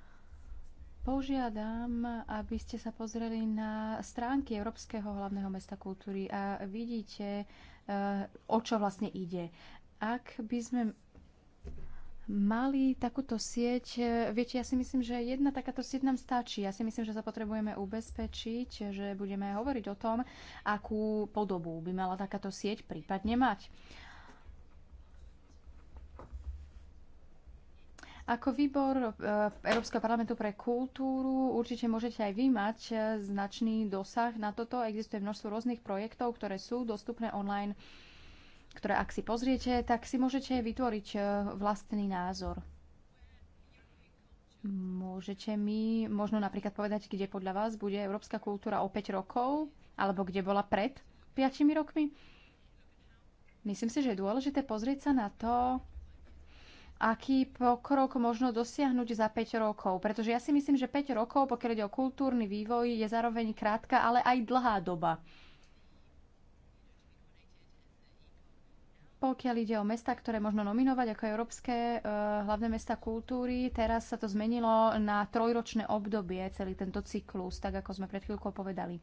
C: Požiadam, aby ste sa pozreli na stránky Európskeho hlavného mesta kultúry a vidíte, eh, o čo vlastne ide. Ak by sme mali takúto sieť, eh, viete, ja si myslím, že jedna takáto sieť nám stačí. Ja si myslím, že sa potrebujeme ubezpečiť, že budeme hovoriť o tom, akú podobu by mala takáto sieť prípadne mať. Ako výbor eh, Európskeho parlamentu pre kultúru určite môžete aj vy mať eh, značný dosah na toto. Existuje množstvo rôznych projektov, ktoré sú dostupné online, ktoré ak si pozriete, tak si môžete vytvoriť eh, vlastný názor. Môžete mi možno napríklad povedať, kde podľa vás bude európska kultúra o 5 rokov, alebo kde bola pred 5 rokmi? Myslím si, že je dôležité pozrieť sa na to, aký pokrok možno dosiahnuť za 5 rokov. Pretože ja si myslím, že 5 rokov, pokiaľ ide o kultúrny vývoj, je zároveň krátka, ale aj dlhá doba. Pokiaľ ide o mesta, ktoré možno nominovať ako európske e, hlavné mesta kultúry, teraz sa to zmenilo na trojročné obdobie, celý tento cyklus, tak ako sme pred chvíľkou povedali.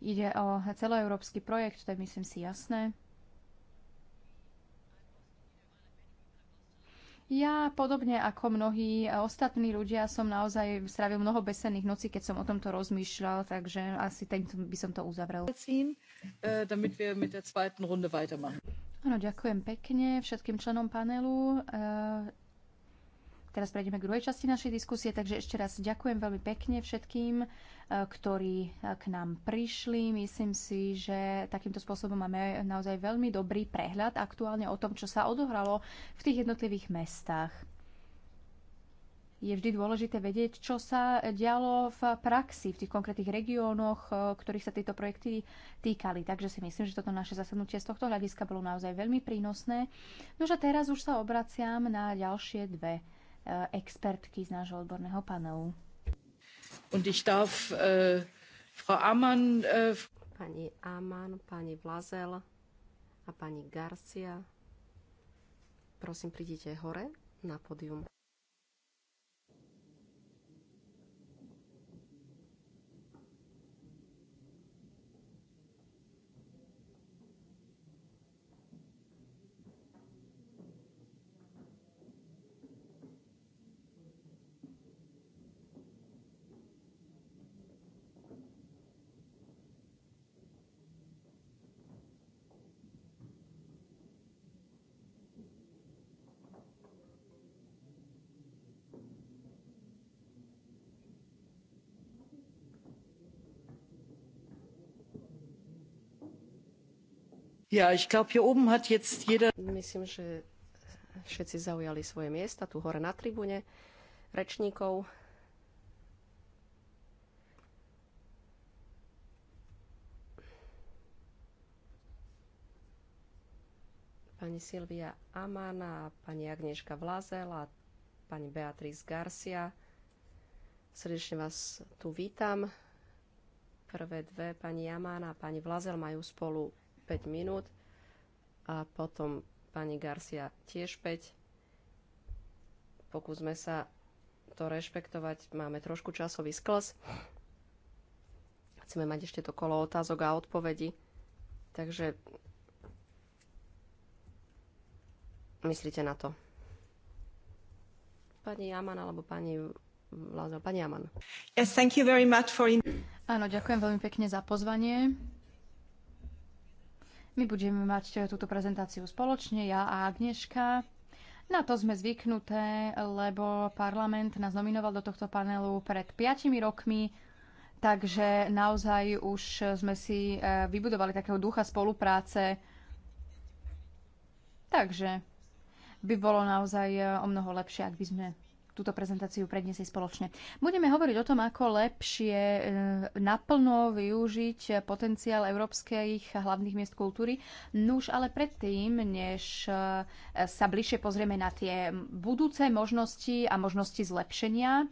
C: Ide o celoeurópsky projekt, to je myslím si jasné. Ja podobne ako mnohí e, ostatní ľudia som naozaj strávil mnoho besenných nocí, keď som o tomto rozmýšľal, takže asi týmto by som to uzavrel. Äh, Áno, ďakujem pekne všetkým členom panelu. E, Teraz prejdeme k druhej časti našej diskusie, takže ešte raz ďakujem veľmi pekne všetkým, e, ktorí e, k nám prišli. Myslím si, že takýmto spôsobom máme naozaj veľmi dobrý prehľad aktuálne o tom, čo sa odohralo v tých jednotlivých mestách. Je vždy dôležité vedieť, čo sa dialo v praxi, v tých konkrétnych regiónoch, e, ktorých sa tieto projekty týkali. Takže si myslím, že toto naše zasadnutie z tohto hľadiska bolo naozaj veľmi prínosné. No a teraz už sa obraciam na ďalšie dve Eh, expertky z nášho odborného panelu.
A: Und ich darf, äh, Frau Amann,
B: äh... Eh, pani Aman, pani Vlazel a pani Garcia, prosím, prídite hore na pódium.
A: Myslím,
B: že všetci zaujali svoje miesta tu hore na tribúne rečníkov. Pani Silvia Amana, pani Agnieszka Vlazel a pani Beatriz Garcia. Srdečne vás tu vítam. Prvé dve, pani Amana a pani Vlazel, majú spolu 5 minút a potom pani Garcia tiež 5. Pokúsme sa to rešpektovať. Máme trošku časový skls. Chceme mať ešte to kolo otázok a odpovedí. Takže
C: myslíte na to.
B: Pani Jaman alebo pani Lázar. Pani Jaman.
C: Yes, thank you very much for... Áno, ďakujem veľmi pekne za pozvanie. My budeme mať e, túto prezentáciu spoločne, ja a Agneška. Na to sme zvyknuté, lebo parlament nás nominoval do tohto panelu pred 5 rokmi, takže naozaj už sme si e, vybudovali takého ducha spolupráce. Takže by bolo naozaj e, o mnoho lepšie, ak by sme túto prezentáciu predniesie spoločne. Budeme hovoriť o tom, ako lepšie e, naplno využiť potenciál európskych hlavných miest kultúry. Nuž, ale predtým, než e, sa bližšie pozrieme na tie budúce možnosti a možnosti zlepšenia,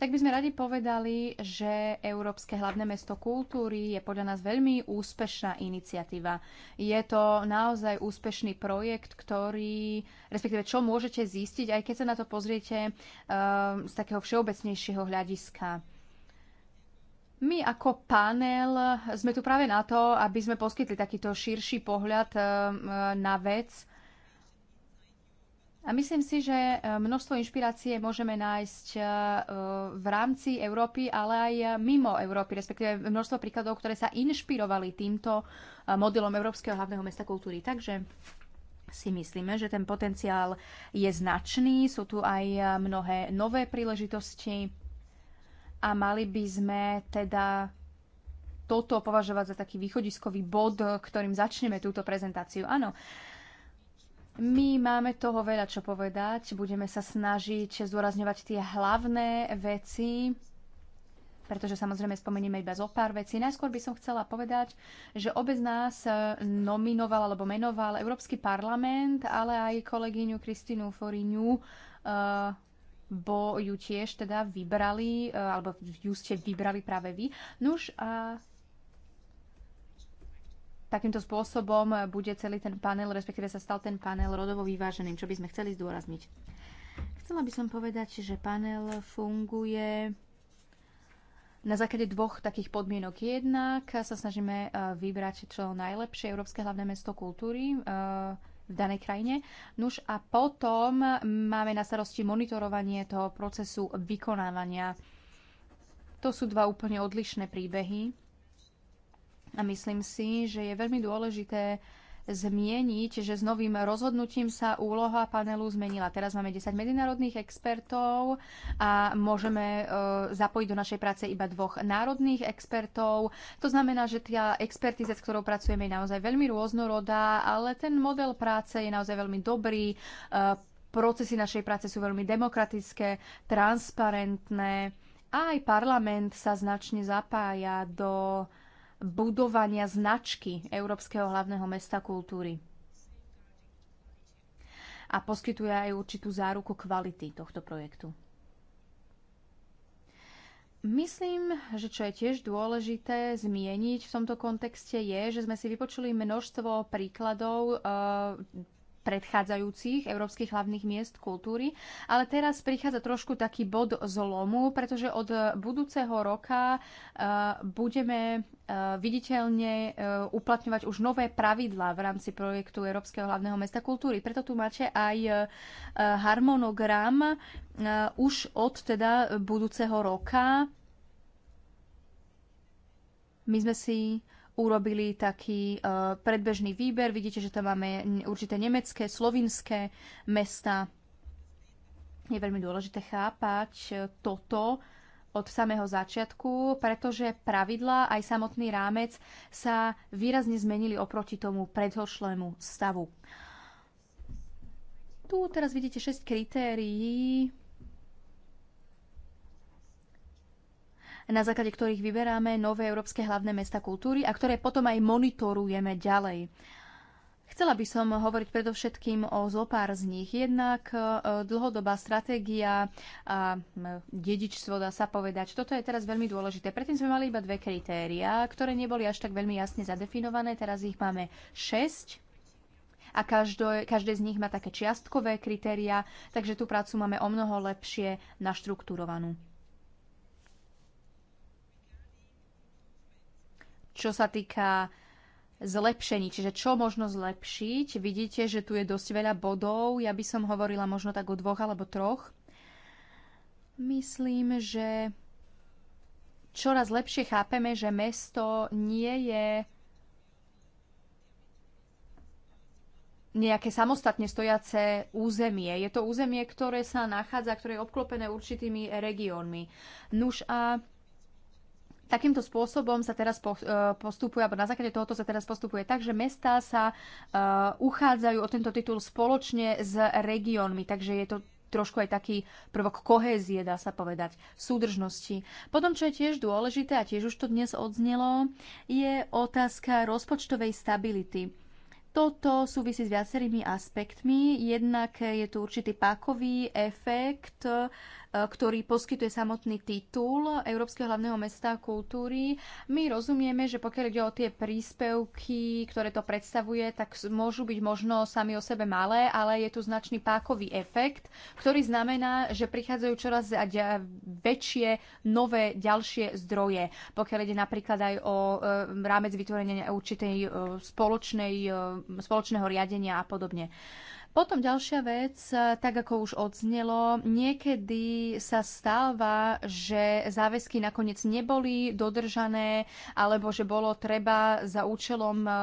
C: tak by sme radi povedali, že Európske hlavné mesto kultúry je podľa nás veľmi úspešná iniciatíva. Je to naozaj úspešný projekt, ktorý, respektíve čo môžete zistiť, aj keď sa na to pozriete um, z takého všeobecnejšieho hľadiska. My ako panel sme tu práve na to, aby sme poskytli takýto širší pohľad eh, na vec, a myslím si, že e, množstvo inšpirácie môžeme nájsť e, e, v rámci Európy, ale aj mimo Európy, respektíve množstvo príkladov, ktoré sa inšpirovali týmto modelom Európskeho hlavného mesta kultúry. Takže si myslíme, že ten potenciál je značný, sú tu aj mnohé nové príležitosti a mali by sme teda toto považovať za taký východiskový bod, ktorým začneme túto prezentáciu. Áno, uh, my máme toho veľa čo povedať, budeme sa snažiť zdôrazňovať tie hlavné veci, pretože samozrejme spomenieme iba zo pár vecí. Najskôr by som chcela povedať, že obec nás nominoval alebo menoval Európsky parlament, ale aj kolegyňu Kristínu Foriňu eh, bo ju tiež teda vybrali, eh, alebo ju ste vybrali práve vy. Nuž a takýmto spôsobom bude celý ten panel, respektíve sa stal ten panel rodovo vyváženým, čo by sme chceli zdôrazniť. Chcela by som povedať, že panel funguje na základe dvoch takých podmienok. Jednak sa snažíme e, vybrať čo najlepšie Európske hlavné mesto kultúry e, v danej krajine. Nuž a potom máme na starosti monitorovanie toho procesu vykonávania. To sú dva úplne odlišné príbehy a myslím si, že je veľmi dôležité zmieniť, že s novým rozhodnutím sa úloha panelu zmenila. Teraz máme 10 medzinárodných expertov a môžeme e, zapojiť do našej práce iba dvoch národných expertov. To znamená, že tá expertíza, s ktorou pracujeme, je naozaj veľmi rôznorodá, ale ten model práce je naozaj veľmi dobrý. E, procesy našej práce sú veľmi demokratické, transparentné a aj parlament sa značne zapája do budovania značky Európskeho hlavného mesta kultúry. A poskytuje aj určitú záruku kvality tohto projektu. Myslím, že čo je tiež dôležité zmieniť v tomto kontexte je, že sme si vypočuli množstvo príkladov e, predchádzajúcich európskych hlavných miest kultúry, ale teraz prichádza trošku taký bod zlomu, pretože od budúceho roka uh, budeme uh, viditeľne uh, uplatňovať už nové pravidlá v rámci projektu Európskeho hlavného mesta kultúry. Preto tu máte aj harmonogram už od teda budúceho roka. My sme si uh, urobili taký e, predbežný výber. Vidíte, že tam máme určité nemecké, slovinské mesta. Je veľmi dôležité chápať e, toto od samého začiatku, pretože pravidlá aj samotný rámec sa výrazne zmenili oproti tomu predhošlému stavu. Tu teraz vidíte 6 kritérií na základe ktorých vyberáme nové európske hlavné mesta kultúry a ktoré potom aj monitorujeme ďalej. Chcela by som hovoriť predovšetkým o zopár z nich. Jednak e, dlhodobá stratégia a dedičstvo, dá sa povedať. Toto je teraz veľmi dôležité. Predtým sme mali iba dve kritériá, ktoré neboli až tak veľmi jasne zadefinované. Teraz ich máme šesť a každé, každé z nich má také čiastkové kritéria, takže tú prácu máme o mnoho lepšie naštruktúrovanú. čo sa týka zlepšení, čiže čo možno zlepšiť. Vidíte, že tu je dosť veľa bodov, ja by som hovorila možno tak o dvoch alebo troch. Myslím, že čoraz lepšie chápeme, že mesto nie je nejaké samostatne stojace územie. Je to územie, ktoré sa nachádza, ktoré je obklopené určitými regiónmi. Nuž a Takýmto spôsobom sa teraz e, postupuje, alebo na základe tohoto sa teraz postupuje tak, že mestá sa e, uchádzajú o tento titul spoločne s regiónmi, takže je to trošku aj taký prvok kohézie, dá sa povedať, súdržnosti. Potom, čo je tiež dôležité, a tiež už to dnes odznelo, je otázka rozpočtovej stability. Toto súvisí s viacerými aspektmi. Jednak je tu určitý pákový efekt, Eh, ktorý poskytuje samotný titul Európskeho hlavného mesta kultúry. My rozumieme, že pokiaľ ide o tie príspevky, ktoré to predstavuje, tak môžu byť možno sami o sebe malé, ale je tu značný pákový efekt, ktorý znamená, že prichádzajú čoraz väčšie, nové, ďalšie zdroje. Pokiaľ ide napríklad aj o eh, rámec vytvorenia určitej eh, spoločnej, spoločného riadenia a podobne. Potom ďalšia vec, e, tak ako už odznelo, niekedy sa stáva, že záväzky nakoniec neboli dodržané, alebo že bolo treba za účelom e, e,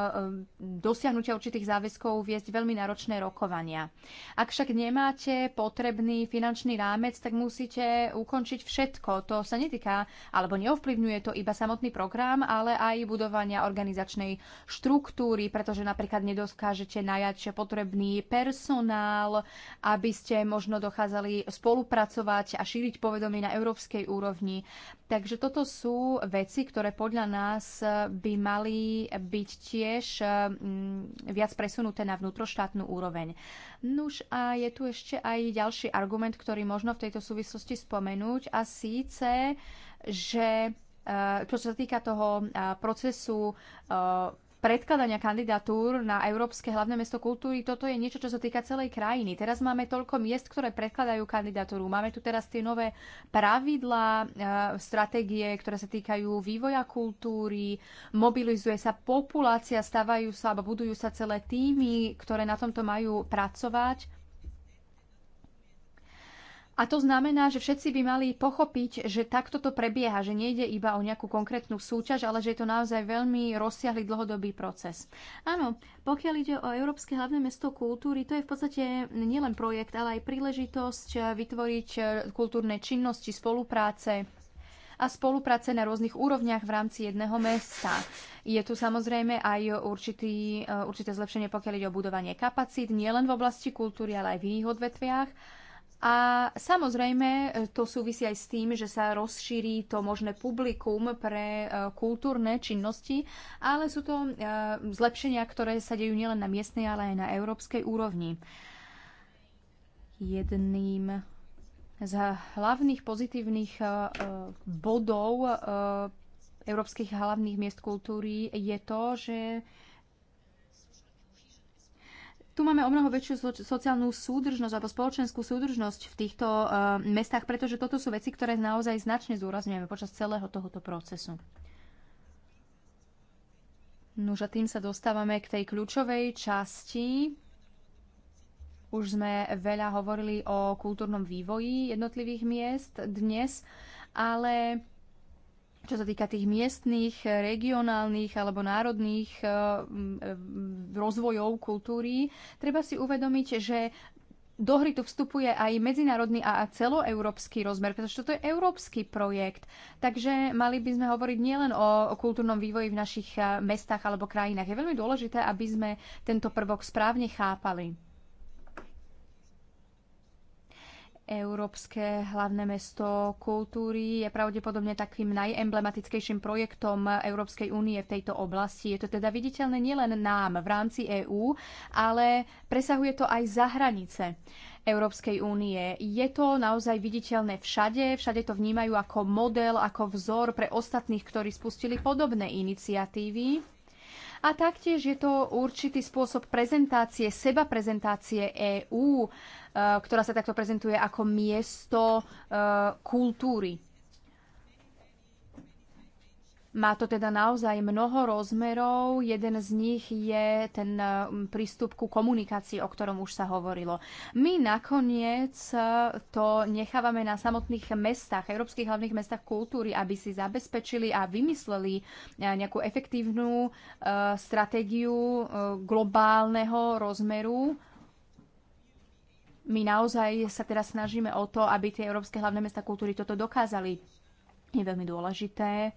C: dosiahnutia určitých záväzkov viesť veľmi náročné rokovania. Ak však nemáte potrebný finančný rámec, tak musíte ukončiť všetko. To sa netýka, alebo neovplyvňuje to iba samotný program, ale aj budovania organizačnej štruktúry, pretože napríklad nedoskážete najať potrebný pers personál, aby ste možno dokázali spolupracovať a šíriť povedomie na európskej úrovni. Takže toto sú veci, ktoré podľa nás by mali byť tiež mm, viac presunuté na vnútroštátnu úroveň. Nuž a je tu ešte aj ďalší argument, ktorý možno v tejto súvislosti spomenúť a síce, že e, čo sa týka toho e, procesu e, predkladania kandidatúr na Európske hlavné mesto kultúry, toto je niečo, čo sa týka celej krajiny. Teraz máme toľko miest, ktoré predkladajú kandidatúru. Máme tu teraz tie nové pravidlá, e, stratégie, ktoré sa týkajú vývoja kultúry, mobilizuje sa populácia, stavajú sa alebo budujú sa celé týmy, ktoré na tomto majú pracovať. A to znamená, že všetci by mali pochopiť, že takto to prebieha, že nejde iba o nejakú konkrétnu súťaž, ale že je to naozaj veľmi rozsiahly dlhodobý proces. Áno, pokiaľ ide o Európske hlavné mesto kultúry, to je v podstate nielen projekt, ale aj príležitosť vytvoriť kultúrne činnosti, spolupráce, a spolupráce na rôznych úrovniach v rámci jedného mesta. Je tu samozrejme aj určitý, určité zlepšenie, pokiaľ ide o budovanie kapacít, nielen v oblasti kultúry, ale aj v iných odvetviach. A samozrejme, e, to súvisí aj s tým, že sa rozšíri to možné publikum pre e, kultúrne činnosti, ale sú to e, zlepšenia, ktoré sa dejú nielen na miestnej, ale aj na európskej úrovni. Jedným z hlavných pozitívnych bodov európskych hlavných miest kultúry je to, že tu máme o mnoho väčšiu sociálnu súdržnosť alebo spoločenskú súdržnosť v týchto uh, mestách, pretože toto sú veci, ktoré naozaj značne zúrazňujeme počas celého tohoto procesu. No a tým sa dostávame k tej kľúčovej časti. Už sme veľa hovorili o kultúrnom vývoji jednotlivých miest dnes, ale čo sa týka tých miestných, eh, regionálnych alebo národných eh, eh, rozvojov kultúry, treba si uvedomiť, že do hry tu vstupuje aj medzinárodný a celoeurópsky rozmer, pretože toto je európsky projekt. Takže mali by sme hovoriť nielen o, o kultúrnom vývoji v našich mestách alebo krajinách. Je veľmi dôležité, aby sme tento prvok správne chápali. Európske hlavné mesto kultúry je pravdepodobne takým najemblematickejším projektom Európskej únie v tejto oblasti. Je to teda viditeľné nielen nám v rámci EÚ, ale presahuje to aj za hranice. Európskej únie. Je to naozaj viditeľné všade, všade to vnímajú ako model, ako vzor pre ostatných, ktorí spustili podobné iniciatívy. A taktiež je to určitý spôsob prezentácie, seba prezentácie EÚ Eh, ktorá sa takto prezentuje ako miesto eh, kultúry. Má to teda naozaj mnoho rozmerov. Jeden z nich je ten eh, prístup ku komunikácii, o ktorom už sa hovorilo. My nakoniec to nechávame na samotných mestách, európskych hlavných mestách kultúry, aby si zabezpečili a vymysleli nejakú efektívnu stratégiu globálneho rozmeru my naozaj sa teraz snažíme o to, aby tie európske hlavné mesta kultúry toto dokázali. Je veľmi dôležité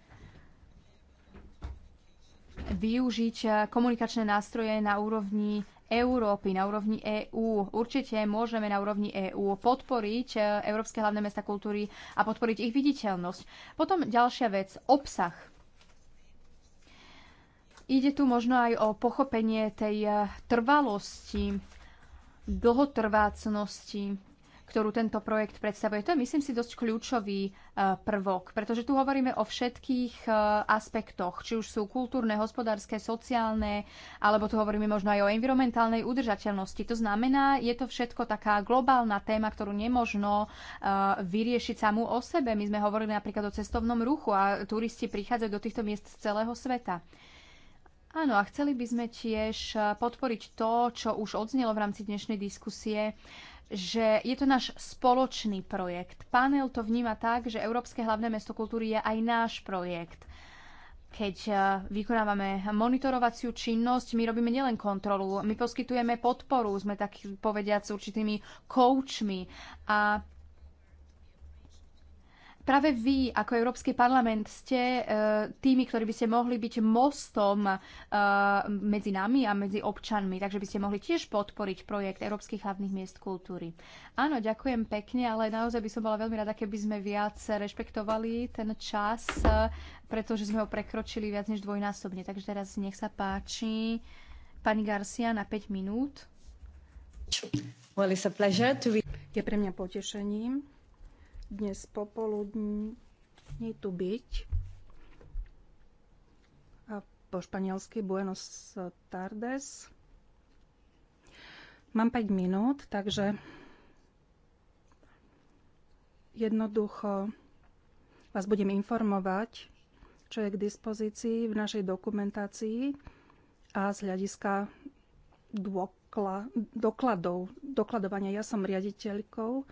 C: využiť eh, komunikačné nástroje na úrovni Európy, na úrovni EÚ. Určite môžeme na úrovni EÚ podporiť eh, Európske hlavné mesta kultúry a podporiť ich viditeľnosť. Potom ďalšia vec, obsah. Ide tu možno aj o pochopenie tej eh, trvalosti dlhotrvácnosti, ktorú tento projekt predstavuje. To je, myslím si, dosť kľúčový e, prvok, pretože tu hovoríme o všetkých e, aspektoch, či už sú kultúrne, hospodárske, sociálne, alebo tu hovoríme možno aj o environmentálnej udržateľnosti. To znamená, je to všetko taká globálna téma, ktorú nemožno e, vyriešiť samú o sebe. My sme hovorili napríklad o cestovnom ruchu a turisti prichádzajú do týchto miest z celého sveta. Áno, a chceli by sme tiež eh, podporiť to, čo už odznelo v rámci dnešnej diskusie, že je to náš spoločný projekt. Panel to vníma tak, že Európske hlavné mesto kultúry je aj náš projekt. Keď eh, vykonávame monitorovaciu činnosť, my robíme nielen kontrolu, my poskytujeme podporu, sme tak povediať s určitými koučmi a Práve vy, ako Európsky parlament, ste e, tými, ktorí by ste mohli byť mostom e, medzi nami a medzi občanmi, takže by ste mohli tiež podporiť projekt Európskych hlavných miest kultúry. Áno, ďakujem pekne, ale naozaj by som bola veľmi rada, keby sme viac rešpektovali ten čas, e, pretože sme ho prekročili viac než dvojnásobne. Takže teraz nech sa páči. Pani Garcia na 5 minút.
A: Well, it's a pleasure to... Je pre mňa potešením dnes popoludní tu byť a po španielsky Buenos tardes. Mám 5 minút, takže jednoducho vás budem informovať, čo je k dispozícii v našej dokumentácii a z hľadiska dôkla, dokladov, dokladovania. Ja som riaditeľkou e,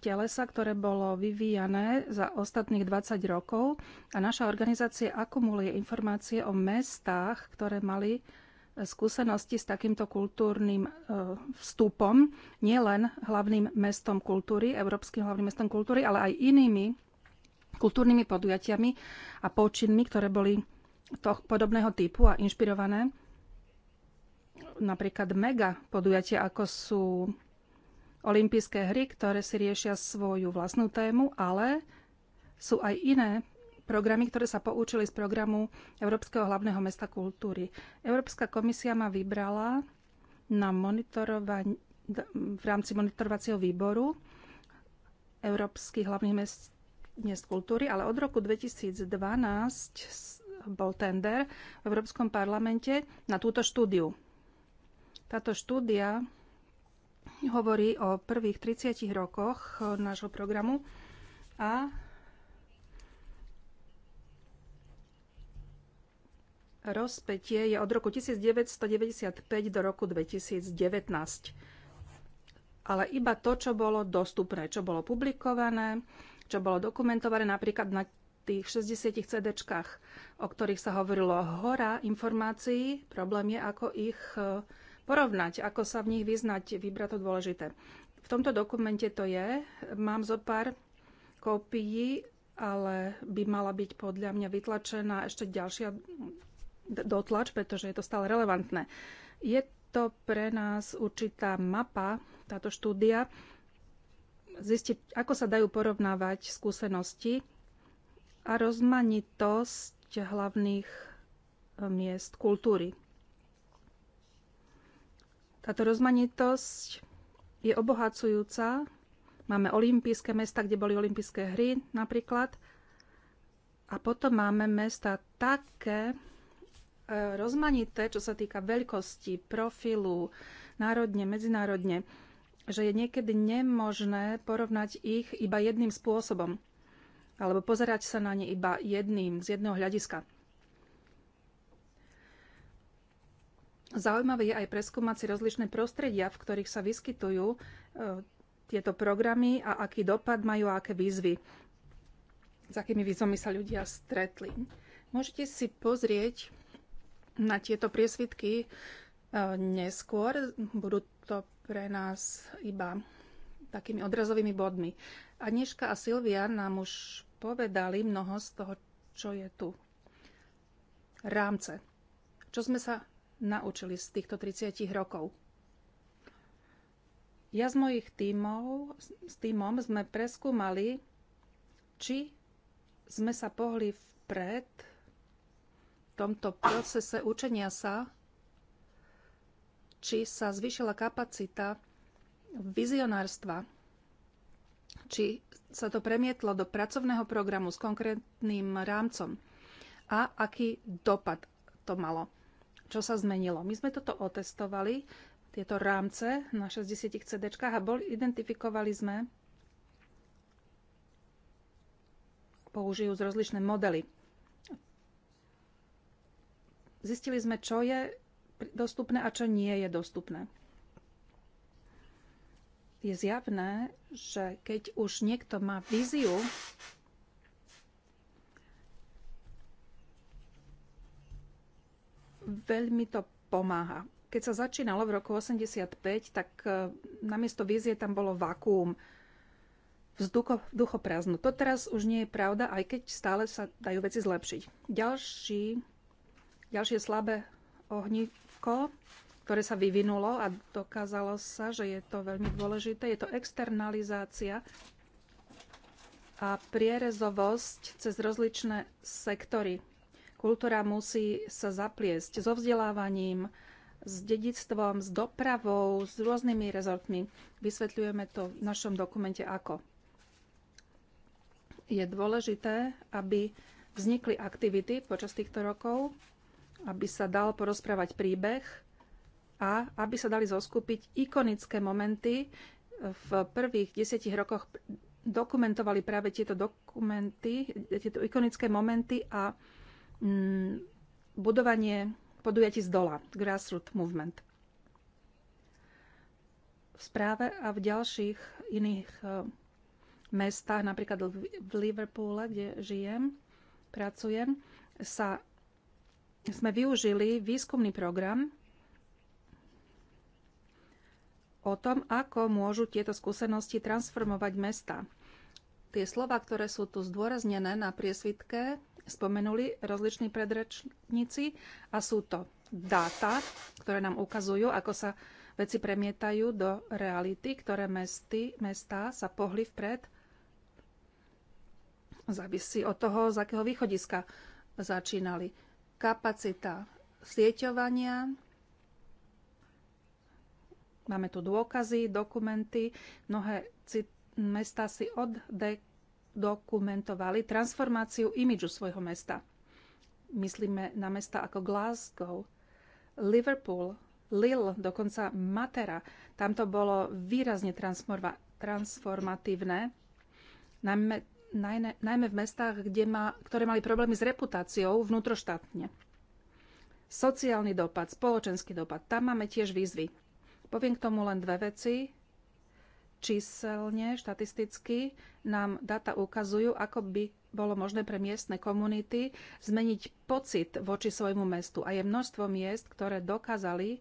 A: telesa, ktoré bolo vyvíjané za ostatných 20 rokov a naša organizácia akumuluje informácie o mestách, ktoré mali e, skúsenosti s takýmto kultúrnym e, vstupom, nielen hlavným mestom kultúry, európskym hlavným mestom kultúry, ale aj inými kultúrnymi podujatiami a počinmi, ktoré boli to, podobného typu a inšpirované. Napríklad mega podujatia, ako sú olympijské hry, ktoré si riešia svoju vlastnú tému, ale sú aj iné programy, ktoré sa poučili z programu Európskeho hlavného mesta kultúry. Európska komisia ma vybrala na v rámci monitorovacieho výboru Európskych hlavných mest mest kultúry, ale od roku 2012 bol tender v Európskom parlamente na túto štúdiu. Táto štúdia hovorí o prvých 30 rokoch eh, nášho programu a rozpetie je od roku 1995 do roku 2019. Ale iba to, čo bolo dostupné, čo bolo publikované, čo bolo dokumentované napríklad na tých 60 CDčkách, o ktorých sa hovorilo hora informácií. Problém je, ako ich eh, porovnať, ako sa v nich vyznať, vybrať to dôležité. V tomto dokumente to je. Mám zo pár kópií, ale by mala byť podľa mňa vytlačená ešte ďalšia dotlač, pretože je to stále relevantné. Je to pre nás určitá mapa, táto štúdia, zistiť, ako sa dajú porovnávať skúsenosti a rozmanitosť hlavných miest kultúry. Táto rozmanitosť je obohacujúca. Máme olympijské mesta, kde boli olympijské hry napríklad. A potom máme mesta také e, rozmanité, čo sa týka veľkosti, profilu, národne, medzinárodne, že je niekedy nemožné porovnať ich iba jedným spôsobom alebo pozerať sa na ne iba jedným, z jedného hľadiska. Zaujímavé je aj preskúmať si rozličné prostredia, v ktorých sa vyskytujú e, tieto programy a aký dopad majú a aké výzvy, s akými výzvami sa ľudia stretli. Môžete si pozrieť na tieto priesvitky e, neskôr. Budú to pre nás iba takými odrazovými bodmi. Anieška a Silvia nám už povedali mnoho z toho, čo je tu. Rámce. Čo sme sa naučili z týchto 30 rokov. Ja s mojich tímov, s tímom sme preskúmali, či sme sa pohli vpred v tomto procese učenia sa, či sa zvýšila kapacita vizionárstva, či sa to premietlo do pracovného programu s konkrétnym rámcom a aký dopad to malo čo sa zmenilo. My sme toto otestovali, tieto rámce na 60 CD a bol, identifikovali sme, použijú z rozličné modely. Zistili sme, čo je dostupné a čo nie je dostupné. Je zjavné, že keď už niekto má víziu veľmi to pomáha. Keď sa začínalo v roku 85, tak e, namiesto vízie tam bolo vakuum, vzduchoprázdno. To teraz už nie je pravda, aj keď stále sa dajú veci zlepšiť. Ďalší, ďalšie slabé ohnívko, ktoré sa vyvinulo a dokázalo sa, že je to veľmi dôležité, je to externalizácia a prierezovosť cez rozličné sektory Kultúra musí sa zapliesť so vzdelávaním, s dedictvom, s dopravou, s rôznymi rezortmi. Vysvetľujeme to v našom dokumente ako. Je dôležité, aby vznikli aktivity počas týchto rokov, aby sa dal porozprávať príbeh a aby sa dali zoskupiť ikonické momenty. V prvých desiatich rokoch dokumentovali práve tieto dokumenty, tieto ikonické momenty a Mm, budovanie podujatí z dola, grassroot movement. V správe a v ďalších iných e, mestách, napríklad v Liverpoole, kde žijem, pracujem, sa sme využili výskumný program o tom, ako môžu tieto skúsenosti transformovať mesta. Tie slova, ktoré sú tu zdôraznené na priesvitke, spomenuli rozliční predrečníci a sú to dáta, ktoré nám ukazujú, ako sa veci premietajú do reality, ktoré mesty, mestá sa pohli vpred. Závisí od toho, z akého východiska začínali. Kapacita sieťovania, Máme tu dôkazy, dokumenty. Mnohé mesta si od dek dokumentovali transformáciu imidžu svojho mesta. Myslíme na mesta ako Glasgow, Liverpool, Lille, dokonca Matera. Tam to bolo výrazne transformatívne, najmä, najne, najmä v mestách, kde ma, ktoré mali problémy s reputáciou vnútroštátne. Sociálny dopad, spoločenský dopad, tam máme tiež výzvy. Poviem k tomu len dve veci číselne, štatisticky nám data ukazujú, ako by bolo možné pre miestne komunity zmeniť pocit voči svojmu mestu. A je množstvo miest, ktoré dokázali,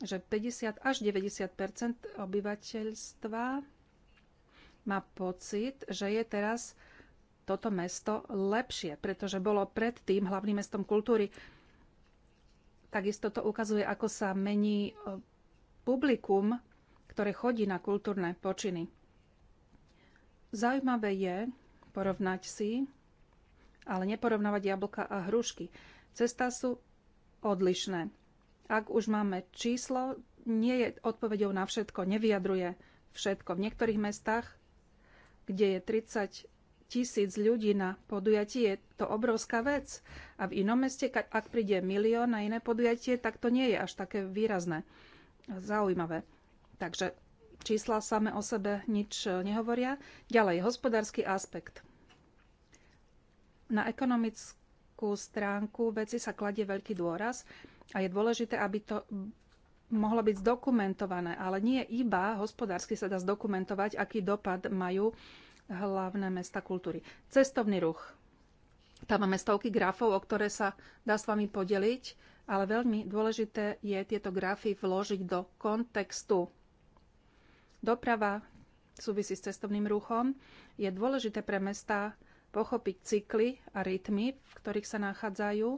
A: že 50 až 90 obyvateľstva má pocit, že je teraz toto mesto lepšie, pretože bolo predtým hlavným mestom kultúry. Takisto to ukazuje, ako sa mení e, publikum ktoré chodí na kultúrne počiny. Zaujímavé je porovnať si, ale neporovnávať jablka a hrušky. Cesta sú odlišné. Ak už máme číslo, nie je odpovedou na všetko, nevyjadruje všetko. V niektorých mestách, kde je 30 tisíc ľudí na podujatí, je to obrovská vec. A v inom meste, ak príde milión na iné podujatie, tak to nie je až také výrazné. Zaujímavé. Takže čísla same o sebe nič e, nehovoria. Ďalej, hospodársky aspekt. Na ekonomickú stránku veci sa kladie veľký dôraz a je dôležité, aby to mohlo byť zdokumentované, ale nie iba hospodársky sa dá zdokumentovať, aký dopad majú hlavné mesta kultúry. Cestovný ruch. Tam máme stovky grafov, o ktoré sa dá s vami podeliť, ale veľmi dôležité je tieto grafy vložiť do kontextu Doprava súvisí s cestovným ruchom. Je dôležité pre mesta pochopiť cykly a rytmy, v ktorých sa nachádzajú,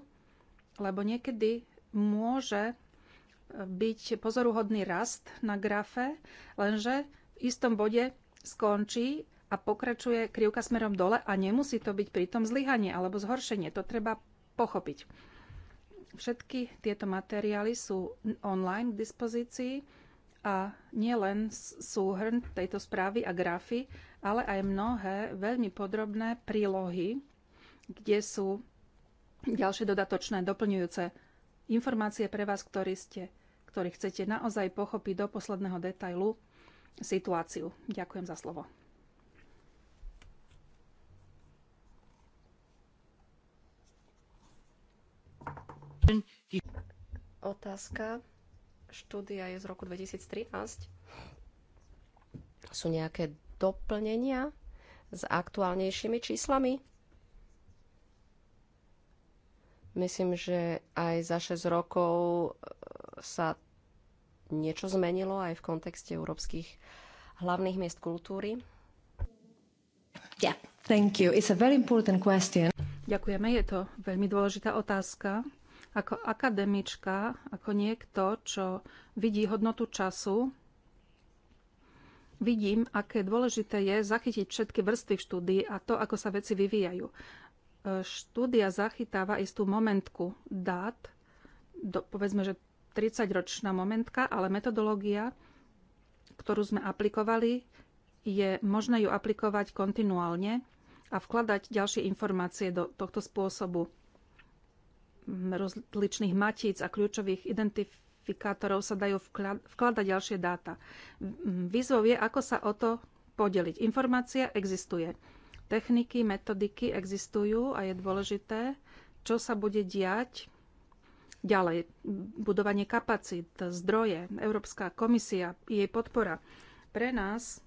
A: lebo niekedy môže e, byť pozoruhodný rast na grafe, lenže v istom bode skončí a pokračuje krivka smerom dole a nemusí to byť pritom zlyhanie alebo zhoršenie. To treba pochopiť. Všetky tieto materiály sú online k dispozícii a nielen súhrn tejto správy a grafy, ale aj mnohé veľmi podrobné prílohy, kde sú ďalšie dodatočné, doplňujúce informácie pre vás, ktorí, ste, ktorí chcete naozaj pochopiť do posledného detailu situáciu. Ďakujem za slovo.
B: Otázka štúdia je z roku 2013. Sú nejaké doplnenia s aktuálnejšími číslami? Myslím, že aj za 6 rokov e, sa niečo zmenilo aj v
A: kontexte európskych hlavných miest kultúry?
B: Yeah, thank you. It's a very important question.
A: Ďakujeme, je to veľmi dôležitá otázka. Ako akademička, ako niekto, čo vidí hodnotu času, vidím, aké dôležité je zachytiť všetky vrstvy štúdii a to, ako sa veci vyvíjajú. E, štúdia zachytáva istú momentku dát, do, povedzme, že 30-ročná momentka, ale metodológia, ktorú sme aplikovali, je možné ju aplikovať kontinuálne a vkladať ďalšie informácie do tohto spôsobu rozličných matíc a kľúčových identifikátorov sa dajú vkladať ďalšie dáta. Výzvou je, ako sa o to podeliť. Informácia existuje. Techniky, metodiky existujú a je dôležité, čo sa bude diať ďalej. Budovanie kapacít, zdroje, Európska komisia, jej podpora. Pre nás,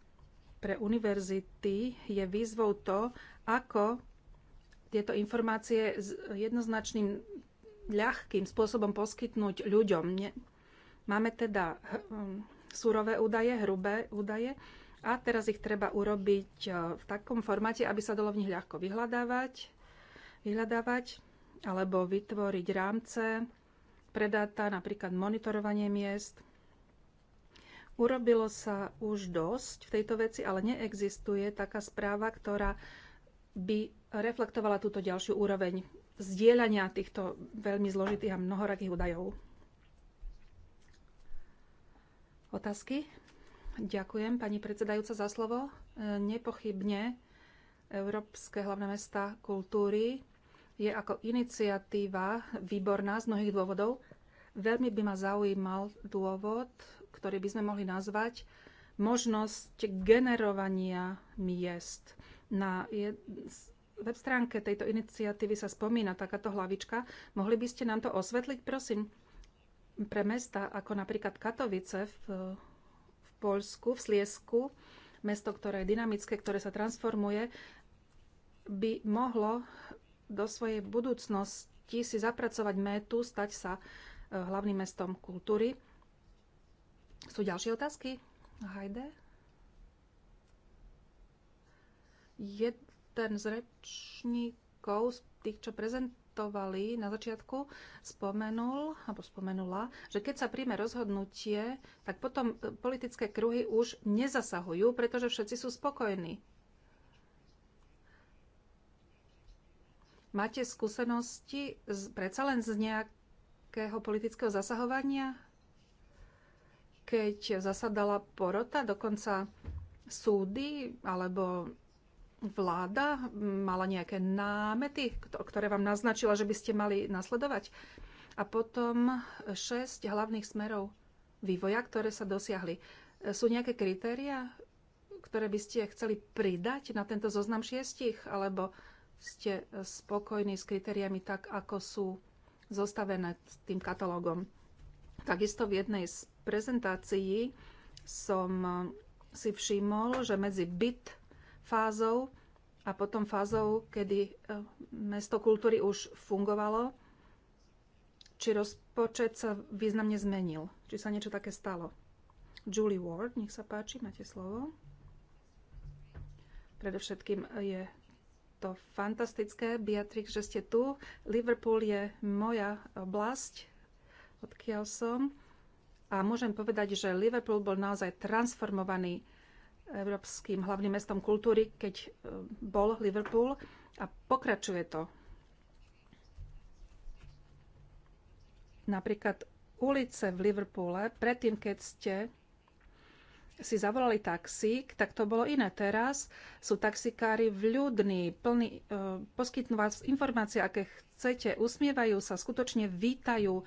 A: pre univerzity, je výzvou to, ako tieto informácie s jednoznačným ľahkým spôsobom poskytnúť ľuďom. Máme teda um, surové údaje, hrubé údaje a teraz ich treba urobiť uh, v takom formáte, aby sa dalo v nich ľahko vyhľadávať, vyhľadávať alebo vytvoriť rámce pre dáta, napríklad monitorovanie miest. Urobilo sa už dosť v tejto veci, ale neexistuje taká správa, ktorá by reflektovala túto ďalšiu úroveň zdieľania týchto veľmi zložitých a mnohorakých údajov. Otázky? Ďakujem, pani predsedajúca, za slovo. E, nepochybne Európske hlavné mesta kultúry je ako iniciatíva výborná z mnohých dôvodov. Veľmi by ma zaujímal dôvod, ktorý by sme mohli nazvať možnosť generovania miest na jed, web stránke tejto iniciatívy sa spomína takáto hlavička. Mohli by ste nám to osvetliť, prosím? Pre mesta ako napríklad Katovice v, v Poľsku, v Sliesku, mesto, ktoré je dynamické, ktoré sa transformuje, by mohlo do svojej budúcnosti si zapracovať métu, stať sa e, hlavným mestom kultúry. Sú ďalšie otázky? Hajde. Jed, ten z rečníkov, z tých, čo prezentovali na začiatku, spomenul, alebo spomenula, že keď sa príjme rozhodnutie, tak potom e, politické kruhy už nezasahujú, pretože všetci sú spokojní. Máte skúsenosti z, predsa len z nejakého politického zasahovania? Keď zasadala porota, dokonca súdy alebo vláda mala nejaké námety, ktoré vám naznačila, že by ste mali nasledovať? A potom šesť hlavných smerov vývoja, ktoré sa dosiahli. Sú nejaké kritéria, ktoré by ste chceli pridať na tento zoznam šiestich? Alebo ste spokojní s kritériami tak, ako sú zostavené tým katalógom? Takisto v jednej z prezentácií som si všimol, že medzi byt fázou a potom fázou, kedy e, mesto kultúry už fungovalo, či rozpočet sa významne zmenil, či sa niečo také stalo. Julie Ward, nech sa páči, máte slovo. Predovšetkým je to fantastické, Beatrix, že ste tu. Liverpool je moja oblasť, odkiaľ som. A môžem povedať, že Liverpool bol naozaj transformovaný európskym hlavným mestom kultúry, keď e, bol Liverpool a pokračuje to. Napríklad ulice v Liverpoole, predtým, keď ste si zavolali taxík, tak to bolo iné. Teraz sú taxikári vľudní, plní, e, poskytnú vás informácie, aké chcete, usmievajú sa, skutočne vítajú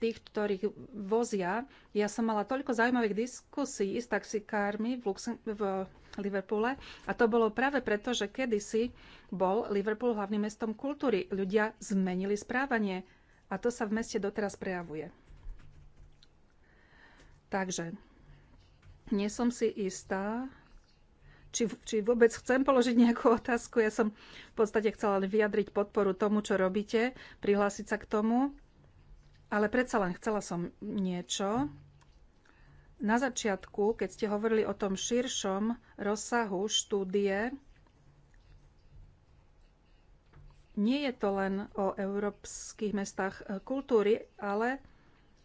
A: tých, ktorých vozia. Ja som mala toľko zaujímavých diskusí s taxikármi v, Luxem- v Liverpoole a to bolo práve preto, že kedysi bol Liverpool hlavným mestom kultúry. Ľudia zmenili správanie a to sa v meste doteraz prejavuje. Takže nie som si istá, či, či vôbec chcem položiť nejakú otázku. Ja som v podstate chcela vyjadriť podporu tomu, čo robíte, prihlásiť sa k tomu. Ale predsa len chcela som niečo. Na začiatku, keď ste hovorili o tom širšom rozsahu štúdie, nie je to len o európskych mestách kultúry, ale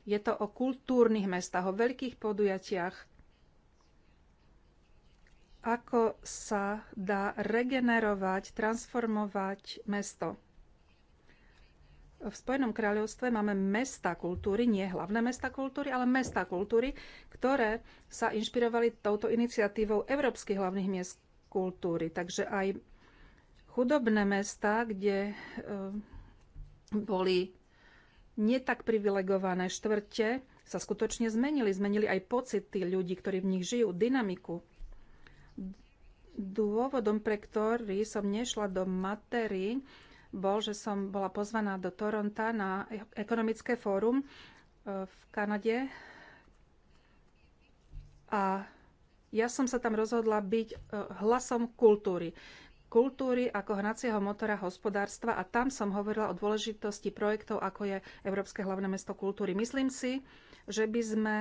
A: je to o kultúrnych mestách, o veľkých podujatiach. Ako sa dá regenerovať, transformovať mesto? v Spojenom kráľovstve máme mesta kultúry, nie hlavné mesta kultúry, ale mesta kultúry, ktoré sa inšpirovali touto iniciatívou Európskych hlavných miest kultúry. Takže aj chudobné mesta, kde e, boli netak privilegované štvrte, sa skutočne zmenili. Zmenili aj pocity ľudí, ktorí v nich žijú, dynamiku. Dôvodom, pre ktorý som nešla do matery, bol, že som bola pozvaná do Toronta na ekonomické fórum e, v Kanade a ja som sa tam rozhodla byť e, hlasom kultúry. Kultúry ako hnacieho motora hospodárstva a tam som hovorila o dôležitosti projektov, ako je Európske hlavné mesto kultúry. Myslím si, že by sme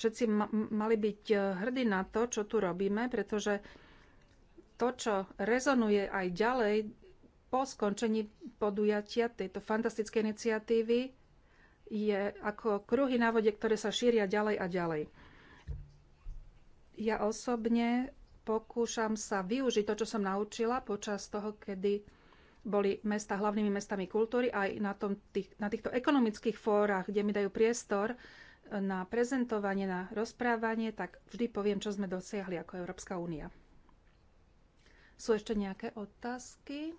A: všetci ma mali byť e, hrdí na to, čo tu robíme, pretože to, čo rezonuje aj ďalej po skončení podujatia tejto fantastickej iniciatívy je ako kruhy na vode, ktoré sa šíria ďalej a ďalej. Ja osobne pokúšam sa využiť to, čo som naučila počas toho, kedy boli mesta hlavnými mestami kultúry aj na, tom, tých, na týchto ekonomických fórach, kde mi dajú priestor na prezentovanie, na rozprávanie, tak vždy poviem, čo sme dosiahli ako Európska únia. Sú ešte nejaké otázky?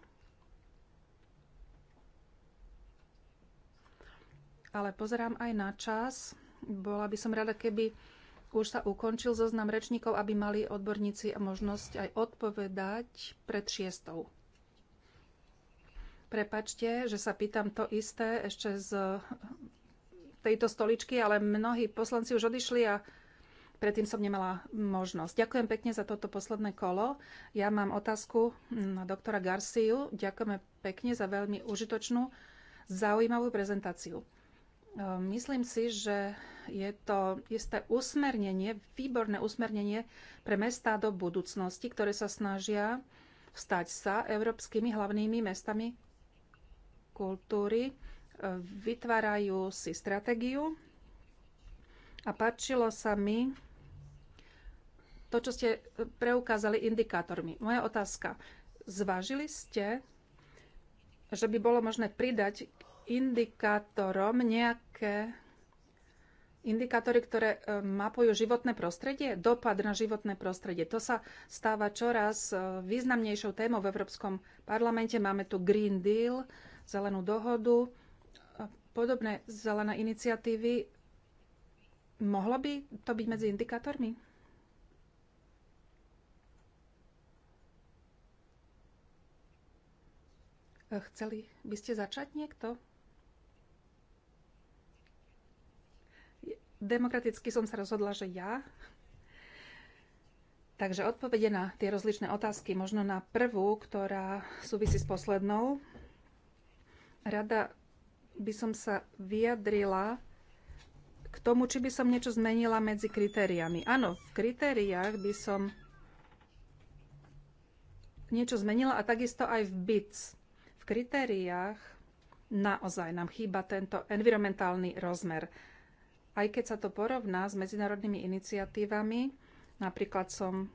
A: ale pozerám aj na čas. Bola by som rada, keby už sa ukončil zoznam rečníkov, aby mali odborníci možnosť aj odpovedať pred šiestou. Prepačte, že sa pýtam to isté ešte z tejto stoličky, ale mnohí poslanci už odišli a predtým som nemala možnosť. Ďakujem pekne za toto posledné kolo. Ja mám otázku na doktora Garciu. Ďakujeme pekne za veľmi užitočnú, zaujímavú prezentáciu. Ehm, myslím si, že je to isté usmernenie, výborné usmernenie pre mestá do budúcnosti, ktoré sa snažia stať sa európskymi hlavnými mestami kultúry. Ehm, vytvárajú si stratégiu a páčilo sa mi to, čo ste ehm, preukázali indikátormi. Moja otázka. Zvážili ste, že by bolo možné pridať k indikátorom nejaké indikátory, ktoré e, mapujú životné prostredie, dopad na životné prostredie. To sa stáva čoraz e, významnejšou témou v Európskom parlamente. Máme tu Green Deal, zelenú dohodu, podobné zelené iniciatívy. Mohlo by to byť medzi indikátormi? E, chceli by ste začať niekto? demokraticky som sa rozhodla, že ja. Takže odpovede na tie rozličné otázky, možno na prvú, ktorá súvisí s poslednou. Rada by som sa vyjadrila k tomu, či by som niečo zmenila medzi kritériami. Áno, v kritériách by som niečo zmenila a takisto aj v BITS. V kritériách naozaj nám chýba tento environmentálny rozmer. Aj keď sa to porovná s medzinárodnými iniciatívami, napríklad som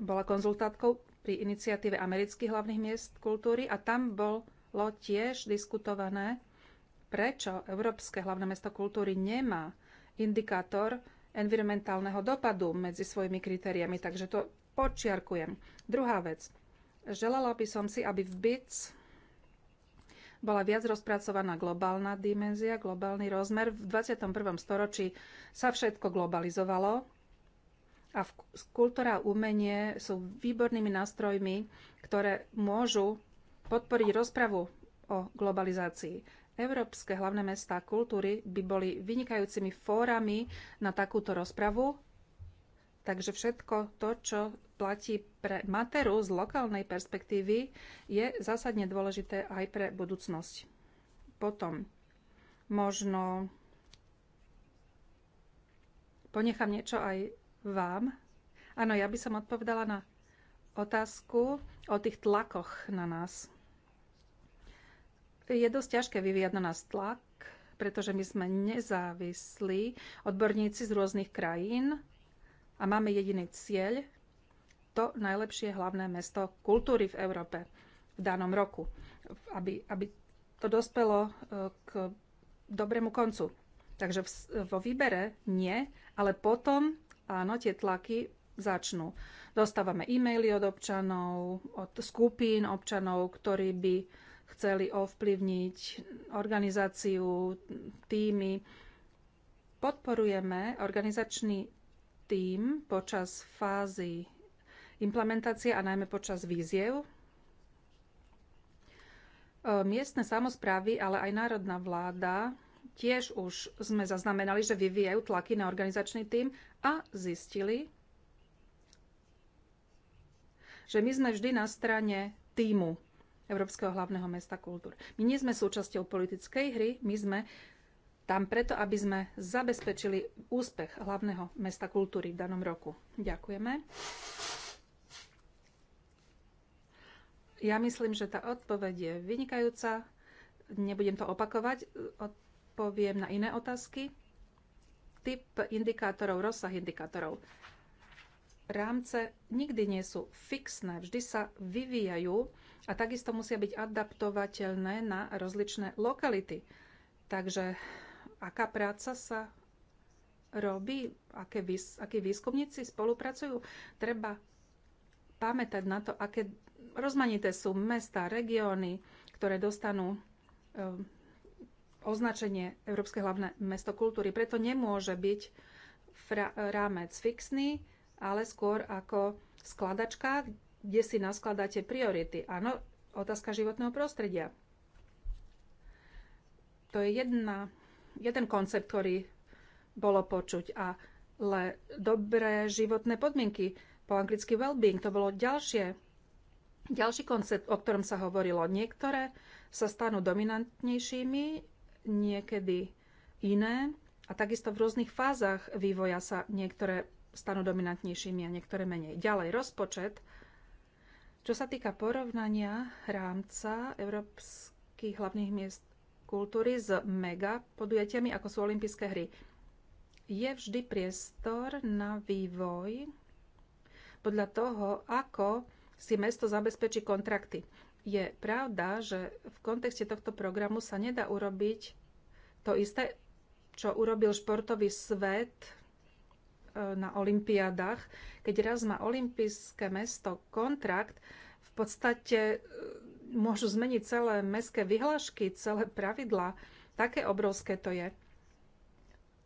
A: bola konzultátkou pri iniciatíve amerických hlavných miest kultúry a tam bolo tiež diskutované, prečo Európske hlavné mesto kultúry nemá indikátor environmentálneho dopadu medzi svojimi kritériami. Takže to počiarkujem. Druhá vec. Želala by som si, aby v BITS bola viac rozpracovaná globálna dimenzia, globálny rozmer. V 21. storočí sa všetko globalizovalo a v, kultúra a umenie sú výbornými nástrojmi, ktoré môžu podporiť rozpravu o globalizácii. Európske hlavné mestá kultúry by boli vynikajúcimi fórami na takúto rozpravu Takže všetko to, čo platí pre materu z lokálnej perspektívy, je zásadne dôležité aj pre budúcnosť. Potom možno ponechám niečo aj vám. Áno, ja by som odpovedala na otázku o tých tlakoch na nás. Je dosť ťažké vyvíjať na nás tlak, pretože my sme nezávislí odborníci z rôznych krajín, a máme jediný cieľ, to najlepšie hlavné mesto kultúry v Európe v danom roku, aby, aby to dospelo e, k dobrému koncu. Takže v, vo výbere nie, ale potom áno, tie tlaky začnú. Dostávame e-maily od občanov, od skupín občanov, ktorí by chceli ovplyvniť organizáciu, týmy. Podporujeme organizačný tým počas fázy implementácie a najmä počas víziev. E, miestne samozprávy, ale aj národná vláda tiež už sme zaznamenali, že vyvíjajú tlaky na organizačný tím a zistili, že my sme vždy na strane týmu Európskeho hlavného mesta kultúr. My nie sme súčasťou politickej hry, my sme tam preto, aby sme zabezpečili úspech hlavného mesta kultúry v danom roku. Ďakujeme. Ja myslím, že tá odpoveď je vynikajúca. Nebudem to opakovať. Odpoviem na iné otázky. Typ indikátorov, rozsah indikátorov. Rámce nikdy nie sú fixné, vždy sa vyvíjajú a takisto musia byť adaptovateľné na rozličné lokality. Takže aká práca sa robí, aké výs, akí výskumníci spolupracujú. Treba pamätať na to, aké rozmanité sú mesta, regióny, ktoré dostanú eh, označenie Európske hlavné mesto kultúry. Preto nemôže byť rámec fixný, ale skôr ako skladačka, kde si naskladáte priority. Áno, otázka životného prostredia. To je jedna jeden koncept, ktorý bolo počuť. Ale dobré životné podmienky, po anglicky well-being, to bolo ďalšie, ďalší koncept, o ktorom sa hovorilo. Niektoré sa stanú dominantnejšími, niekedy iné. A takisto v rôznych fázach vývoja sa niektoré stanú dominantnejšími a niektoré menej. Ďalej, rozpočet. Čo sa týka porovnania rámca európskych hlavných miest kultúry s mega podujatiami, ako sú olympijské hry. Je vždy priestor na vývoj podľa toho, ako si mesto zabezpečí kontrakty. Je pravda, že v kontexte tohto programu sa nedá urobiť to isté, čo urobil športový svet e, na olympiádach. Keď raz má olympijské mesto kontrakt, v podstate e, môžu zmeniť celé mestské vyhlášky, celé pravidlá. Také obrovské to je.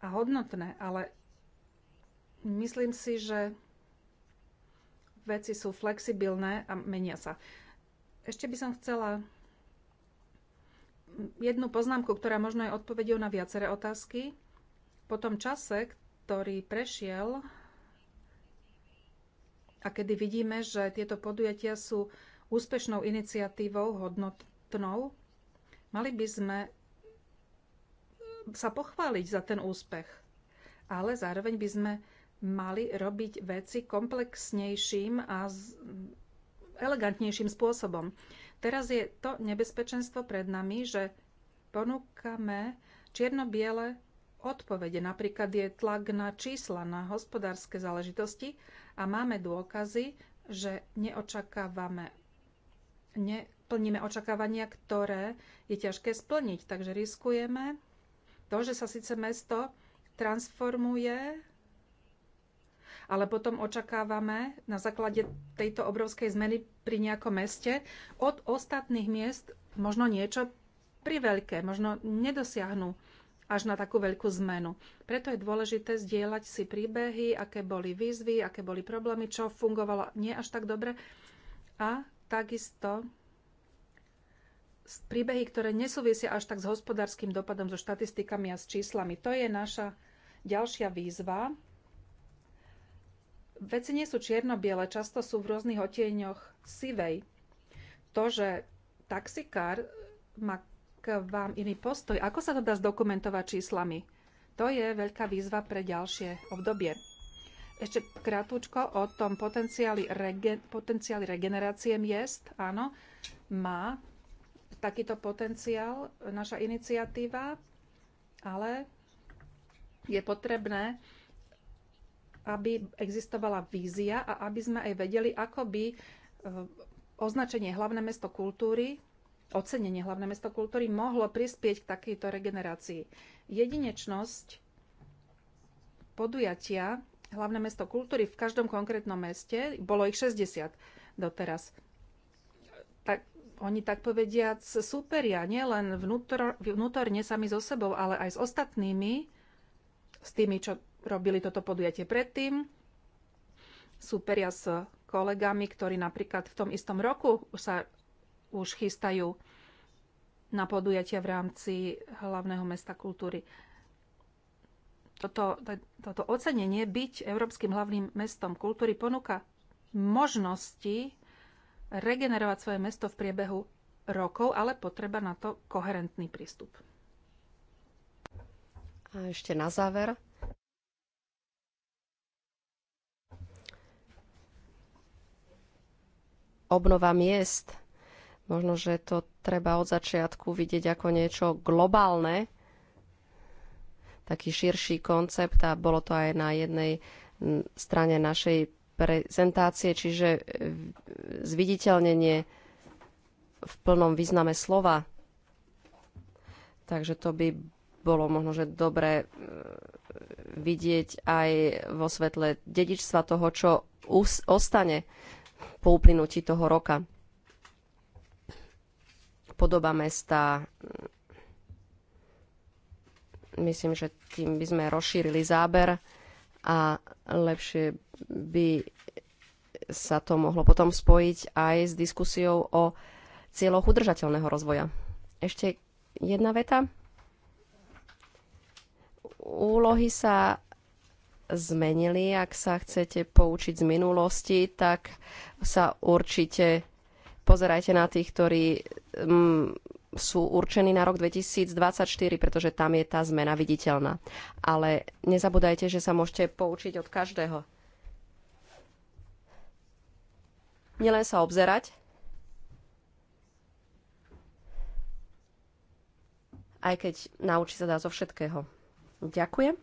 A: A hodnotné, ale myslím si, že veci sú flexibilné a menia sa. Ešte by som chcela jednu poznámku, ktorá možno je odpovedou na viaceré otázky. Po tom čase, ktorý prešiel a kedy vidíme, že tieto podujatia sú úspešnou iniciatívou hodnotnou, mali by sme sa pochváliť za ten úspech. Ale zároveň by sme mali robiť veci komplexnejším a elegantnejším spôsobom. Teraz je to nebezpečenstvo pred nami, že ponúkame čierno-biele odpovede. Napríklad je tlak na čísla, na hospodárske záležitosti a máme dôkazy, že neočakávame neplníme očakávania, ktoré je ťažké splniť. Takže riskujeme to, že sa síce mesto transformuje, ale potom očakávame na základe tejto obrovskej zmeny pri nejakom meste od ostatných miest možno niečo pri veľké, možno nedosiahnu až na takú veľkú zmenu. Preto je dôležité zdieľať si príbehy, aké boli výzvy, aké boli problémy, čo fungovalo nie až tak dobre a takisto príbehy, ktoré nesúvisia až tak s hospodárskym dopadom, so štatistikami a s číslami. To je naša ďalšia výzva. Veci nie sú čierno-biele, často sú v rôznych otieňoch sivej. To, že taxikár má k vám iný postoj, ako sa to dá zdokumentovať číslami? To je veľká výzva pre ďalšie obdobie. Ešte krátko o tom potenciáli, regen, potenciáli regenerácie miest. Áno, má takýto potenciál naša iniciatíva, ale je potrebné, aby existovala vízia a aby sme aj vedeli, ako by e, označenie hlavné mesto kultúry ocenenie hlavné mesto kultúry mohlo prispieť k takejto regenerácii. Jedinečnosť podujatia hlavné mesto kultúry v každom konkrétnom meste. Bolo ich 60 doteraz. Tak, oni tak povediac súperia len vnútor, vnútorne sami so sebou, ale aj s ostatnými, s tými, čo robili toto podujatie predtým. Súperia s kolegami, ktorí napríklad v tom istom roku sa už chystajú na podujatia v rámci hlavného mesta kultúry toto, toto ocenenie byť Európskym hlavným mestom kultúry ponúka možnosti regenerovať svoje mesto v priebehu rokov, ale potreba na to koherentný prístup. A ešte na záver.
B: Obnova miest. Možno, že to treba od začiatku vidieť ako niečo globálne, taký širší koncept a bolo to aj na jednej strane našej prezentácie, čiže e, zviditeľnenie v plnom význame slova. Takže to by bolo možno, že dobre e, vidieť aj vo svetle dedičstva toho, čo ostane po uplynutí toho roka. Podoba mesta, Myslím, že tým by sme rozšírili záber a lepšie by sa to mohlo potom spojiť aj s diskusiou o cieľoch udržateľného rozvoja. Ešte jedna veta. Úlohy sa zmenili. Ak sa chcete poučiť z minulosti, tak sa určite pozerajte na tých, ktorí mm, sú určení na rok 2024, pretože tam je tá zmena viditeľná. Ale nezabúdajte, že sa môžete poučiť od každého. Nielen sa obzerať, aj keď naučí sa dá zo všetkého. Ďakujem.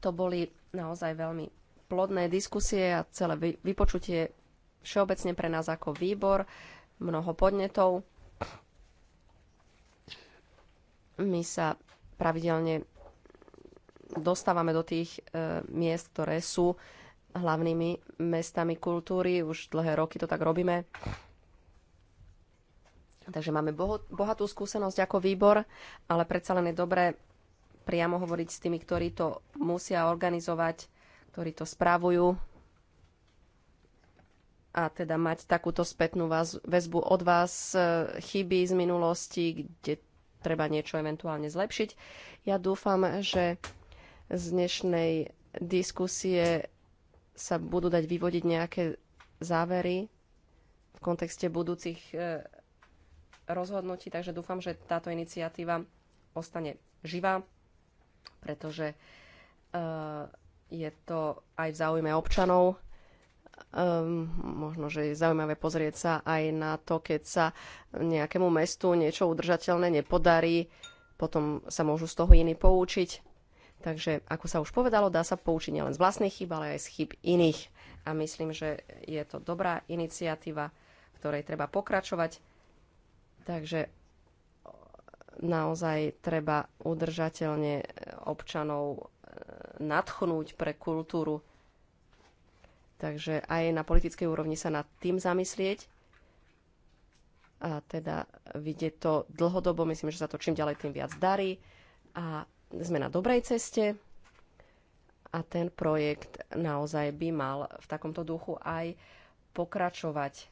B: To boli naozaj veľmi plodné diskusie a celé vypočutie všeobecne pre nás ako výbor, mnoho podnetov my sa pravidelne dostávame do tých e, miest, ktoré sú hlavnými mestami kultúry. Už dlhé roky to tak robíme. Takže máme boho, bohatú skúsenosť ako výbor, ale predsa len je dobré priamo hovoriť s tými, ktorí to musia organizovať, ktorí to spravujú a teda mať takúto spätnú väzbu od vás, e, chyby z minulosti, kde treba niečo eventuálne zlepšiť. Ja dúfam, že z dnešnej diskusie sa budú dať vyvodiť nejaké závery v kontexte budúcich e, rozhodnutí, takže dúfam, že táto iniciatíva ostane živá, pretože e, je to aj v záujme občanov Um, možno, že je zaujímavé pozrieť sa aj na to, keď sa nejakému mestu niečo udržateľné nepodarí, potom sa môžu z toho iní poučiť. Takže, ako sa už povedalo, dá sa poučiť nielen z vlastných chyb, ale aj z chyb iných. A myslím, že je to dobrá iniciatíva, ktorej treba pokračovať. Takže naozaj treba udržateľne eh, občanov eh, nadchnúť pre kultúru Takže aj na politickej úrovni sa nad tým zamyslieť. A teda vidie to dlhodobo, myslím, že sa to čím ďalej tým viac darí. A sme na dobrej ceste a ten projekt naozaj by mal v takomto duchu aj pokračovať eh,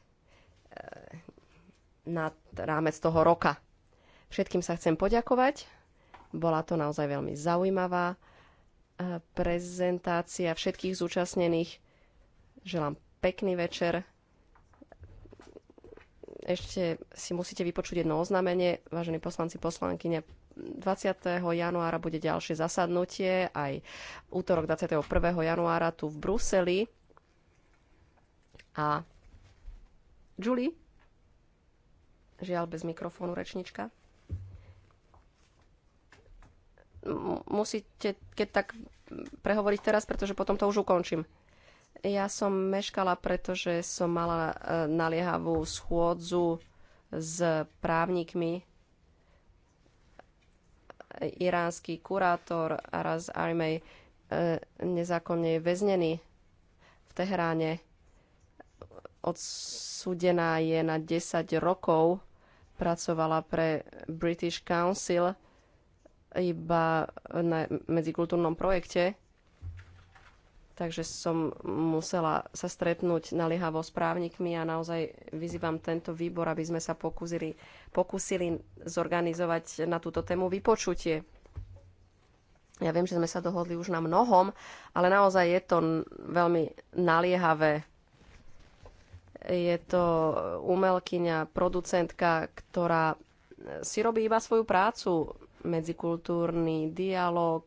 B: nad rámec toho roka. Všetkým sa chcem poďakovať. Bola to naozaj veľmi zaujímavá eh, prezentácia všetkých zúčastnených Želám pekný večer. Ešte si musíte vypočuť jedno oznámenie, vážení poslanci, poslankyne. 20. januára bude ďalšie zasadnutie, aj útorok 21. januára tu v Bruseli. A Julie? Žiaľ, bez mikrofónu rečnička musíte keď tak prehovoriť teraz, pretože potom to už ukončím. Ja som meškala, pretože som mala e, naliehavú schôdzu s právnikmi. Iránsky kurátor Araz Arimej e, nezákonne je väznený v Tehráne. Odsúdená je na 10 rokov. Pracovala pre British Council iba na medzikultúrnom projekte Takže som musela sa stretnúť naliehavo s právnikmi a naozaj vyzývam tento výbor, aby sme sa pokúsili, pokusili zorganizovať na túto tému vypočutie. Ja viem, že sme sa dohodli už na mnohom, ale naozaj je to veľmi naliehavé. Je to umelkyňa, producentka, ktorá si robí iba svoju prácu, medzikultúrny dialog,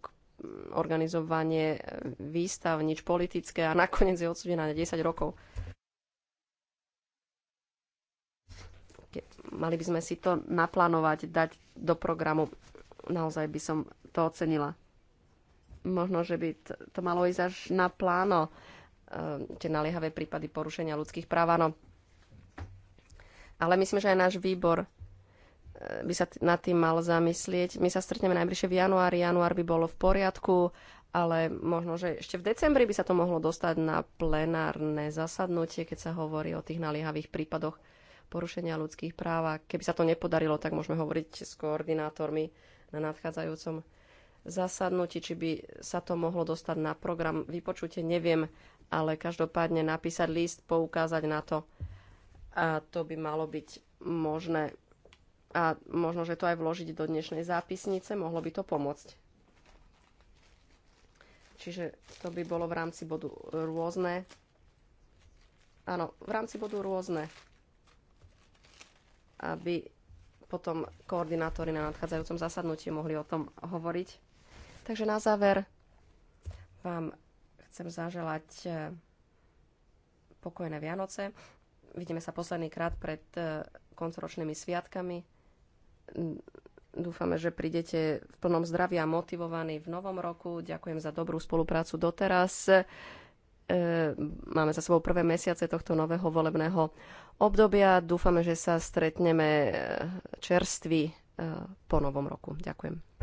B: organizovanie e, výstav, nič politické a nakoniec je odsudená na 10 rokov. Mali by sme si to naplánovať, dať do programu. Naozaj by som to ocenila. Možno, že by to malo ísť až na pláno. E, tie naliehavé prípady porušenia ľudských práv, áno. Ale myslím, že aj náš výbor by sa nad tým mal zamyslieť. My sa stretneme najbližšie v januári. Január by bolo v poriadku, ale možno, že ešte v decembri by sa to mohlo dostať na plenárne zasadnutie, keď sa hovorí o tých naliehavých prípadoch porušenia ľudských práv. A keby sa to nepodarilo, tak môžeme hovoriť s koordinátormi na nadchádzajúcom zasadnutí, či by sa to mohlo dostať na program vypočutie, neviem, ale každopádne napísať list, poukázať na to a to by malo byť možné a možno, že to aj vložiť do dnešnej zápisnice, mohlo by to pomôcť. Čiže to by bolo v rámci bodu rôzne. Áno, v rámci bodu rôzne. Aby potom koordinátori na nadchádzajúcom zasadnutí mohli o tom hovoriť. Takže na záver vám chcem zaželať eh, pokojné Vianoce. Vidíme sa posledný krát pred eh, koncoročnými sviatkami Dúfame, že prídete v plnom zdraví a motivovaní v novom roku. Ďakujem za dobrú spoluprácu doteraz. E, máme za sebou prvé mesiace tohto nového volebného obdobia. Dúfame, že sa stretneme e, čerství e, po novom roku. Ďakujem.